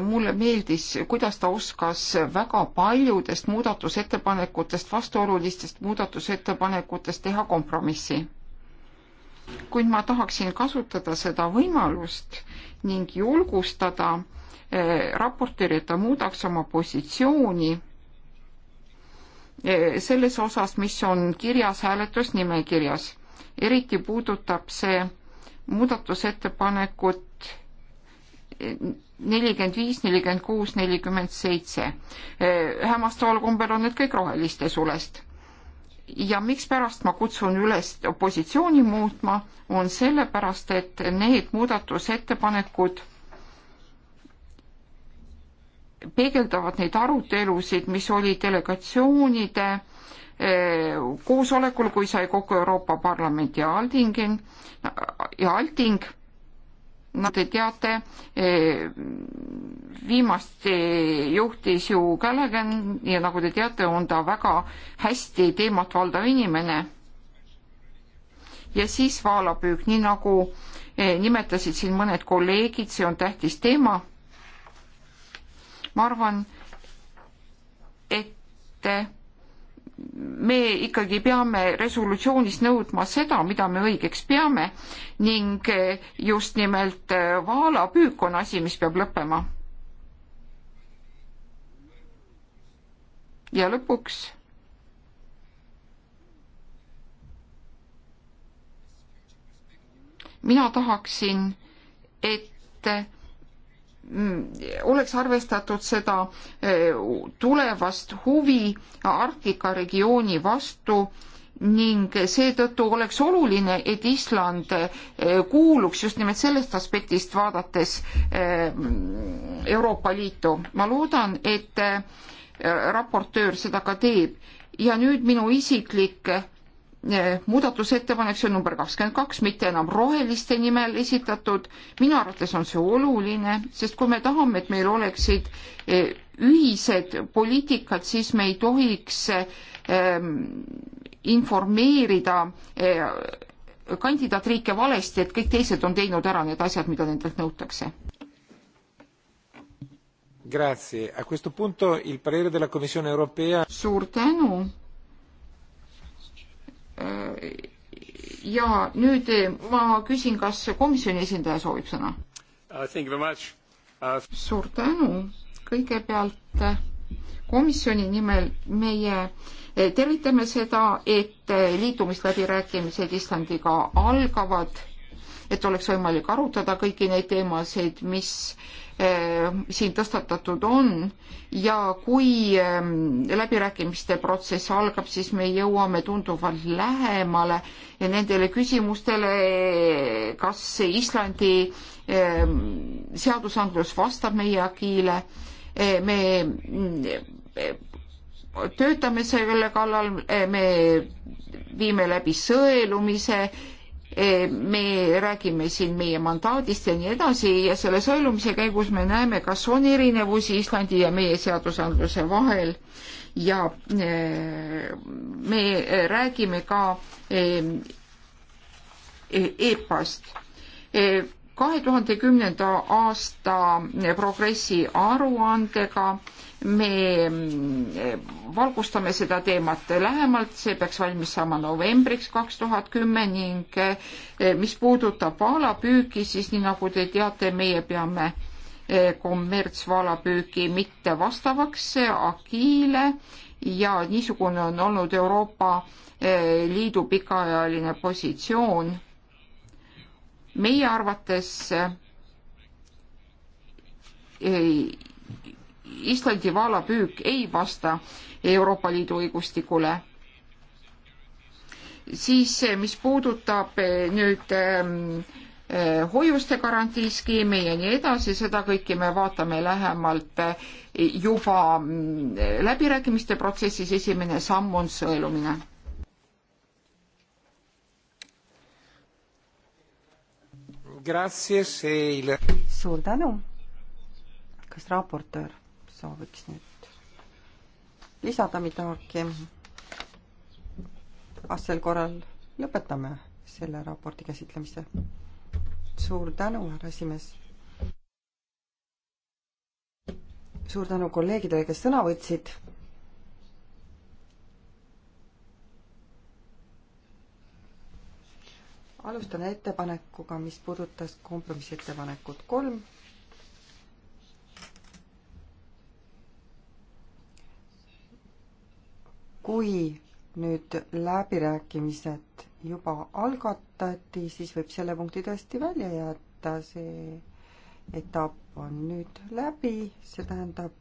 mulle meeldis, kuidas ta oskas väga paljudest muudatusettepanekutest, vastuolulistest muudatusettepanekutest teha kompromissi. kuid ma tahaksin kasutada seda võimalust ning julgustada eh, raportööri, et ta muudaks oma positsiooni eh, selles osas, mis on kirjas hääletusnimekirjas. eriti puudutab see muudatusettepanekut nelikümmend viis, nelikümmend kuus, nelikümmend seitse. hämmastaval kombel on need kõik roheliste sulest. ja mikspärast ma kutsun üles positsiooni muutma, on sellepärast, et need muudatusettepanekud peegeldavad neid arutelusid, mis oli delegatsioonide eh, koosolekul, kui sai kokku Euroopa Parlamendi Aldingen ja Alting no te teate, e, viimast e, juhtis ju Callaghan ja nagu te teate, on ta väga hästi teemat valdav inimene. ja siis vaalapüük, nii nagu e, nimetasid siin mõned kolleegid, see on tähtis teema. ma arvan, et me ikkagi peame resolutsioonis nõudma seda, mida me õigeks peame ning eh, just nimelt eh, vaalapüük on asi, mis peab lõppema. ja lõpuks mina tahaksin, et Mm, oleks arvestatud seda eh, tulevast huvi Arktika regiooni vastu ning seetõttu oleks oluline, et Island eh, kuuluks just nimelt sellest aspektist vaadates eh, Euroopa Liitu. ma loodan, et raportöör seda ka teeb ja nüüd minu isiklik Eh, muudatusettepanek, see on number kakskümmend kaks, mitte enam roheliste nimel esitatud. minu arvates on see oluline, sest kui me tahame, et meil oleksid eh, ühised poliitikad, siis me ei tohiks ehm, informeerida eh, kandidaatriike valesti, et kõik teised on teinud ära need asjad, mida nendelt nõutakse. suur tänu Äh, ja nüüd äh, ma küsin, kas komisjoni esindaja soovib sõna uh,? uh suur tänu, kõigepealt äh, komisjoni nimel meie tervitame seda, et liitumisläbirääkimised Islandiga algavad, et oleks võimalik arutada kõiki neid teemasid, mis Ehm, siin tõstatatud on ja kui ehm, läbirääkimiste protsess algab, siis me jõuame tunduvalt lähemale nendele küsimustele, kas Islandi ehm, seadusandlus vastab meie agiile. Eh, me mm, töötame selle kallal, eh, me viime läbi sõelumise Eh, me räägime siin meie mandaadist ja nii edasi ja selle sõelumise käigus me näeme, kas on erinevusi Islandi ja meie seadusandluse vahel ja eh, me räägime ka eh, e-, EPA-st. kahe tuhande kümnenda aasta progressi aruandega me eh, valgustame seda teemat lähemalt, see peaks valmis saama novembriks kaks tuhat kümme ning eh, mis puudutab vaalapüüki, siis nii nagu te teate, meie peame eh, kommertsvaalapüügi mitte vastavaks agiile ja niisugune on olnud Euroopa Liidu pikaajaline positsioon. meie arvates ei Islandi vaalapüük ei vasta Euroopa Liidu õigustikule. siis, eh, mis puudutab eh, nüüd ehm, eh, hoiuste garantiiskeemi ja nii edasi, seda kõike me vaatame lähemalt juba mm, läbirääkimiste protsessis, esimene samm on sõelumine suur tänu. kas raportöör? sooviks nüüd lisada midagi. vastasel korral lõpetame selle raporti käsitlemise. suur tänu, härra esimees. suur tänu kolleegidele, kes sõna võtsid. alustan ettepanekuga, mis puudutas kompromissettepanekut kolm kui nüüd läbirääkimised juba algatati, siis võib selle punkti tõesti välja jätta, see etapp on nüüd läbi, see tähendab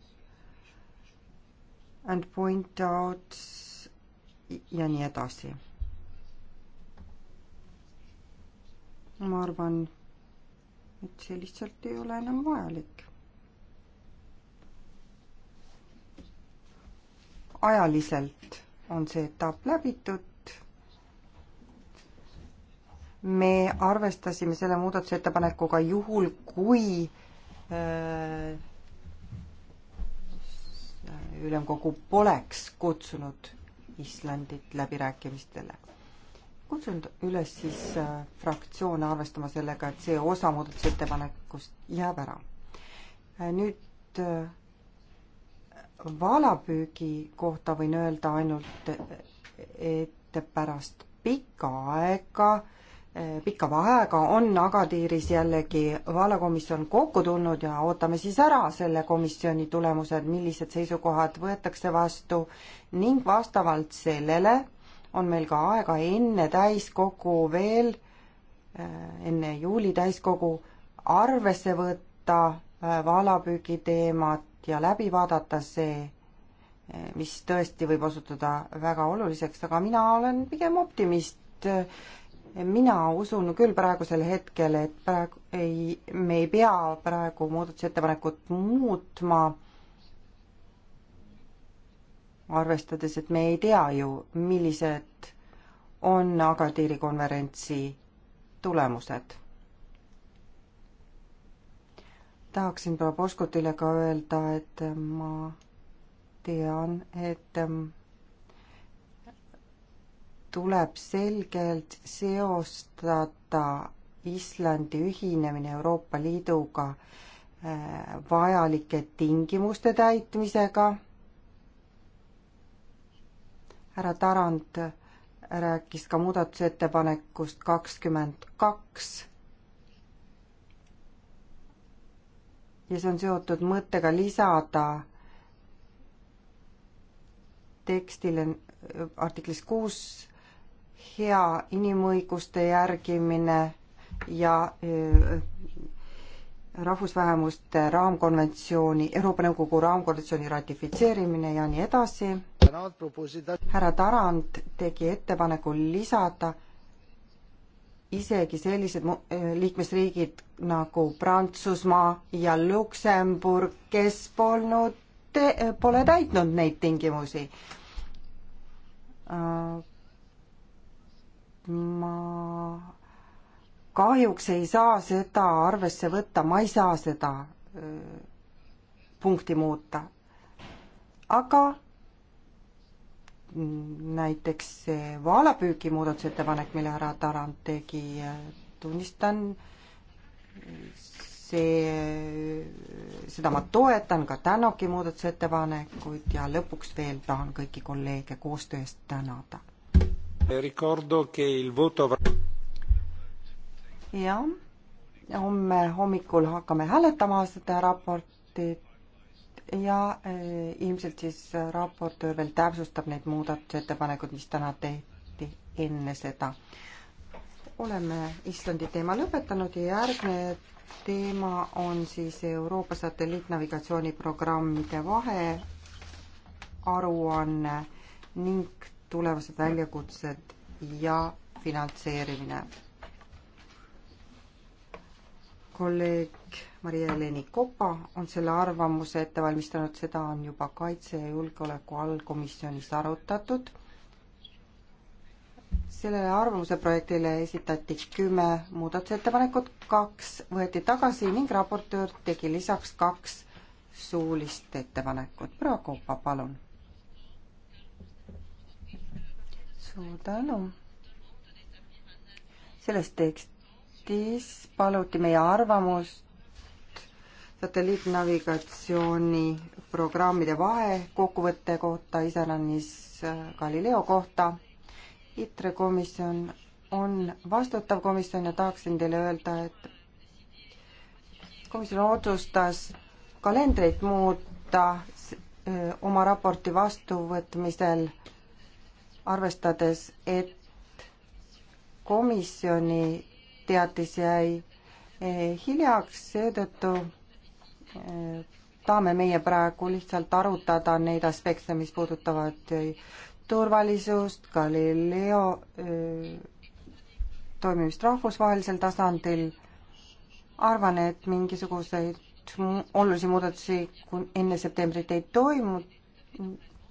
and point outs ja nii edasi. ma arvan, et see lihtsalt ei ole enam vajalik ajaliselt on see etapp läbitud. me arvestasime selle muudatusettepanekuga juhul, kui äh, ülemkogu poleks kutsunud Islandit läbirääkimistele. kutsun üles siis äh, fraktsioone arvestama sellega, et see osa muudatusettepanekust jääb ära. Äh, nüüd valapüügi kohta võin öelda ainult, et pärast pikka aega, pikka vaheaega on Agadiris jällegi valakomisjon kokku tulnud ja ootame siis ära selle komisjoni tulemused, millised seisukohad võetakse vastu ning vastavalt sellele on meil ka aega enne täiskogu veel, enne juuli täiskogu arvesse võtta äh, valapüügi teemat ja läbi vaadata see, mis tõesti võib osutuda väga oluliseks, aga mina olen pigem optimist. mina usun küll praegusel hetkel, et praegu ei, me ei pea praegu muudatusettepanekut muutma, arvestades, et me ei tea ju, millised on Agatiri konverentsi tulemused tahaksin proua Poskutile ka öelda, et äh, ma tean, et ähm, tuleb selgelt seostada Islandi ühinemine Euroopa Liiduga äh, vajalike tingimuste täitmisega. härra Tarand rääkis ka muudatusettepanekust kakskümmend kaks ja see on seotud mõttega lisada tekstile artiklis kuus hea inimõiguste järgimine ja rahvusvähemuste raamkonventsiooni, Euroopa Nõukogu raamkonventsiooni ratifitseerimine ja nii edasi. härra Tarand tegi ettepaneku lisada isegi sellised eh, liikmesriigid nagu Prantsusmaa ja Luksemburg, kes polnud, pole täitnud neid tingimusi. Äh, ma kahjuks ei saa seda arvesse võtta, ma ei saa seda äh, punkti muuta. aga näiteks see vaalapüügi muudatusettepanek, mille härra Tarand tegi, tunnistan, see, seda ma toetan, ka Tänoki muudatusettepanekuid ja lõpuks veel tahan kõiki kolleege koostöö eest tänada. jah, homme hommikul hakkame hääletama seda raportit ja eh, ilmselt siis raportöör veel täpsustab neid muudatusettepanekuid, mis täna tehti enne seda. oleme Islandi teema lõpetanud ja järgmine teema on siis Euroopa satelliitnavigatsiooniprogrammide vahearuanne ning tulevased väljakutsed ja finantseerimine. kolleeg Maria-Heleni Kopa on selle arvamuse ette valmistanud, seda on juba kaitse ja julgeoleku allkomisjonis arutatud. sellele arvamuse projektile esitati kümme muudatusettepanekut, kaks võeti tagasi ning raportöör tegi lisaks kaks suulist ettepanekut. proua Kopa, palun. suur tänu. selles tekstis paluti meie arvamust satelliitnavigatsiooni programmide vahekokkuvõtte kohta, iseäranis äh, Galileo kohta. ITRE komisjon on vastutav komisjon ja tahaksin teile öelda, et komisjon otsustas kalendrit muuta äh, oma raporti vastuvõtmisel, arvestades, et komisjoni teatis jäi äh, hiljaks, seetõttu tahame meie praegu lihtsalt arutada neid aspekte, mis puudutavad turvalisust, Galileo äh, toimimist rahvusvahelisel tasandil. arvan, et mingisuguseid olulisi muudatusi enne septembrit ei toimu.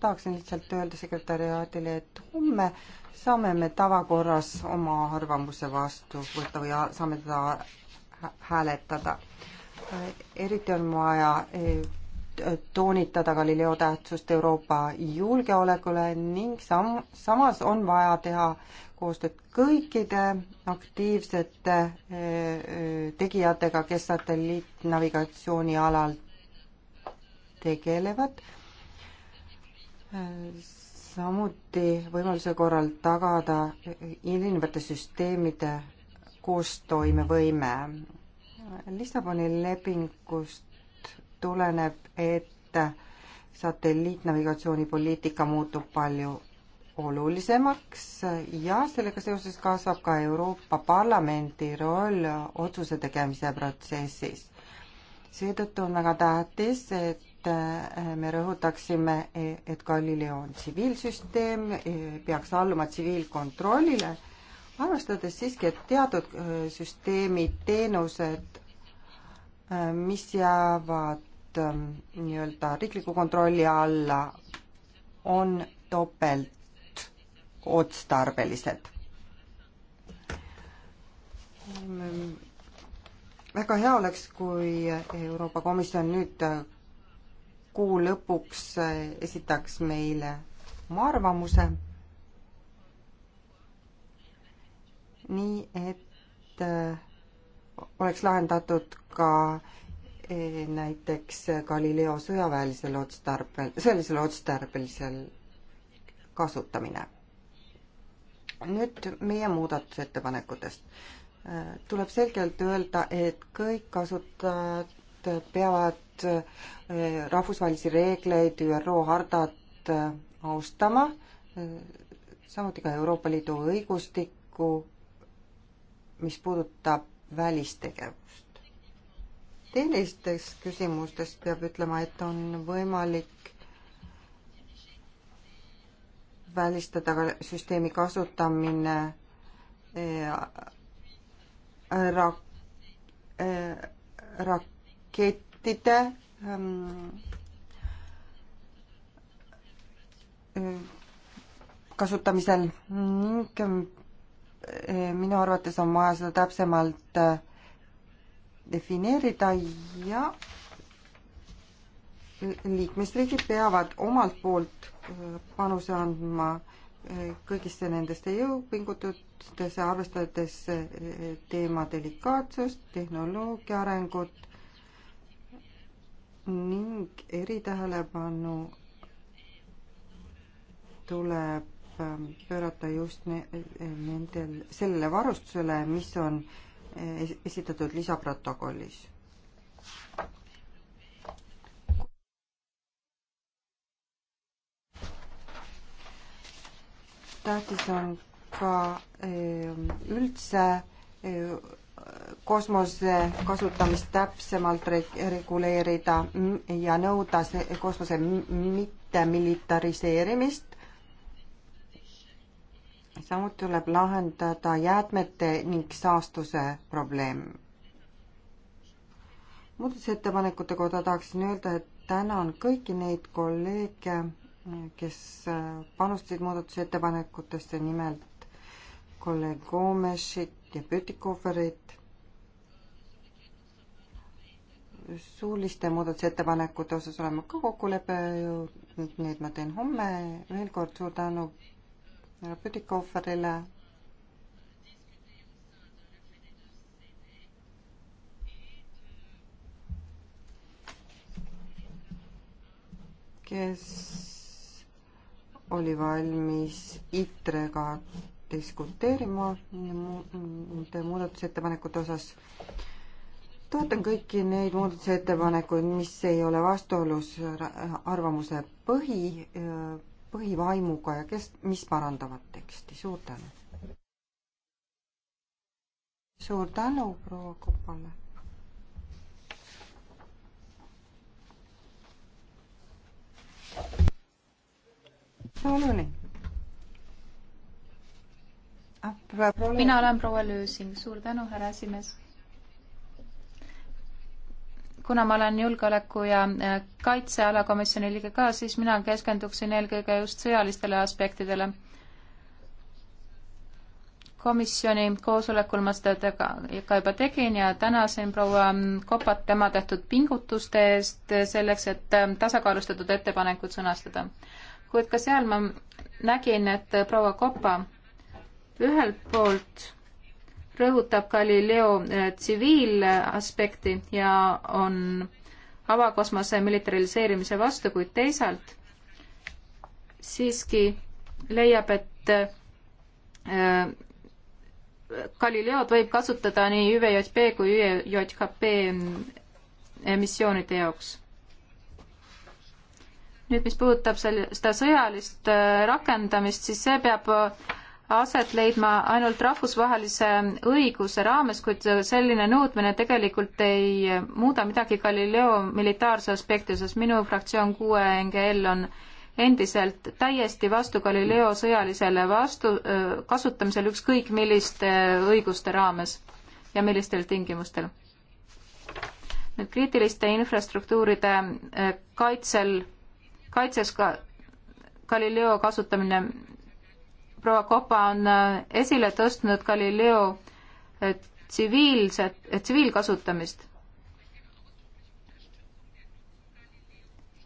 tahaksin lihtsalt öelda sekretäriaadile, et homme saame me tavakorras oma arvamuse vastu võtta või saame teda hääletada. Äh, eriti on vaja äh, toonitada Galileo tähtsust Euroopa julgeolekule ning sam-, samas on vaja teha koostööd kõikide aktiivsete äh, tegijatega, kes satelliitnavigatsiooni alal tegelevad. samuti võimaluse korral tagada erinevate süsteemide koostoimevõime Lissaboni lepingust tuleneb, et satelliitnavigatsioonipoliitika muutub palju olulisemaks ja sellega seoses kasvab ka Euroopa Parlamendi roll otsuse tegemise protsessis. seetõttu on väga tähtis, et äh, me rõhutaksime, e, et Galileo on tsiviilsüsteem, e, peaks alluma tsiviilkontrollile, arvestades siiski, et teatud äh, süsteemid, teenused Äh, mis jäävad ähm, nii-öelda riikliku kontrolli alla, on topeltotstarbelised mm, väga hea oleks, kui Euroopa Komisjon nüüd äh, kuu lõpuks äh, esitaks meile oma arvamuse. nii et oleks lahendatud ka eh, näiteks Galileo sõjaväelisel otstarbel, sõjalisel otstarbelisel kasutamine. nüüd meie muudatusettepanekutest. Eh, tuleb selgelt öelda, et kõik kasutajad peavad eh, rahvusvahelisi reegleid, ÜRO hardat austama, samuti ka Euroopa Liidu õigustikku, mis puudutab välistegevust tehnilistest küsimustest peab ütlema, et on võimalik välistada ka süsteemi kasutamine eh, rak-, eh, rakettide ehm, eh, kasutamisel ning minu arvates on vaja seda täpsemalt äh, defineerida ja liikmesriigid peavad omalt poolt äh, panuse andma äh, kõigisse nendesse jõupingutustesse, arvestades äh, teema delikaatsust, tehnoloogia arengut ning eritähelepanu tuleb ähm, pöörata just nendel, sellele varustusele, mis on äh, esitatud lisaprotokollis. tähtis on ka ehm, üldse ehm, kosmose kasutamist täpsemalt reguleerida ja nõuda kosmose mittemilitariseerimist samuti tuleb lahendada jäätmete ning saastuse probleem. muudatusettepanekute kohta tahaksin öelda, et tänan kõiki neid kolleege, kes panustasid muudatusettepanekutesse, nimelt kolleeg Gomesit ja Pütikoferit. suuliste muudatusettepanekute osas oleme ka kokkuleppele jõudnud, nii et ma teen homme veel kord suur tänu härra Püdikohverile. kes oli valmis ITRE-ga diskuteerima nende muudatusettepanekute osas. toetan kõiki neid muudatusettepanekuid, mis ei ole vastuolus arvamuse põhi põhivaimuga ja kes, mis parandavad teksti, suur tänu. suur tänu proua Kopale. no nii. Ah, mina olen proua Lüüsing, suur tänu, härra esimees kuna ma olen julgeoleku ja äh, kaitsealakomisjoni liige ka, siis mina keskenduksin eelkõige just sõjalistele aspektidele. komisjoni koosolekul ma seda ka, ka juba tegin ja tänasin proua ähm, Kopat tema tehtud pingutuste eest selleks, et ähm, tasakaalustatud ettepanekud sõnastada. kuid ka seal ma nägin, et proua Kopa ühelt poolt rõhutab Galileo eh, tsiviilaspekti ja on avakosmose militariseerimise vastu, kuid teisalt siiski leiab, et eh, Galileod võib kasutada nii ÜVJP kui ÜJKP eh, missioonide jaoks. nüüd, mis puudutab selle, seda sõjalist rakendamist, siis see peab aset leidma ainult rahvusvahelise õiguse raames, kuid selline nõudmine tegelikult ei muuda midagi Galileo militaarse aspekti osas. minu fraktsioon kuue NGL on endiselt täiesti vastu Galileo sõjalisele vastu, kasutamisel ükskõik milliste õiguste raames ja millistel tingimustel. nüüd kriitiliste infrastruktuuride kaitsel, kaitses ka Galileo kasutamine proua Kopa on äh, esile tõstnud Galileo äh, tsiviilset, äh, tsiviilkasutamist.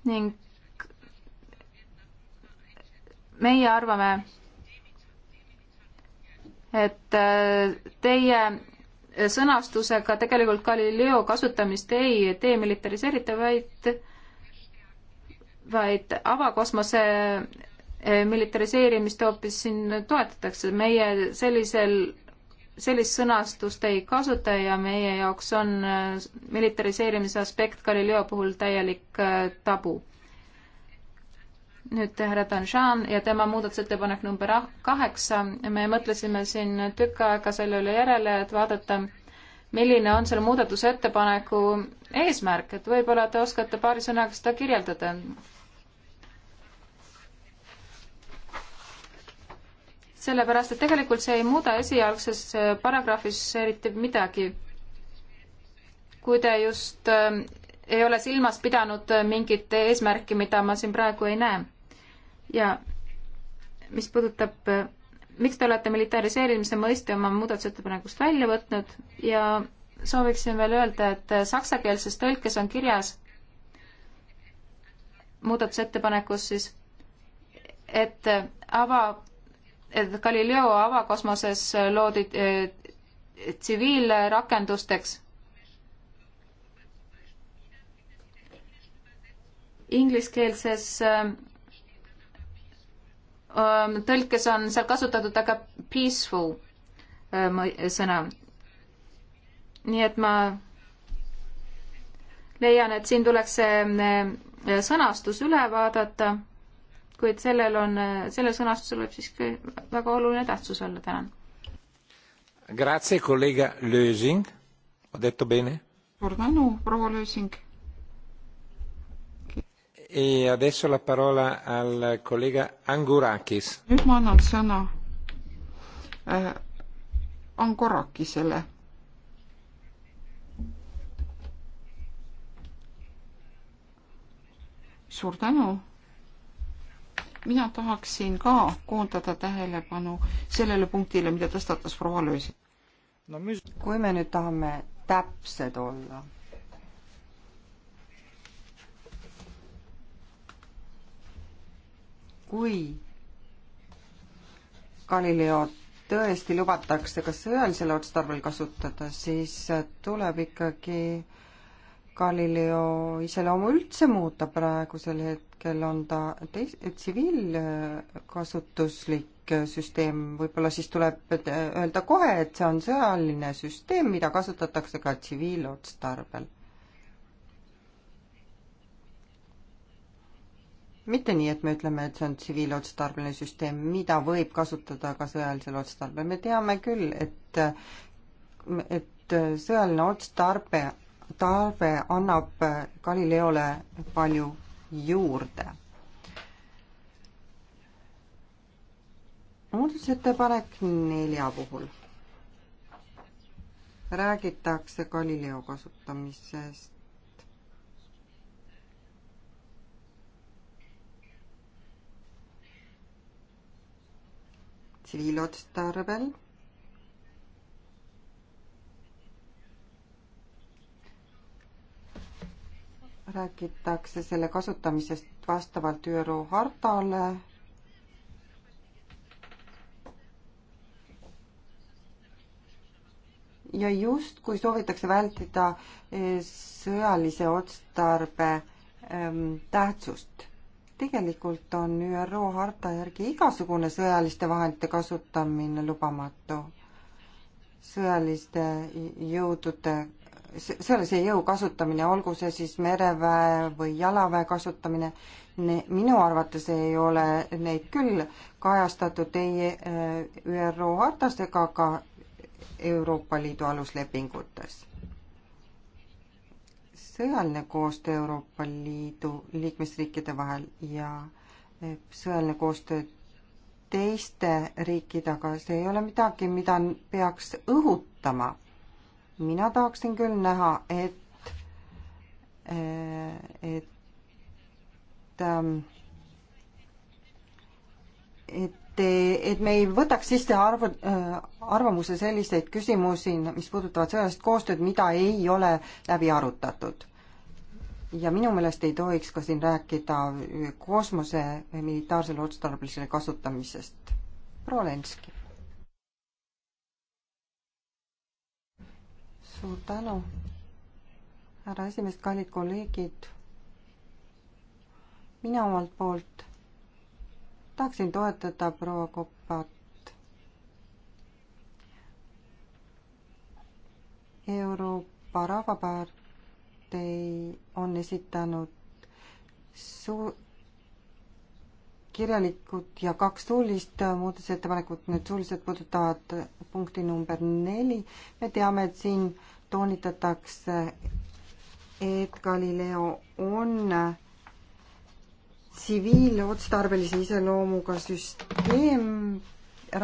ning meie arvame, et teie sõnastusega tegelikult Galileo kasutamist ei demilitariseerita, vaid, vaid avakosmose Eh, militariseerimist hoopis siin toetatakse. meie sellisel, sellist sõnastust ei kasuta ja meie jaoks on eh, militariseerimise aspekt Galileo puhul täielik eh, tabu. nüüd härra Danjan ja tema muudatusettepanek number ah-, kaheksa, me mõtlesime siin tükk aega selle üle järele, et vaadata, milline on selle muudatusettepaneku eesmärk, et võib-olla te oskate paari sõnaga seda kirjeldada, sellepärast et tegelikult see ei muuda esialgses äh, paragrahvis eriti midagi. kui te just äh, ei ole silmas pidanud äh, mingit eesmärki, mida ma siin praegu ei näe. ja mis puudutab, miks te olete militariseerimise mõiste oma muudatusettepanekust välja võtnud ja sooviksin veel öelda, et saksakeelses tõlkes on kirjas muudatusettepanekus siis, et ava et Galileo avakosmoses loodi eh, tsiviilrakendusteks ingliskeelses eh, eh, tõlkes on seal kasutatud aga peaceful sõna. nii et ma leian, et siin tuleks see sõnastus üle vaadata kuid sellel on, sellel sõnastusel võib siiski väga oluline tähtsus olla, tänan. Grazie, kolleeg Lösing, ho detto bene? suur tänu, proua Lösing. E adesso la parola al collega Angurakis. nüüd ma annan sõna äh, Angurakisele suur tänu mina tahaksin ka koondada tähelepanu sellele punktile, mida tõstatas proua Löösi no,. Mis... kui me nüüd tahame täpsed olla, kui Galileo tõesti lubatakse ka sõjalisel otstarbel kasutada, siis tuleb ikkagi äh, Galileo iseloomu üldse muuta praegusel hetkel, on ta teis-, tsiviilkasutuslik süsteem, võib-olla siis tuleb öelda kohe, et see on sõjaline süsteem, mida kasutatakse ka tsiviilotstarbel. mitte nii, et me ütleme, et see on tsiviilotstarbeline süsteem, mida võib kasutada ka sõjalisel otstarbel, me teame küll, et et sõjaline otstarbe talve annab Galileole palju juurde. muudatusettepanek nelja puhul räägitakse Galileo kasutamisest. tsiviilotstarbel räägitakse selle kasutamisest vastavalt ÜRO hartale. ja justkui soovitakse vältida eh, sõjalise otstarbe ähm, tähtsust. tegelikult on ÜRO harta järgi igasugune sõjaliste vahendite kasutamine lubamatu. sõjaliste jõudude selles see jõu kasutamine, olgu see siis mereväe või jalaväe kasutamine, minu arvates ei ole neid küll kajastatud ei äh, ÜRO hartas ega ka Euroopa Liidu aluslepingutes sõjaline koostöö Euroopa Liidu liikmesriikide vahel ja äh, sõjaline koostöö teiste riikidega, see ei ole midagi, mida peaks õhutama mina tahaksin küll näha, et, eh, et ähm, et et, et me ei võtaks sisse arv-, äh, arvamuse selliseid küsimusi, mis puudutavad sõjalist koostööd, mida ei ole läbi arutatud. ja minu meelest ei tohiks ka siin rääkida kosmose militaarsel otstarbelisel kasutamisest. proua Lenski suur tänu, härra esimees, kallid kolleegid. mina omalt poolt tahaksin toetada proua Kopat. Euroopa Rahvapartei on esitanud suur, kirjalikud ja kaks suulist muudatusettepanekut, need suulised puudutavad punkti number neli. me teame, et siin toonitatakse, et Galileo on tsiviilotstarbelise iseloomuga süsteem.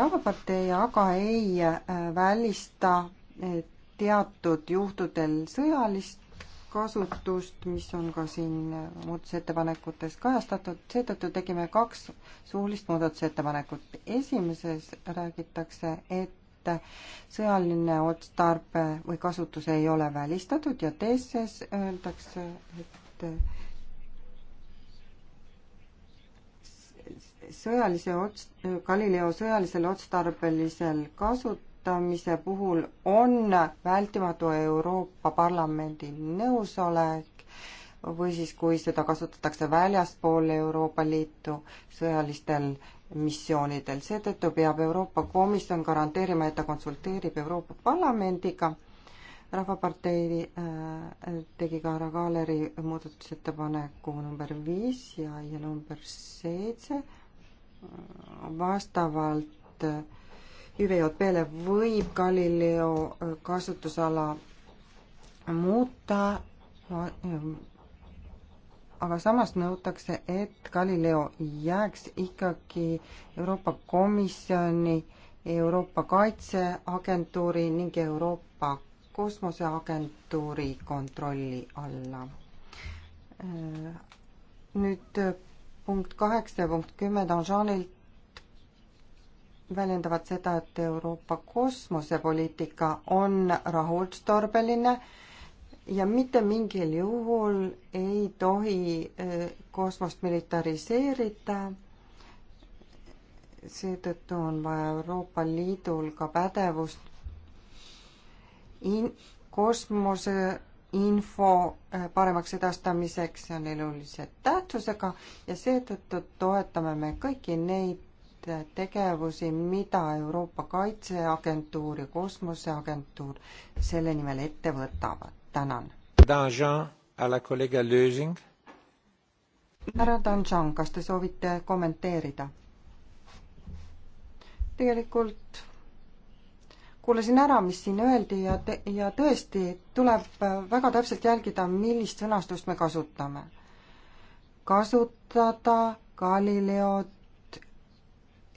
rahvapartei aga ei äh, välista teatud juhtudel sõjalist kasutust, mis on ka siin muudatusettepanekutes kajastatud, seetõttu tegime kaks suulist muudatusettepanekut. esimeses räägitakse, et et sõjaline otstarbe või kasutus ei ole välistatud ja teises öeldakse, et sõjalise ots-, Galileo sõjalisel otstarbelisel kasutamise puhul on vältimatu Euroopa Parlamendi nõusolek või siis, kui seda kasutatakse väljaspool Euroopa Liitu sõjalistel missioonidel, seetõttu peab Euroopa Komisjon garanteerima, et ta konsulteerib Euroopa Parlamendiga. rahvapartei äh, tegi ka härra Kaaleri muudatusettepaneku number viis ja, ja number seitse vastavalt äh, ÜVJP-le võib Galileo äh, kasutusala muuta aga samas nõutakse, et Galileo jääks ikkagi Euroopa Komisjoni, Euroopa Kaitseagentuuri ning Euroopa Kosmoseagentuuri kontrolli alla. Äh, nüüd äh, punkt kaheksa ja punkt kümme Danjanilt väljendavad seda, et Euroopa kosmosepoliitika on rahuldstorbeline äh, ja mitte mingil juhul ei tohi äh, kosmost militariseerida. seetõttu on vaja Euroopa Liidul ka pädevust in-, kosmose info äh, paremaks edastamiseks, see on elulise tähtsusega ja seetõttu toetame me kõiki neid äh, tegevusi, mida Euroopa Kaitseagentuur ja Kosmoseagentuur selle nimel ette võtavad tänan. härra Danjan, kas te soovite kommenteerida? tegelikult kuulasin ära, mis siin öeldi ja, ja tõesti tuleb väga täpselt jälgida, millist sõnastust me kasutame. kasutada Galileod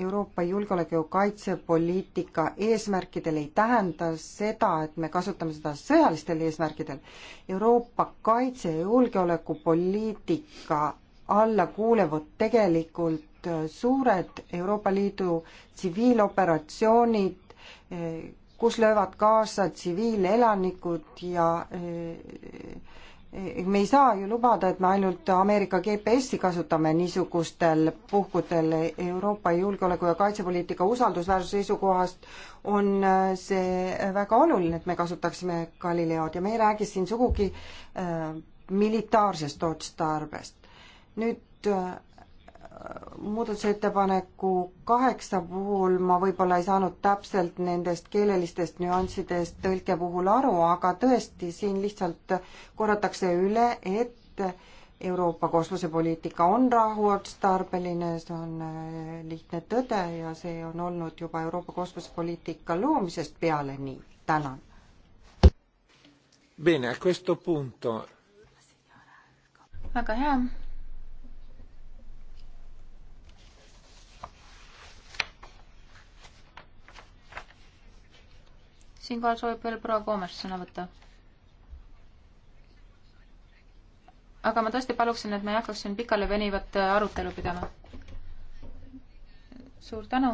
Euroopa julgeoleku ja kaitsepoliitika eesmärkidel ei tähenda seda, et me kasutame seda sõjalistel eesmärkidel. Euroopa kaitse- ja julgeolekupoliitika alla kuuluvad tegelikult äh, suured Euroopa Liidu tsiviiloperatsioonid, äh, kus löövad kaasa tsiviilelanikud ja äh, me ei saa ju lubada, et me ainult Ameerika GPS-i kasutame niisugustel puhkudel. Euroopa julgeoleku ja kaitsepoliitika usaldusväärsuse seisukohast on äh, see väga oluline, et me kasutaksime Galileod ja me ei räägi siin sugugi äh, militaarsest otstarbest. nüüd äh, muudatusettepaneku kaheksa puhul ma võib-olla ei saanud täpselt nendest keelelistest nüanssidest tõlke puhul aru, aga tõesti, siin lihtsalt korratakse üle, et Euroopa kosmosepoliitika on rahuotstarbeline, see on äh, lihtne tõde ja see on olnud juba Euroopa kosmosepoliitika loomisest peale nii. tänan. Bene, a questo punto. väga hea siinkohal soovib veel proua Koomes sõna võtta. aga ma tõesti paluksin, et me ei hakkaks siin pikalevenivat äh, arutelu pidama. suur tänu.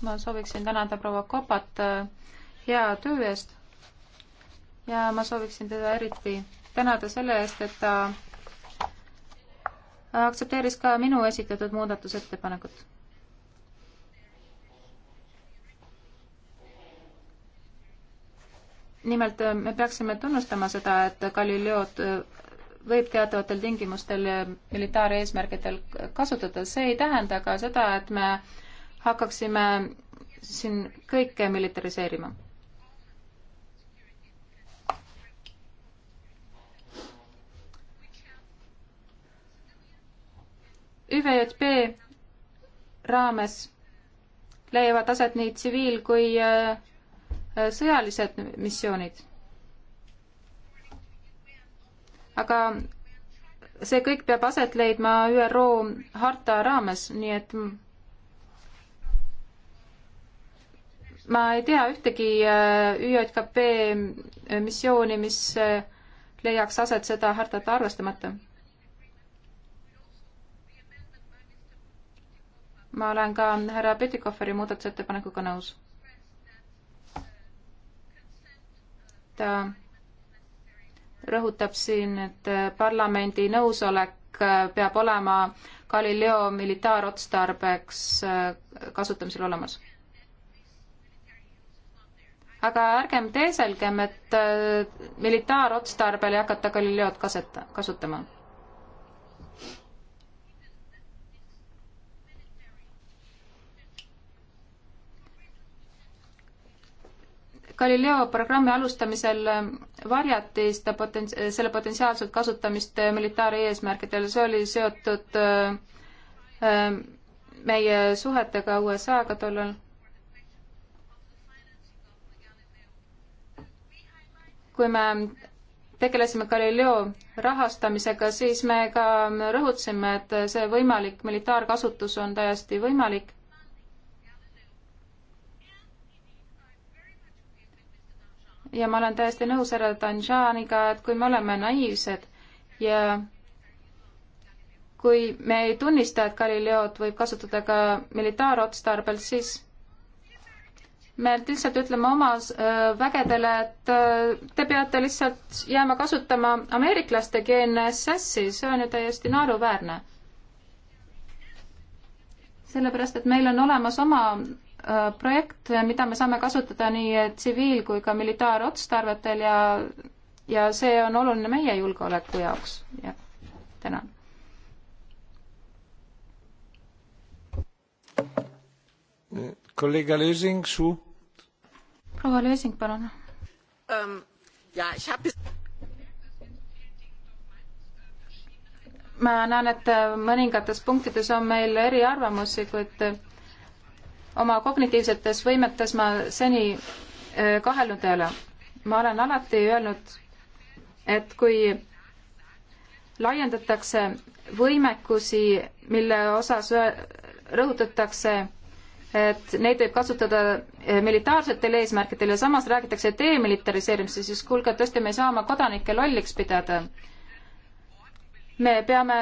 ma sooviksin tänada proua Kopat äh, hea töö eest. ja ma sooviksin teda eriti tänada selle eest, et ta aktsepteeris ka minu esitatud muudatusettepanekut nimelt äh, me peaksime tunnustama seda, et Galileod äh, võib teatavatel tingimustel äh, militaareesmärkidel kasutada, see ei tähenda aga seda, et me hakkaksime siin kõike militariseerima ÜVJP raames leiavad aset nii tsiviil kui sõjalised missioonid. aga see kõik peab aset leidma ÜRO harta raames, nii et ma ei tea ühtegi äh, ÜJKP missiooni, mis äh, leiaks aset seda hartat arvestamata. ma olen ka härra Petikoferi muudatusettepanekuga nõus ta äh, rõhutab siin, et äh, parlamendi nõusolek äh, peab olema Galileo militaarotstarbeks kasutamisel olemas. aga ärgem teeselgem, et militaarotstarbel ei hakata Galileod kaseta-, kasutama Galileo programmi alustamisel varjati seda poten-, selle potentsiaalset kasutamist militaareesmärkidel, see oli seotud äh, meie suhetega USA-ga tollal. kui me tegelesime Galileo rahastamisega, siis me ka rõhutasime, et see võimalik militaarkasutus on täiesti võimalik ja ma olen täiesti nõus härra Danjaniga, et kui me oleme naiivsed ja kui me ei tunnista, et Galileod võib kasutada ka militaarotstarbel, siis me lihtsalt ütleme oma äh, vägedele, et äh, te peate lihtsalt jääma kasutama ameeriklaste GNSS-i, see on ju täiesti naeruväärne. sellepärast, et meil on olemas oma Äh, projekt, mida me saame kasutada nii tsiviil- kui ka militaarotstarvetel ja, ja see on oluline meie julgeoleku jaoks ja tänan. kolleeg Lösing, su. proua Lösing, palun um,. Ja, ich hab... ma näen, et mõningates punktides on meil eriarvamusi, kuid oma kognitiivsetes võimetes ma seni äh, kahelnud ei ole. ma olen alati öelnud, et kui laiendatakse võimekusi, mille osas rõhutatakse, et neid võib kasutada äh, militaarsetel eesmärkidel ja samas räägitakse demilitariseerimisest, siis kuulge, tõesti, me ei saa oma kodanikke lolliks pidada. me peame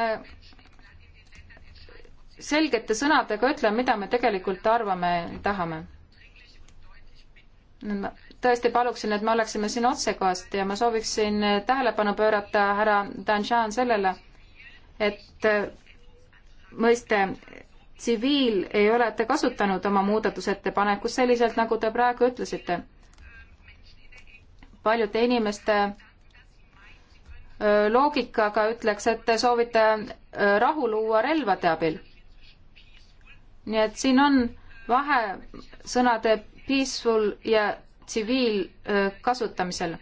selgete sõnadega ütlema, mida me tegelikult arvame, tahame. ma tõesti paluksin, et me oleksime siin otsekohast ja ma sooviksin tähelepanu pöörata härra Danjan sellele, et mõiste tsiviil ei ole te kasutanud oma muudatusettepanekus selliselt, nagu te praegu ütlesite. paljude inimeste loogikaga ütleks, et te soovite rahu luua relvade abil nii et siin on vahe sõnade peaceful ja tsiviil kasutamisel.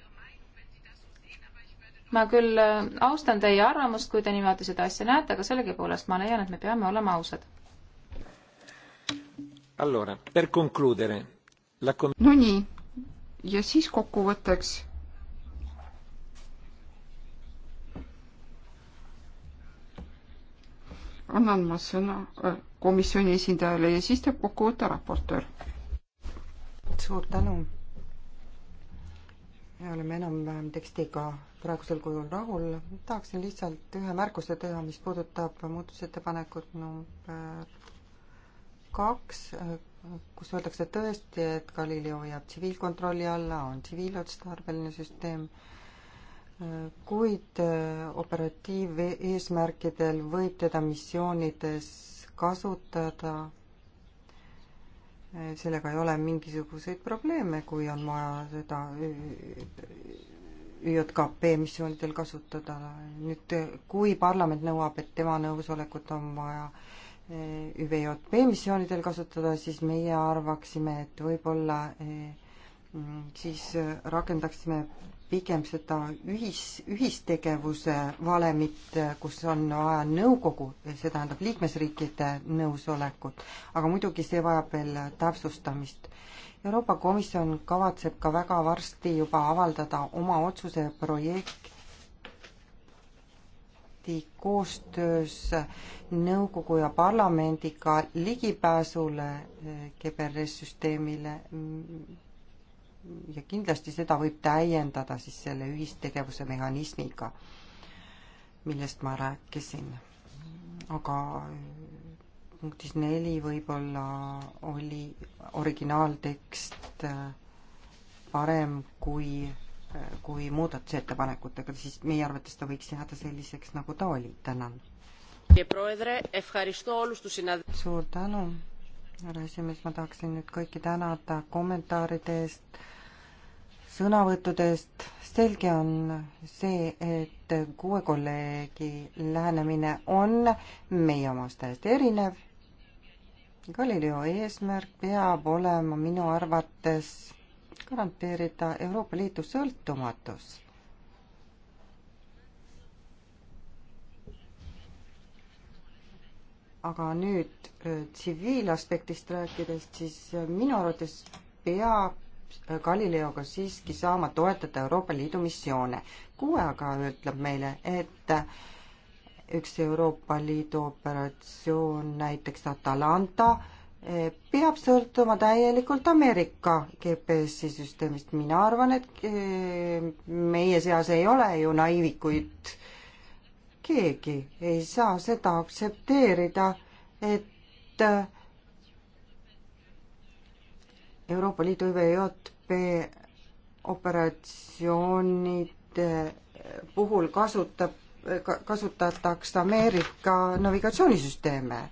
ma küll austan teie arvamust, kui te niimoodi seda asja näete, aga sellegipoolest ma leian, et me peame olema ausad. Allora, per concludere la com-. no nii, ja siis kokkuvõtteks annan ma sõna komisjoni esindajale ja siis teeb kokkuvõtte raportöör. suur tänu. me oleme enam-vähem tekstiga praegusel kujul rahul. tahaksin lihtsalt ühe märkuse teha, mis puudutab muudatusettepanekut number kaks, kus öeldakse tõesti, et Galileo jääb tsiviilkontrolli alla, on tsiviilotstarbeline süsteem kuid operatiiveesmärkidel võib teda missioonides kasutada. sellega ei ole mingisuguseid probleeme, kui on vaja seda ÜJKP missioonidel kasutada. nüüd, kui parlament nõuab, et tema nõusolekut on vaja ÜVJP missioonidel kasutada, siis meie arvaksime, et võib-olla eh, mm, siis rakendaksime pigem seda ühis, ühistegevuse valemit, kus on vaja nõukogu, see tähendab liikmesriikide nõusolekut, aga muidugi see vajab veel täpsustamist. Euroopa Komisjon kavatseb ka väga varsti juba avaldada oma otsuse projekti koostöös nõukogu ja parlamendiga ligipääsule GBRS-süsteemile, ja kindlasti seda võib täiendada siis selle ühistegevuse mehhanismiga, millest ma rääkisin. aga punktis neli võib-olla oli originaaltekst äh, parem kui, äh, kui muudatusettepanekutega, siis meie arvates ta võiks jääda selliseks, nagu ta oli. tänan. suur tänu härra esimees, ma tahaksin nüüd kõiki tänada kommentaaride eest, sõnavõttude eest. selge on see, et kuue kolleegi lähenemine on meie omast täiesti erinev. Galileo eesmärk peab olema minu arvates garanteerida Euroopa Liidu sõltumatus aga nüüd äh, tsiviilaspektist rääkides, siis äh, minu arvates peab äh, Galileoga siiski saama toetada Euroopa Liidu missioone. kuue aga ütleb meile, et üks Euroopa Liidu operatsioon, näiteks Atalanta, peab sõltuma täielikult Ameerika GPS-i süsteemist. mina arvan, et meie seas ei ole ju naiivikuid keegi ei saa seda aktsepteerida, et äh, Euroopa Liidu IVJP operatsioonide puhul kasutab, kasutatakse Ameerika navigatsioonisüsteeme.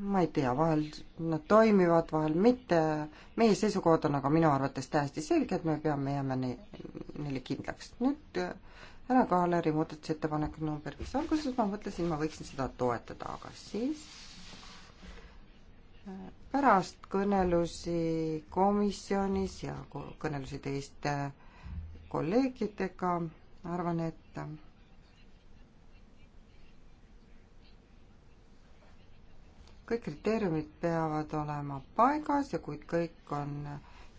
ma ei tea, vahel nad toimivad, vahel mitte, meie seisukohad on aga minu arvates täiesti selged, me peame jääma neile kindlaks. nüüd äh, härra Kaaleri muudatusettepanek number üks. alguses ma mõtlesin, ma võiksin seda toetada, aga siis äh, pärast kõnelusi komisjonis ja kõnelusi teiste kolleegidega arvan, et kõik kriteeriumid peavad olema paigas ja kui kõik on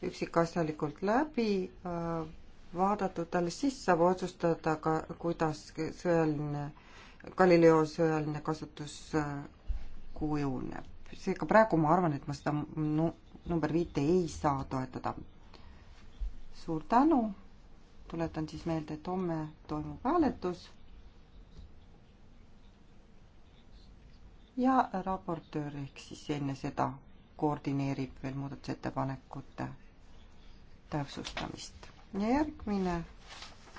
üksikasjalikult läbi äh, vaadatud talle, siis saab otsustada ka, kuidas sõjaline, Galileo sõjaline kasutus äh, kujuneb. seega praegu ma arvan, et ma seda nu-, number viite ei saa toetada. suur tänu, tuletan siis meelde, et homme toimub hääletus ja raportöör ehk siis enne seda koordineerib veel muudatusettepanekute täpsustamist ja järgmine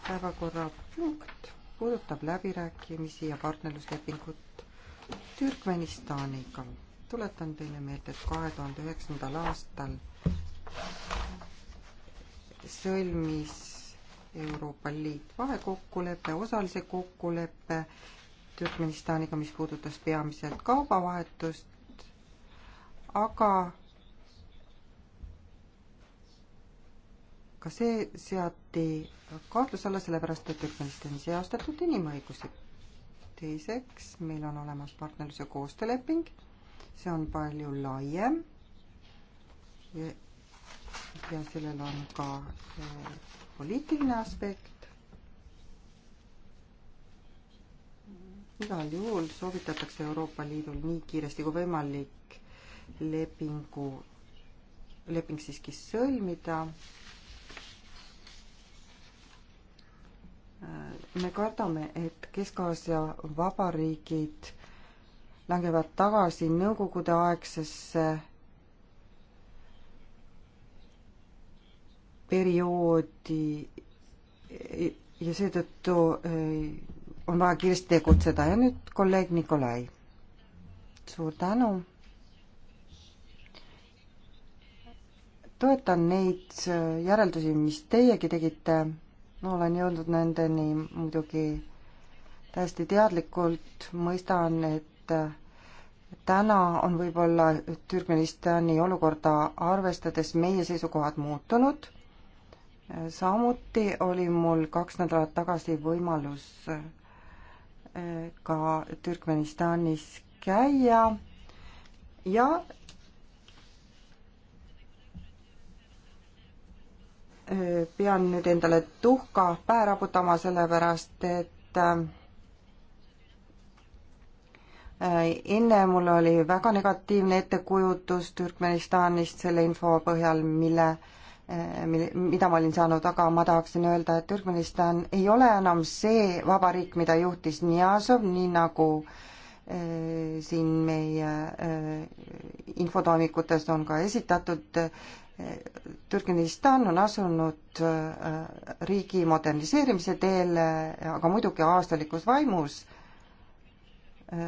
päevakorrapunkt puudutab läbirääkimisi ja partnerluslepingut Türkmenistaniga. tuletan teile meelde, et kahe tuhande üheksandal aastal sõlmis Euroopa Liit vahekokkulepe, osalise kokkuleppe Türkmenistaniga, mis puudutas peamiselt kaubavahetust, aga ka see seati kahtluse alla, sellepärast et tegemist on seostatud inimõigusi. teiseks, meil on olemas partnerluse koostööleping, see on palju laiem ja, ja sellel on ka eh, poliitiline aspekt. igal juhul soovitatakse Euroopa Liidul nii kiiresti kui võimalik lepingu, leping siiski sõlmida me kardame, et Kesk-Aasia vabariigid langevad tagasi nõukogudeaegsesse perioodi ja seetõttu eh, on vaja kiiresti tegutseda ja nüüd kolleeg Nikolai. suur tänu. toetan neid järeldusi, mis teiegi tegite olen jõudnud nendeni muidugi täiesti teadlikult, mõistan, et täna on võib-olla Türgmenistani olukorda arvestades meie seisukohad muutunud. samuti oli mul kaks nädalat tagasi võimalus eh, ka Türgmenistanis käia ja pean nüüd endale tuhka pähe raputama, sellepärast et äh, enne mul oli väga negatiivne ettekujutus Türkmenistanist selle info põhjal, mille, äh, mille, mida ma olin saanud, aga ma tahaksin öelda, et Türkmenistan ei ole enam see vabariik, mida juhtis Niazov, nii nagu äh, siin meie infotoimikutes on ka esitatud Türgmenistan on asunud äh, riigi moderniseerimise teele, aga muidugi aastalikus vaimus. Äh,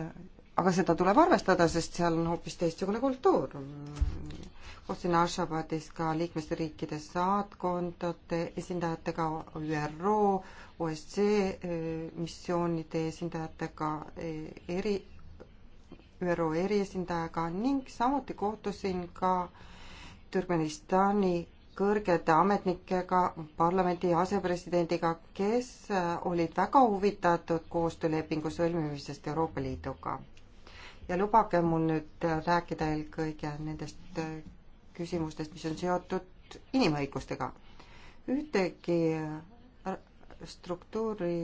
aga seda tuleb arvestada, sest seal on hoopis teistsugune kultuur. kohtusin Ashabadis ka liikmesriikide saatkondade esindajatega, ÜRO, OSCE äh, missioonide esindajatega, eri, ÜRO eriesindajaga ning samuti kohtusin ka äh, Türkmenistani kõrgete ametnikega, parlamendi asepresidendiga, kes äh, olid väga huvitatud koostöölepingu sõlmimisest Euroopa Liiduga. ja lubage mul nüüd äh, rääkida eelkõige nendest äh, küsimustest, mis on seotud inimõigustega. ühtegi struktuuri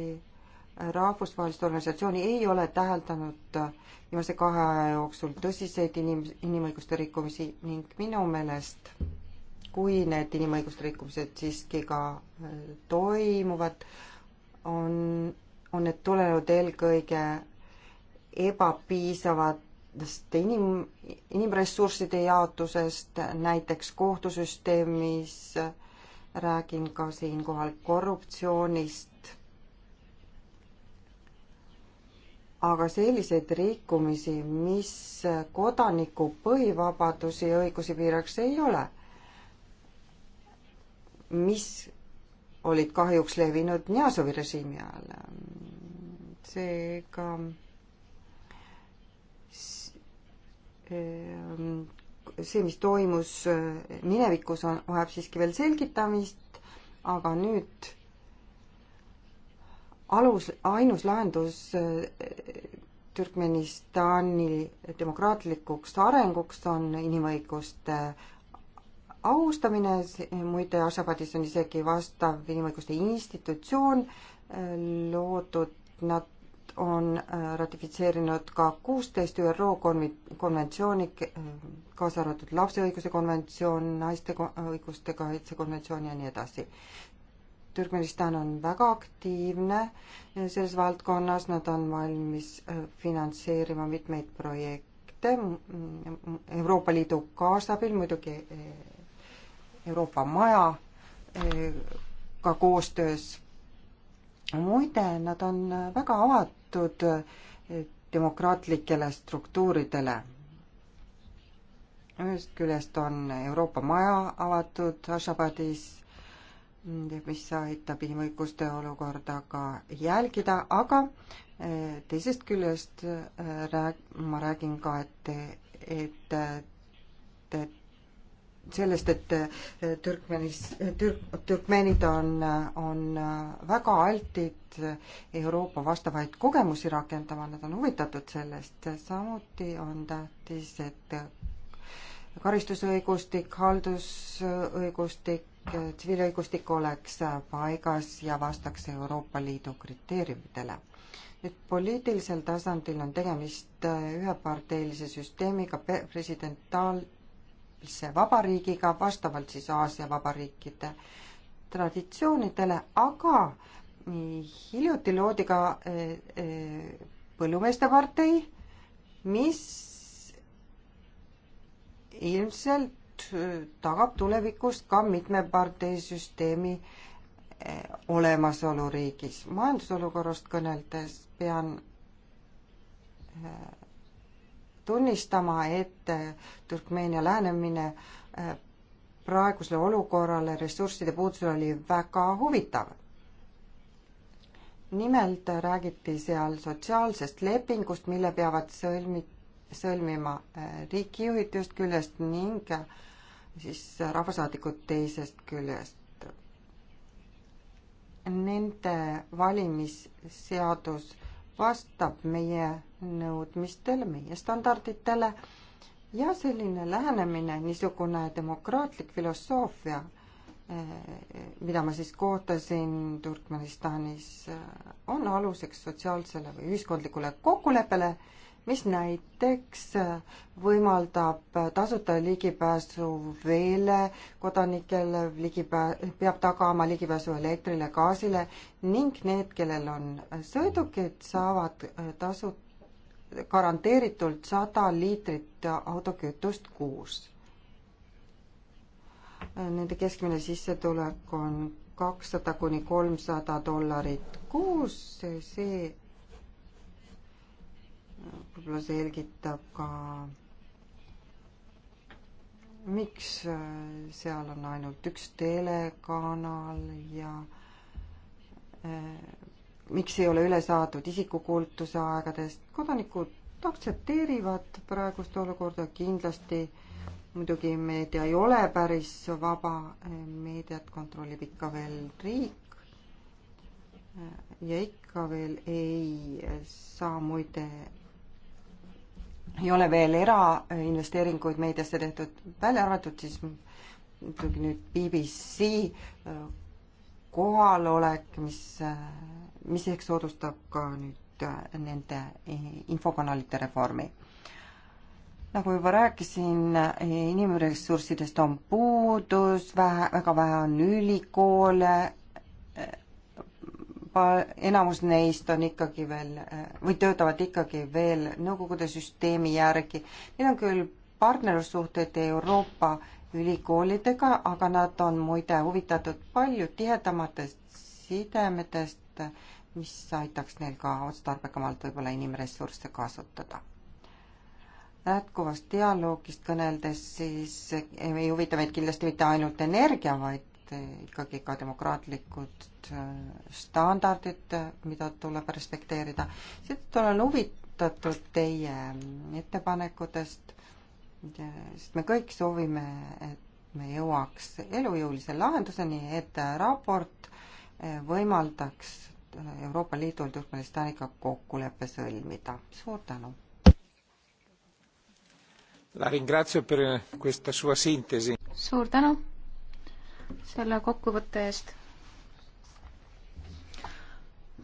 rahvusvahelist organisatsiooni ei ole täheldanud viimase kahe aja jooksul tõsiseid inim-, inimõiguste rikkumisi ning minu meelest kui need inimõiguste rikkumised siiski ka äh, toimuvad, on, on need tulenenud eelkõige ebapiisavatest inim, inimressursside jaotusest, näiteks kohtusüsteemis, räägin ka siinkohal korruptsioonist, aga selliseid rikkumisi, mis kodaniku põhivabadusi ja õigusi piiraks, ei ole. mis olid kahjuks levinud Njazovi režiimi ajal. seega see, mis toimus minevikus, on, vajab siiski veel selgitamist, aga nüüd alus, ainus lahendus äh, Türkmenistani demokraatlikuks arenguks on inimõiguste austamine, muide Ašabadis on isegi vastav inimõiguste institutsioon äh, loodud, nad on äh, ratifitseerinud ka kuusteist ÜRO konventsiooni, kaasa arvatud lapse õiguse konventsioon, naiste õiguste kaitse konventsioon ja nii edasi. Türkmenistan on väga aktiivne selles valdkonnas, nad on valmis äh, finantseerima mitmeid projekte Euroopa Liidu kaasabil, muidugi äh, Euroopa Maja äh, ka koostöös. muide, nad on väga avatud demokraatlikele struktuuridele. ühest küljest on Euroopa Maja avatud Ashabadis mis aitab inimõiguste olukorda ka jälgida, aga eh, teisest küljest eh, rääg-, ma räägin ka, et, et, et sellest, et eh, Türkmenis, türk-, türkmeenid on, on väga altid Euroopa vastavaid kogemusi rakendama, nad on huvitatud sellest, samuti on tähtis, et karistusõigustik, haldusõigustik tsiviilõigustik oleks paigas ja vastaks Euroopa Liidu kriteeriumidele. nüüd poliitilisel tasandil on tegemist üheparteilise süsteemiga, presidentaalse vabariigiga, vastavalt siis Aasia vabariikide traditsioonidele, aga hiljuti loodi ka eh, eh, põllumeeste partei, mis ilmselt Äh, tagab tulevikus ka mitmeparteisüsteemi äh, olemasolu riigis. majandusolukorrast kõneldes pean äh, tunnistama, et Türkmeenia lähenemine praegusele olukorrale ressursside puudusel oli väga huvitav. nimelt räägiti seal sotsiaalsest lepingust, mille peavad sõlmi, sõlmima riigijuhid just küljest ning äh, siis rahvasaadikud teisest küljest. Nende valimisseadus vastab meie nõudmistele, meie standarditele ja selline lähenemine, niisugune demokraatlik filosoofia, eh, mida ma siis kohtasin Turkmenistanis, eh, on aluseks sotsiaalsele või ühiskondlikule kokkuleppele mis näiteks äh, võimaldab äh, tasuta ligipääsu veele kodanikele, ligipää-, peab tagama ligipääsu elektrile, gaasile ning need, kellel on äh, sõidukid, saavad tasu, garanteeritult sada liitrit autokütust kuus. Nende keskmine sissetulek on kakssada kuni kolmsada dollarit kuus, see võib-olla selgitab ka, miks äh, seal on ainult üks telekanal ja äh, miks ei ole üle saadud isikukuultuse aegadest, kodanikud aktsepteerivad praegust olukorda kindlasti, muidugi meedia ei ole päris vaba, äh, meediat kontrollib ikka veel riik ja ikka veel ei saa muide ei ole veel erainvesteeringuid meediasse tehtud, välja arvatud siis muidugi nüüd BBC äh, kohalolek, mis, äh, mis ehk soodustab ka nüüd äh, nende infokanalite reformi. nagu juba rääkisin, inimressurssidest on puudus, vähe, väga vähe on ülikoole, enamus neist on ikkagi veel või töötavad ikkagi veel Nõukogude süsteemi järgi. Neil on küll partnerlussuhted Euroopa ülikoolidega, aga nad on muide huvitatud palju tihedamatest sidemetest, mis aitaks neil ka otstarbekamalt võib-olla inimressursse kasutada. jätkuvast dialoogist kõneldes siis ei huvita meid kindlasti mitte ainult energia, vaid ikkagi ka demokraatlikud äh, standardid, mida tuleb respekteerida. seetõttu olen huvitatud teie ettepanekutest, sest me kõik soovime, et me jõuaks elujõulise lahenduseni, et raport äh, võimaldaks äh, Euroopa Liidul Turkmenistaniga kokkuleppe sõlmida. suur tänu! La ringrazio per eh, questa sua sintesi. Suur tänu selle kokkuvõtte eest.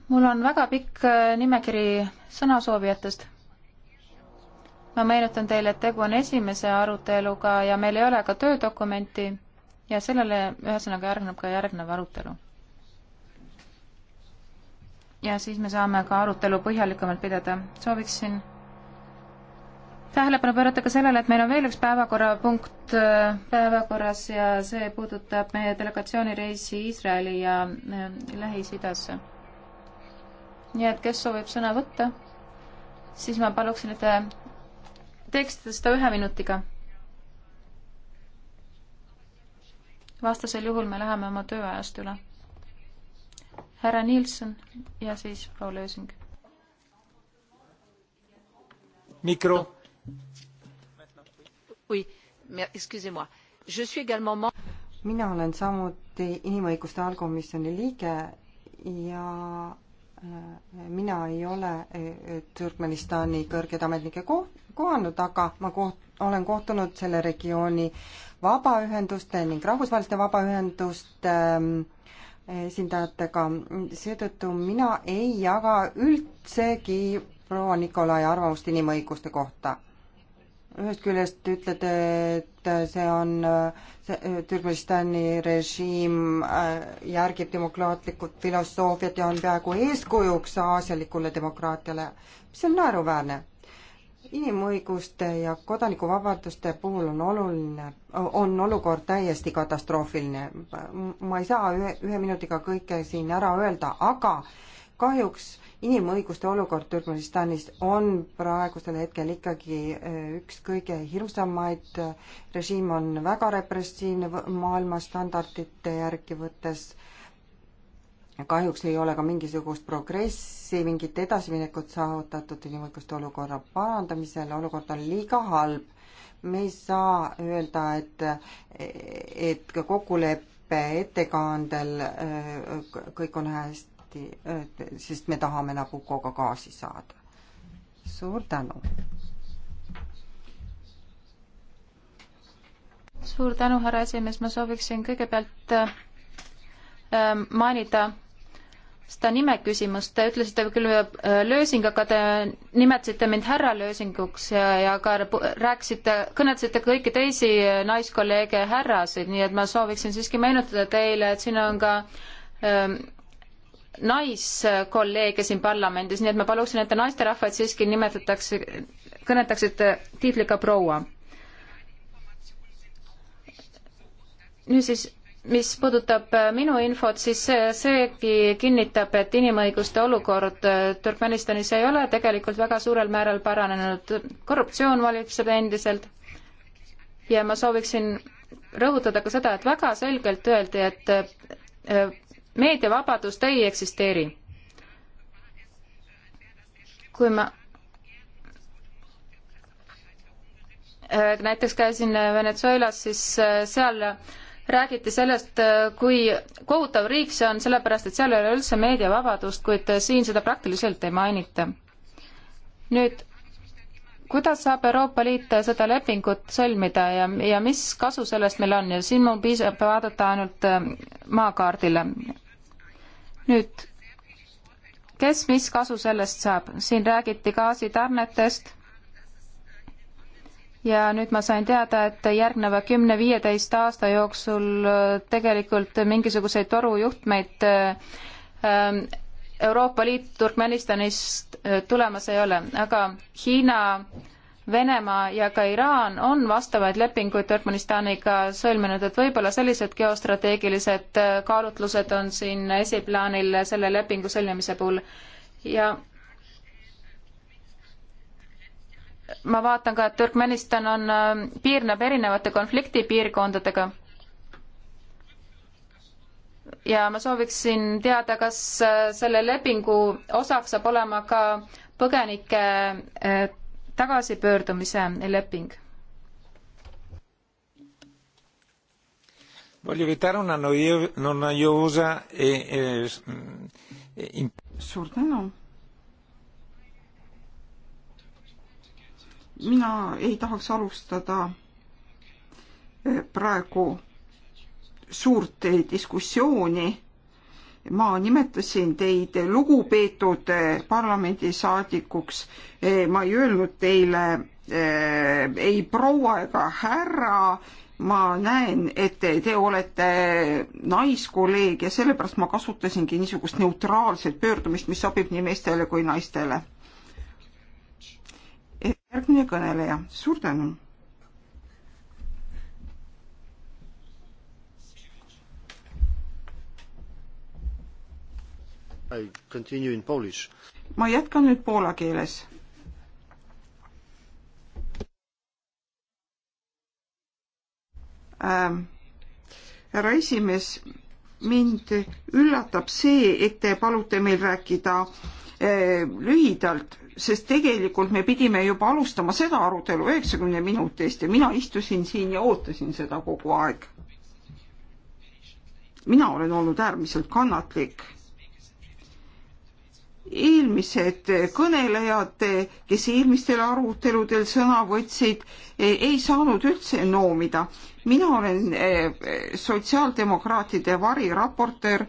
mul on väga pikk äh, nimekiri sõnasoovijatest. ma meenutan teile, et tegu on esimese aruteluga ja meil ei ole ka töödokumenti ja sellele ühesõnaga järgneb ka järgnev arutelu. ja siis me saame ka arutelu põhjalikumalt pidada. sooviksin tähelepanu pöörata ka sellele, et meil on veel üks päevakorrapunkt äh, päevakorras ja see puudutab meie delegatsiooni reisi Iisraeli ja äh, Lähis-Idasse. nii et kes soovib sõna võtta, siis ma paluksin, et te teeksite seda ühe minutiga. vastasel juhul me läheme oma tööajast üle. härra Nilsson ja siis proua Lösing. mikro mina olen samuti inimõiguste allkomisjoni liige ja äh, mina ei ole äh, Türkmenistani kõrgeid ametnikke koht-, kohanud, aga ma koht-, olen kohtunud selle regiooni vabaühenduste ning rahvusvaheliste vabaühenduste ähm, esindajatega, seetõttu mina ei jaga üldsegi proua Nikolai arvamust inimõiguste kohta ühest küljest ütlete, et see on, see Türgistani režiim äh, järgib demokraatlikult filosoofiat ja on peaaegu eeskujuks aasialikule demokraatiale, mis on naeruväärne. inimõiguste ja kodanikuvabaduste puhul on oluline, on olukord täiesti katastroofiline. ma ei saa ühe, ühe minutiga kõike siin ära öelda, aga kahjuks inimõiguste olukord Türkmenistanis on praegusel hetkel ikkagi eh, üks kõige hirmsamaid. režiim on väga repressiivne maailma standardite järgi võttes. kahjuks ei ole ka mingisugust progressi, mingit edasiminekut saavutatud inimõiguste olukorra parandamisel, olukord on liiga halb. me ei saa öelda, et, et kokkulepe ettekaandel eh, kõik on hästi saagi, sest me tahame nagu kogu aeg gaasi saada. suur tänu. suur tänu, härra esimees, ma sooviksin kõigepealt äh, mainida seda nime küsimust, te ütlesite küll äh, Lösing, aga te nimetasite mind härra Lösinguks ja, ja ka rääkisite, kõnetasite kõiki teisi äh, naiskolleege härrasid, nii et ma sooviksin siiski meenutada teile, et siin on ka ähm, naiskolleege siin parlamendis, nii et ma paluksin, et te naisterahvaid siiski nimetatakse, kõnetaksite tiitliga proua. nüüd siis, mis puudutab äh, minu infot, siis see, seegi kinnitab, et inimõiguste olukord äh, Türkmenistanis ei ole tegelikult väga suurel määral paranenud, korruptsioon valitseb endiselt ja ma sooviksin rõhutada ka seda, et väga selgelt öeldi, et äh, meediavabadust ei eksisteeri. kui ma äh, näiteks käisin Venezuelas, siis äh, seal räägiti sellest, äh, kui kohutav riik see on, sellepärast et seal ei ole üldse meediavabadust, kuid siin seda praktiliselt ei mainita. nüüd, kuidas saab Euroopa Liit seda lepingut sõlmida ja, ja mis kasu sellest meil on ja siin mul piisab vaadata ainult maakaardile nüüd, kes mis kasu sellest saab, siin räägiti gaasitarnetest ja nüüd ma sain teada, et järgneva kümne-viieteist aasta jooksul äh, tegelikult mingisuguseid torujuhtmeid äh, ähm, Euroopa Liit Turkmenistanist äh, tulemas ei ole, aga Hiina Venemaa ja ka Iraan on vastavaid lepinguid Türkmenistaniga sõlminud, et võib-olla sellised geostrateegilised äh, kaalutlused on siin esiplaanil selle lepingu sõlmimise puhul ja ma vaatan ka, et Türkmenistan on, äh, piirneb erinevate konfliktipiirkondadega. ja ma sooviksin teada, kas äh, selle lepingu osaks saab olema ka põgenike tagasipöördumise leping. E, e, e, suur tänu. mina ei tahaks alustada eh, praegu suurt eh, diskussiooni ma nimetasin teid lugupeetud eh, parlamendisaadikuks, eh, ma ei öelnud teile eh, ei proua ega härra, ma näen, et te, te olete naiskolleeg ja sellepärast ma kasutasingi niisugust neutraalset pöördumist, mis sobib nii meestele kui naistele. järgmine kõneleja, suur tänu ma jätkan nüüd poola keeles ähm,. härra esimees, mind üllatab see, et te palute meil rääkida äh, lühidalt, sest tegelikult me pidime juba alustama seda arutelu üheksakümne minuti eest ja mina istusin siin ja ootasin seda kogu aeg. mina olen olnud äärmiselt kannatlik eelmised kõnelejad, kes eelmistel aruteludel sõna võtsid, eh, ei saanud üldse noomida. mina olen eh, sotsiaaldemokraatide variraportöör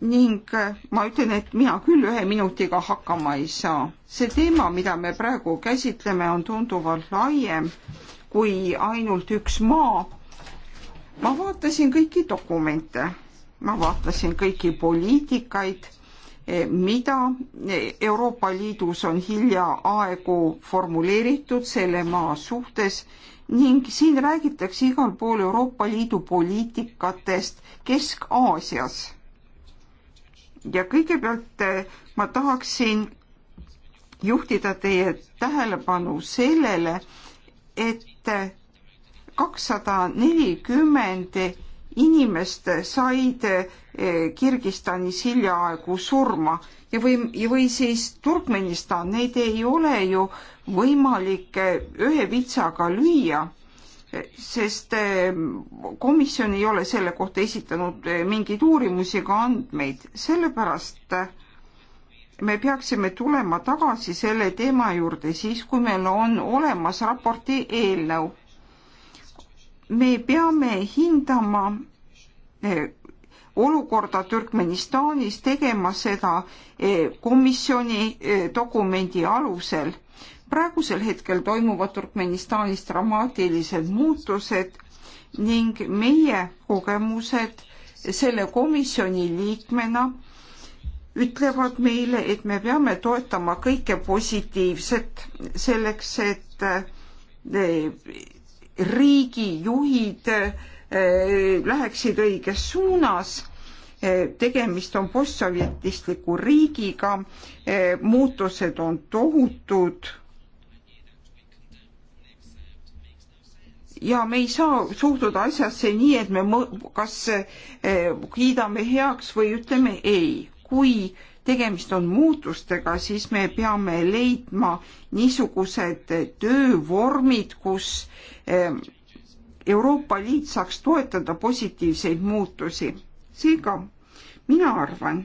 ning eh, ma ütlen, et mina küll ühe minutiga hakkama ei saa. see teema, mida me praegu käsitleme, on tunduvalt laiem kui ainult üks maa. ma vaatasin kõiki dokumente, ma vaatasin kõiki poliitikaid mida Euroopa Liidus on hiljaaegu formuleeritud selle maa suhtes ning siin räägitakse igal pool Euroopa Liidu poliitikatest Kesk-Aasias. ja kõigepealt eh, ma tahaksin juhtida teie tähelepanu sellele, et eh, kakssada nelikümmend inimest said eh, Eh, Kirgistanis hiljaaegu surma ja või, või siis Turkmenistan, neid ei ole ju võimalik eh, ühe vitsaga lüüa, eh, sest komisjon ei ole selle kohta esitanud mingeid uurimusi ega andmeid, sellepärast me peaksime tulema tagasi selle teema juurde siis, kui meil on olemas raporti eelnõu. me peame hindama olukorda Türkmenistanis tegema seda eh, komisjoni eh, dokumendi alusel. praegusel hetkel toimuvad Türkmenistanis dramaatilised muutused ning meie kogemused selle komisjoni liikmena ütlevad meile, et me peame toetama kõike positiivset selleks, et eh, riigijuhid äh, Eh, läheksid õiges suunas eh, tegemist on postsovjetistliku riigiga, eh, muutused on tohutud. ja me ei saa suhtuda asjasse nii, et me kas kiidame heaks või ütleme ei. kui tegemist on muutustega, siis me peame leidma niisugused töövormid, kus Euroopa Liit saaks toetada positiivseid muutusi. seega mina arvan,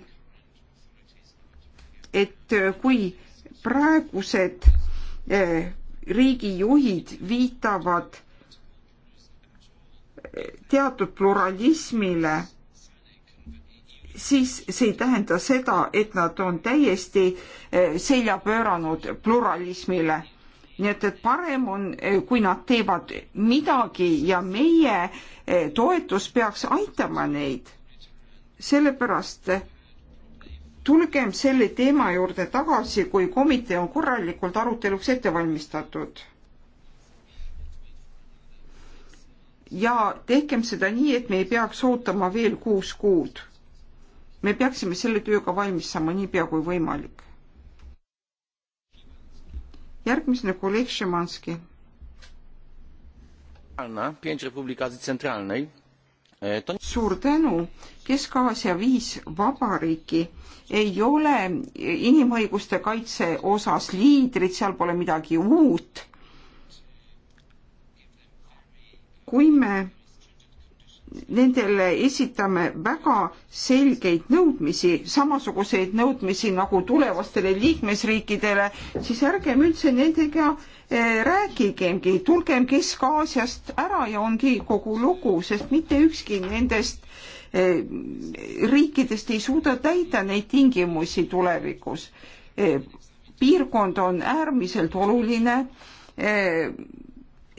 et äh, kui praegused äh, riigijuhid viitavad äh, teatud pluralismile, siis see ei tähenda seda, et nad on täiesti selja pööranud pluralismile nii et, et parem on, eh, kui nad teevad midagi ja meie eh, toetus peaks aitama neid. sellepärast eh, tulgem selle teema juurde tagasi, kui komitee on korralikult aruteluks ette valmistatud. ja tehkem seda nii, et me ei peaks ootama veel kuus kuud. me peaksime selle tööga valmis saama niipea kui võimalik järgmisena kolleeg Šimanski. E, suur tänu, Kesk-Aasia viis vabariiki ei ole inimõiguste kaitse osas liidrid, seal pole midagi uut. kui me nendele esitame väga selgeid nõudmisi, samasuguseid nõudmisi nagu tulevastele liikmesriikidele, siis ärgem üldse nendega eh, rääkigemgi, tulgem Kesk-Aasiast ära ja ongi kogu lugu, sest mitte ükski nendest eh, riikidest ei suuda täida neid tingimusi tulevikus. Eh, piirkond on äärmiselt oluline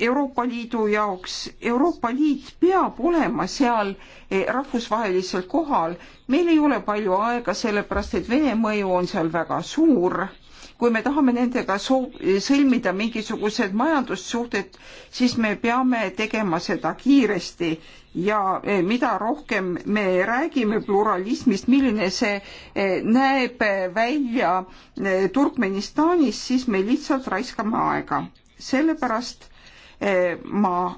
Euroopa Liidu jaoks. Euroopa Liit peab olema seal eh, rahvusvahelisel kohal. meil ei ole palju aega, sellepärast et Vene mõju on seal väga suur. kui me tahame nendega soov, sõlmida mingisugused majandussuhted, siis me peame tegema seda kiiresti ja eh, mida rohkem me räägime pluralismist, milline see eh, näeb välja Turkmenistanis, siis me lihtsalt raiskame aega. sellepärast Eh, ma,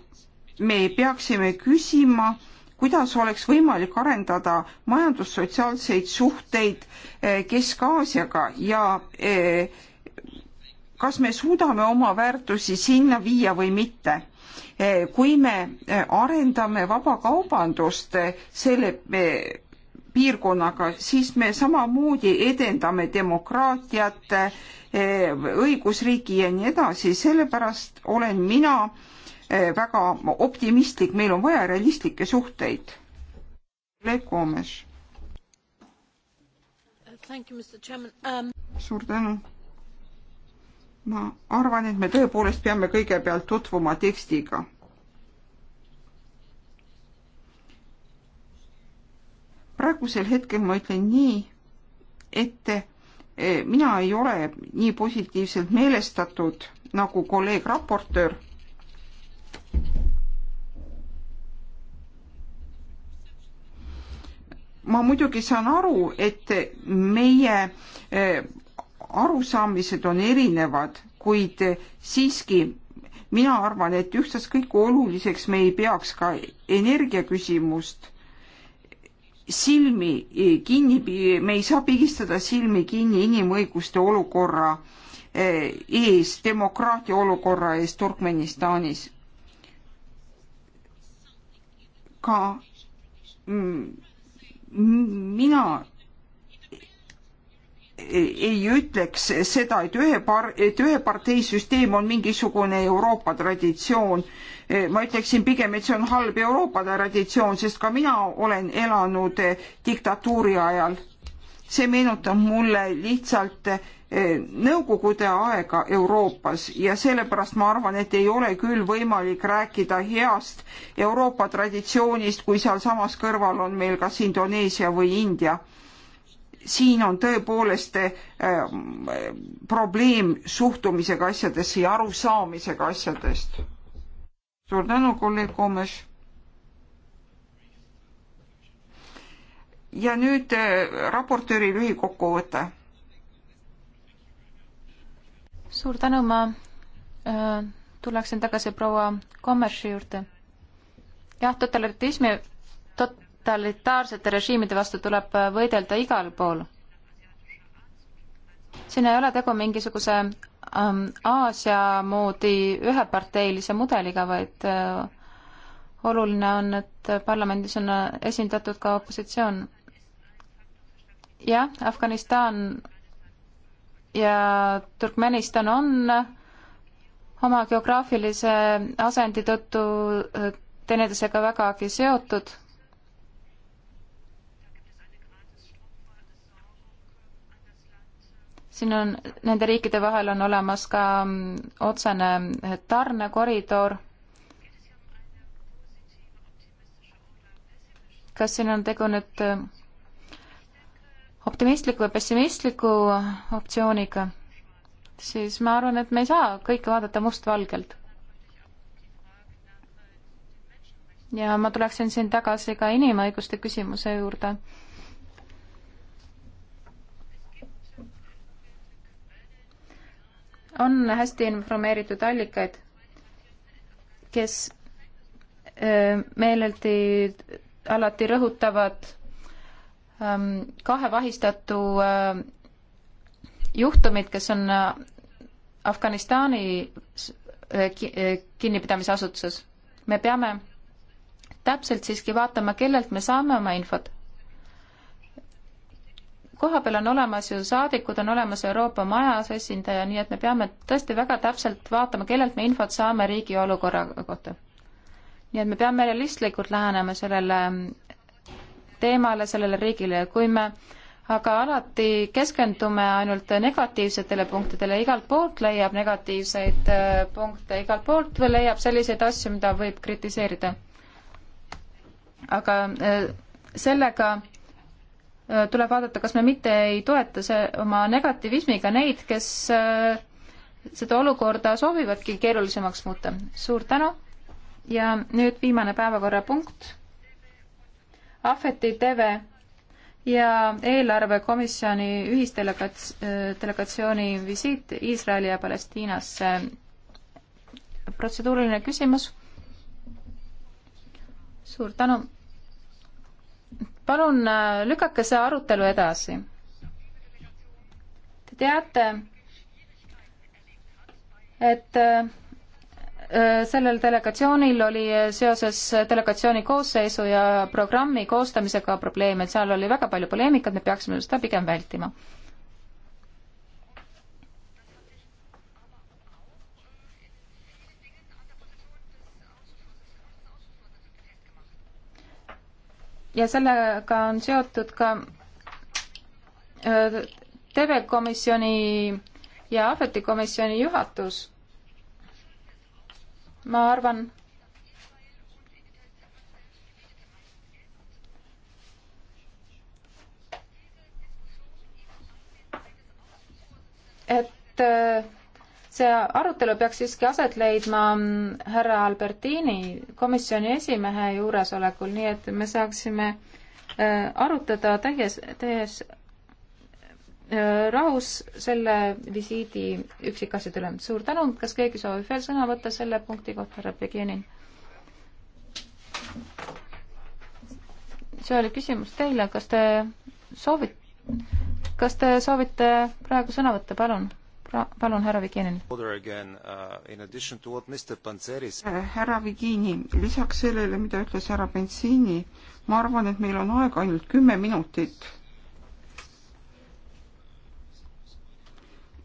me peaksime küsima, kuidas oleks võimalik arendada majandussotsiaalseid suhteid eh, Kesk-Aasiaga ja eh, kas me suudame oma väärtusi sinna viia või mitte kui me arendame vabakaubandust selle piirkonnaga, siis me samamoodi edendame demokraatiat Eh, õigusriigi ja nii edasi, sellepärast olen mina eh, väga optimistlik, meil on vaja realistlikke suhteid. Leek Koomes. Um, suur tänu ma arvan, et me tõepoolest peame kõigepealt tutvuma tekstiga. praegusel hetkel ma ütlen nii, et E, mina ei ole nii positiivselt meelestatud nagu kolleeg raportöör. ma muidugi saan aru, et meie e, arusaamised on erinevad, kuid siiski mina arvan, et ükstaskõik kui oluliseks me ei peaks ka energiaküsimust silmi eh, kinni, me ei saa pigistada silmi kinni inimõiguste olukorra eh, ees, demokraatia olukorra ees Turkmenistanis. ka mm, mina e-, ei ütleks seda, et ühe par-, et üheparteisüsteem on mingisugune Euroopa traditsioon Eh, ma ütleksin pigem, et see on halb Euroopa traditsioon, sest ka mina olen elanud eh, diktatuuri ajal. see meenutab mulle lihtsalt eh, Nõukogude aega Euroopas ja sellepärast ma arvan, et ei ole küll võimalik rääkida heast Euroopa traditsioonist, kui sealsamas kõrval on meil kas Indoneesia või India siin on tõepoolest äh, probleem suhtumisega asjadesse ja arusaamisega asjadest suur tänu, kolleeg Koomes. ja nüüd äh, raportööri lühikokkuvõte. suur tänu, ma äh, tuleksin tagasi proua Kommersi juurde. jah, totalitarismi, totalitaarsete režiimide vastu tuleb äh, võidelda igal pool. siin ei ole tegu mingisuguse Ähm, Aasia moodi üheparteilise mudeliga, vaid äh, oluline on, et parlamendis on äh, esindatud ka opositsioon. jah, Afganistan ja Turkmenistan on äh, oma geograafilise asendi tõttu teineteisega vägagi seotud siin on, nende riikide vahel on olemas ka mm, otsene eh, tarnekoridor. kas siin on tegu nüüd eh, optimistliku või pessimistliku optsiooniga, siis ma arvan, et me ei saa kõike vaadata mustvalgelt. ja ma tuleksin siin tagasi ka inimõiguste küsimuse juurde on hästi informeeritud allikaid, kes meeleldi alati rõhutavad ähm, kahe vahistatu äh, juhtumit, kes on äh, Afganistani äh, kinnipidamise asutuses. me peame täpselt siiski vaatama, kellelt me saame oma infot kohapeal on olemas ju saadikud, on olemas Euroopa Majas esindaja, nii et me peame tõesti väga täpselt vaatama, kellelt me infot saame riigi olukorra kohta. nii et me peame realistlikult lähenema sellele teemale, sellele riigile, kui me aga alati keskendume ainult negatiivsetele punktidele, igalt poolt leiab negatiivseid äh, punkte, igalt poolt leiab selliseid asju, mida võib kritiseerida. aga äh, sellega tuleb vaadata, kas me mitte ei toeta see oma negativismiga neid, kes äh, seda olukorda soovivadki keerulisemaks muuta. suur tänu ja nüüd viimane päevakorrapunkt. Ahveti TV ja eelarvekomisjoni ühisdelegatsiooni äh, visiit Iisraeli ja Palestiinasse. protseduuriline küsimus. suur tänu palun äh, lükake see arutelu edasi. Te teate, et äh, äh, sellel delegatsioonil oli seoses delegatsiooni koosseisu ja programmi koostamisega probleeme, et seal oli väga palju poleemikat, me peaksime seda pigem vältima ja sellega on seotud ka äh, TV-komisjoni ja ahvetikomisjoni juhatus. ma arvan, et äh, see arutelu peaks siiski aset leidma mm, härra Albertini komisjoni esimehe juuresolekul, nii et me saaksime äh, arutada täies, täies äh, rahus selle visiidi üksikasjadele. suur tänu, kas keegi soovib veel sõna võtta selle punkti kohta, härra Begenin? see oli küsimus teile, kas te soovite, kas te soovite praegu sõna võtta, palun? palun, härra Vigenin. Uh, äh, härra Vigini, lisaks sellele, mida ütles härra Bensini, ma arvan, et meil on aega ainult kümme minutit.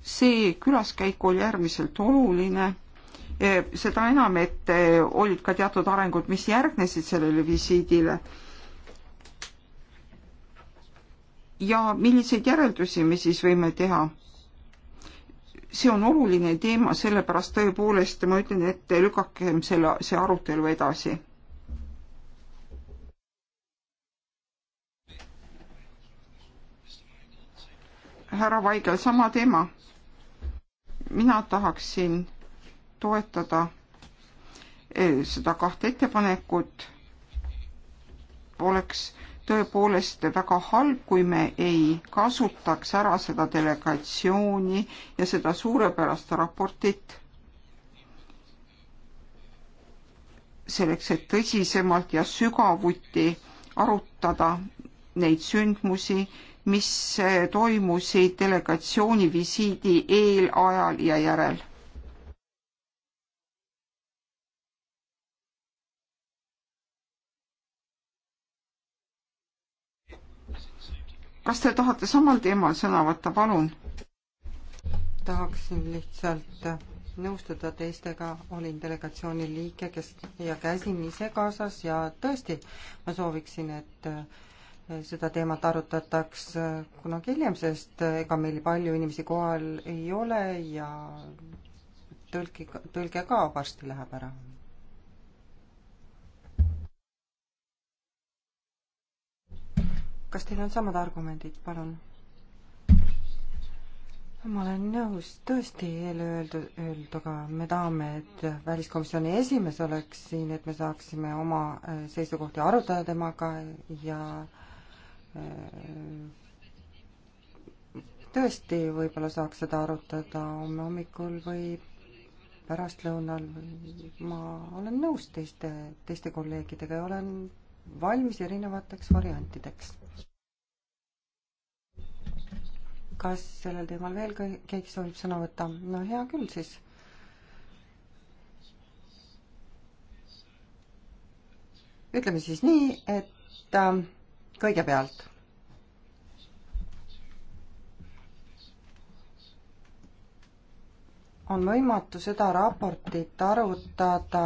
see külaskäik oli äärmiselt oluline, äh, seda enam, et äh, olid ka teatud arengud, mis järgnesid sellele visiidile ja milliseid järeldusi me siis võime teha? see on oluline teema, sellepärast tõepoolest ma ütlen, et lükakem selle, see arutelu edasi. härra Vaigel, sama teema. mina tahaksin toetada eh, seda kahte ettepanekut. oleks tõepoolest väga halb, kui me ei kasutaks ära seda delegatsiooni ja seda suurepärast raportit selleks, et tõsisemalt ja sügavuti arutada neid sündmusi, mis toimusid delegatsiooni visiidi eelajal ja järel. kas te tahate samal teemal sõna võtta, palun? tahaksin lihtsalt nõustuda teistega, olin delegatsiooni liige, kes ja käisin ise kaasas ja tõesti, ma sooviksin, et eh, seda teemat arutataks eh, kunagi hiljem, sest eh, ega meil palju inimesi kohal ei ole ja tõlki, tõlge ka varsti läheb ära kas teil on samad argumendid, palun? ma olen nõus tõesti eelöeldu, öelduga, me tahame, et väliskomisjoni esimees oleks siin, et me saaksime oma äh, seisukohti arutada temaga ja äh, tõesti, võib-olla saaks seda arutada homme hommikul või pärastlõunal või ma olen nõus teiste, teiste kolleegidega ja olen valmis erinevateks variantideks kas sellel teemal veel keegi soovib sõna võtta? no hea küll siis. ütleme siis nii, et äh, kõigepealt on võimatu seda raportit arutada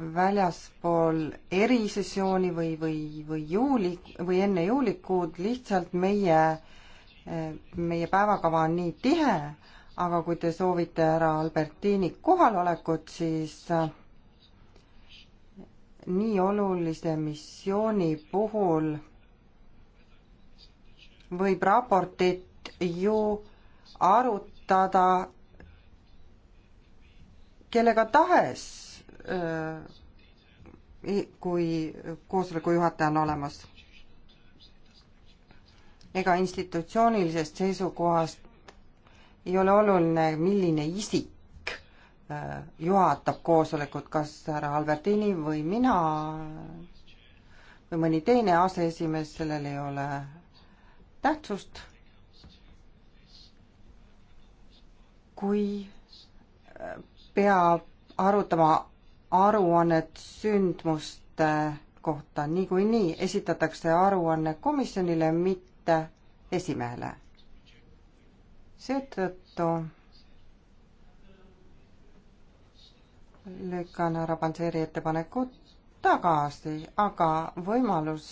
väljaspool erisessiooni või, või, või juuli või enne juulikuud, lihtsalt meie, meie päevakava on nii tihe, aga kui te soovite härra Albertini kohalolekut, siis nii olulise missiooni puhul võib raportit ju arutada kellega tahes Äh, kui koosoleku juhataja on olemas. ega institutsioonilisest seisukohast ei ole oluline, milline isik äh, juhatab koosolekut, kas härra Albertini või mina või mõni teine aseesimees, sellel ei ole tähtsust. kui äh, peab arutama aruannet sündmuste kohta niikuinii nii esitatakse aruanne komisjonile, mitte esimehele. seetõttu lükkan härra Panseri ettepanekut tagasi, aga võimalus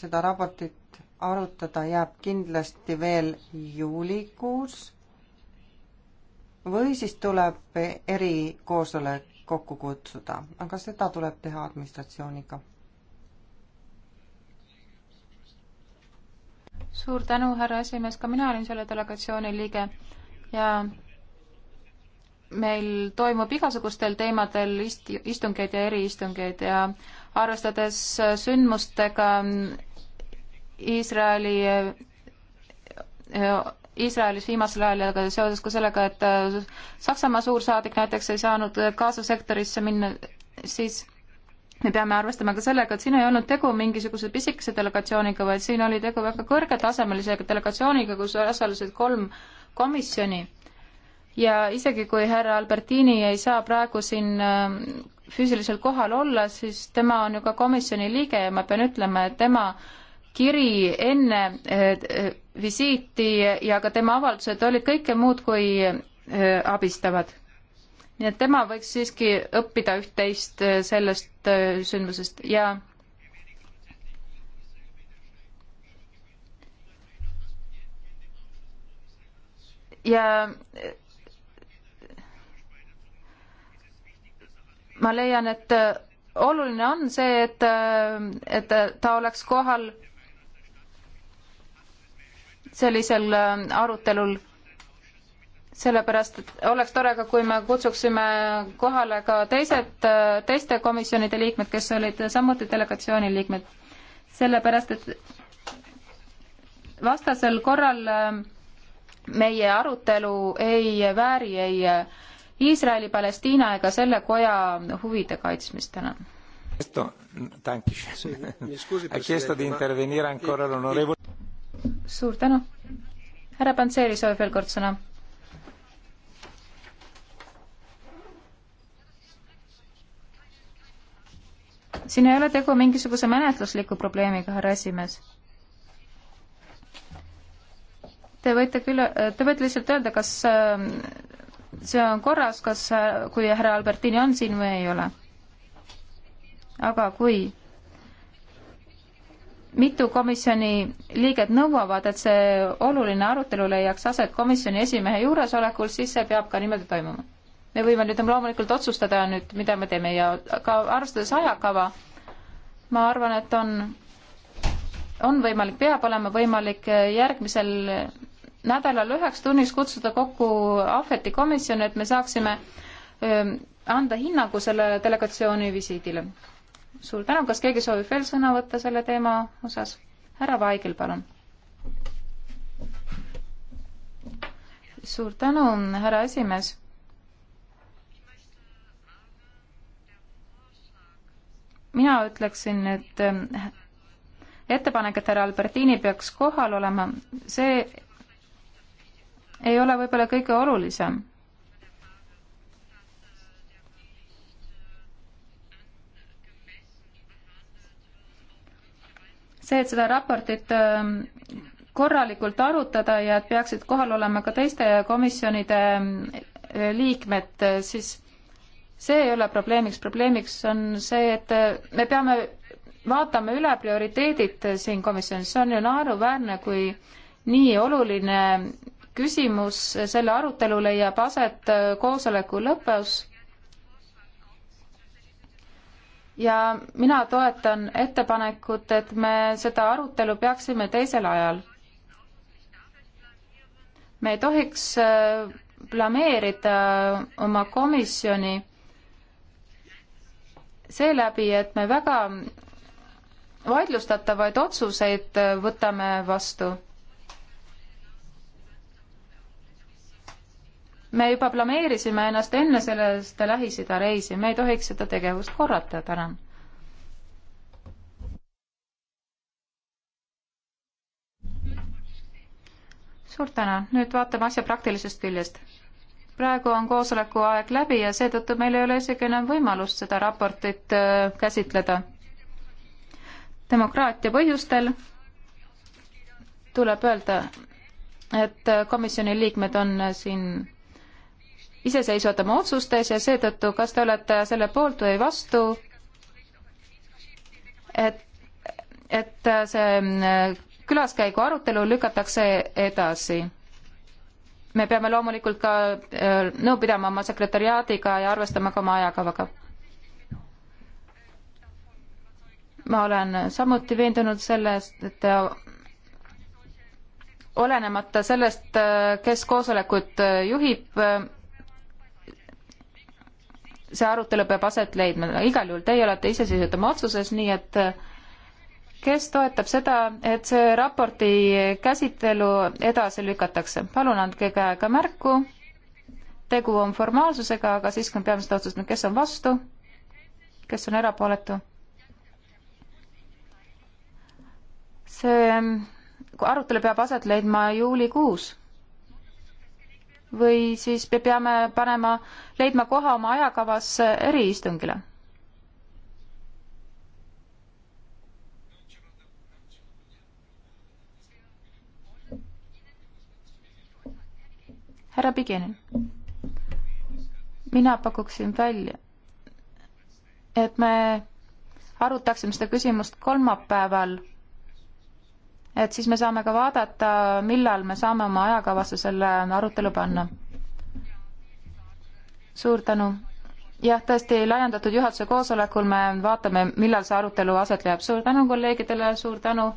seda raportit arutada jääb kindlasti veel juulikuus või siis tuleb erikoosolek kokku kutsuda, aga seda tuleb teha administratsiooniga. suur tänu, härra esimees, ka mina olin selle delegatsiooni liige ja meil toimub igasugustel teemadel ist-, istungeid ja eriistungeid ja arvestades sündmustega Iisraeli Iisraelis viimasel ajal ja ka seoses ka sellega, et äh, Saksamaa suursaadik näiteks ei saanud äh, Gaza sektorisse minna, siis me peame arvestama ka sellega, et siin ei olnud tegu mingisuguse pisikese delegatsiooniga, vaid siin oli tegu väga kõrgetasemelise delegatsiooniga, kus osalesid kolm komisjoni. ja isegi, kui härra Albertini ei saa praegu siin äh, füüsiliselt kohal olla, siis tema on ju ka komisjoni liige ja ma pean ütlema, et tema kiri enne visiiti ja ka tema avaldused olid kõike muud kui äh, abistavad. nii et tema võiks siiski õppida üht-teist äh, sellest äh, sündmusest ja ja ma leian, et oluline on see, et, et ta oleks kohal sellisel äh, arutelul. sellepärast, et oleks tore ka, kui me kutsuksime kohale ka teised, äh, teiste komisjonide liikmed, kes olid samuti delegatsiooni liikmed. sellepärast, et vastasel korral äh, meie arutelu ei vääri ei Iisraeli, Palestiina ega selle koja huvide kaitsmist täna. Tanki. Ha chiesto di intervenire ancora l'onorevole suur tänu. härra Panseri soovib veel kord sõna. siin ei ole tegu mingisuguse menetlusliku probleemiga, härra esimees. Te võite küll, te võite lihtsalt öelda, kas äh, see on korras, kas, äh, kui härra Albertini on siin või ei ole. aga kui mitu komisjoni liiget nõuavad, et see oluline arutelu leiaks aset komisjoni esimehe juuresolekul, siis see peab ka niimoodi toimuma. me võime nüüd loomulikult otsustada nüüd, mida me teeme ja ka arvestades ajakava, ma arvan, et on, on võimalik, peab olema võimalik järgmisel nädalal üheks tunniks kutsuda kokku ahveti komisjon, et me saaksime öö, anda hinnangu sellele delegatsiooni visiidile suur tänu, kas keegi soovib veel sõna võtta selle teema osas? härra Vaigel, palun. suur tänu, härra esimees. mina ütleksin, et eh, ettepanek, et härra Albertini peaks kohal olema, see ei ole võib-olla kõige olulisem see, et seda raportit ähm, korralikult arutada ja et peaksid kohal olema ka teiste komisjonide äh, liikmed, äh, siis see ei ole probleemiks, probleemiks on see, et äh, me peame, vaatame üle prioriteedid siin komisjonis, see on ju naeruväärne, kui nii oluline küsimus selle arutelu leiab aset koosoleku lõpus ja mina toetan ettepanekut, et me seda arutelu peaksime teisel ajal. me ei tohiks äh, blameerida äh, oma komisjoni seeläbi, et me väga vaidlustatavaid otsuseid äh, võtame vastu me juba blameerisime ennast enne sellest Lähis-Ida reisi, me ei tohiks seda tegevust korrata, tänan. suur tänu, nüüd vaatame asja praktilisest küljest. praegu on koosoleku aeg läbi ja seetõttu meil ei ole isegi enam võimalust seda raportit äh, käsitleda. demokraatia põhjustel tuleb öelda, et äh, komisjoni liikmed on äh, siin iseseisvalt oma otsustes ja seetõttu, kas te olete selle poolt või vastu, et, et see mm, külaskäigu arutelu lükatakse edasi me peame loomulikult ka äh, nõu pidama oma sekretariaadiga ja arvestama ka oma ajakavaga. ma olen samuti veendunud sellest, et äh, olenemata sellest, äh, kes koosolekut juhib, see arutelu peab aset leidma, igal juhul teie olete iseseisvad oma otsuses, nii et eh, kes toetab seda, et see raporti käsitelu edasi lükatakse? palun andke käega märku, tegu on formaalsusega, aga siiski me peame seda otsustama, kes on vastu, kes on erapooletu. see eh, arutelu peab aset leidma juulikuus või siis me peame panema, leidma koha oma ajakavas eriistungile. härra Pigenin, mina pakuksin välja, et me arutaksime seda küsimust kolmapäeval et siis me saame ka vaadata, millal me saame oma ajakavasse selle arutelu panna. suur tänu. jah, tõesti, laiendatud juhatuse koosolekul me vaatame, millal see arutelu aset leiab. suur tänu kolleegidele, suur tänu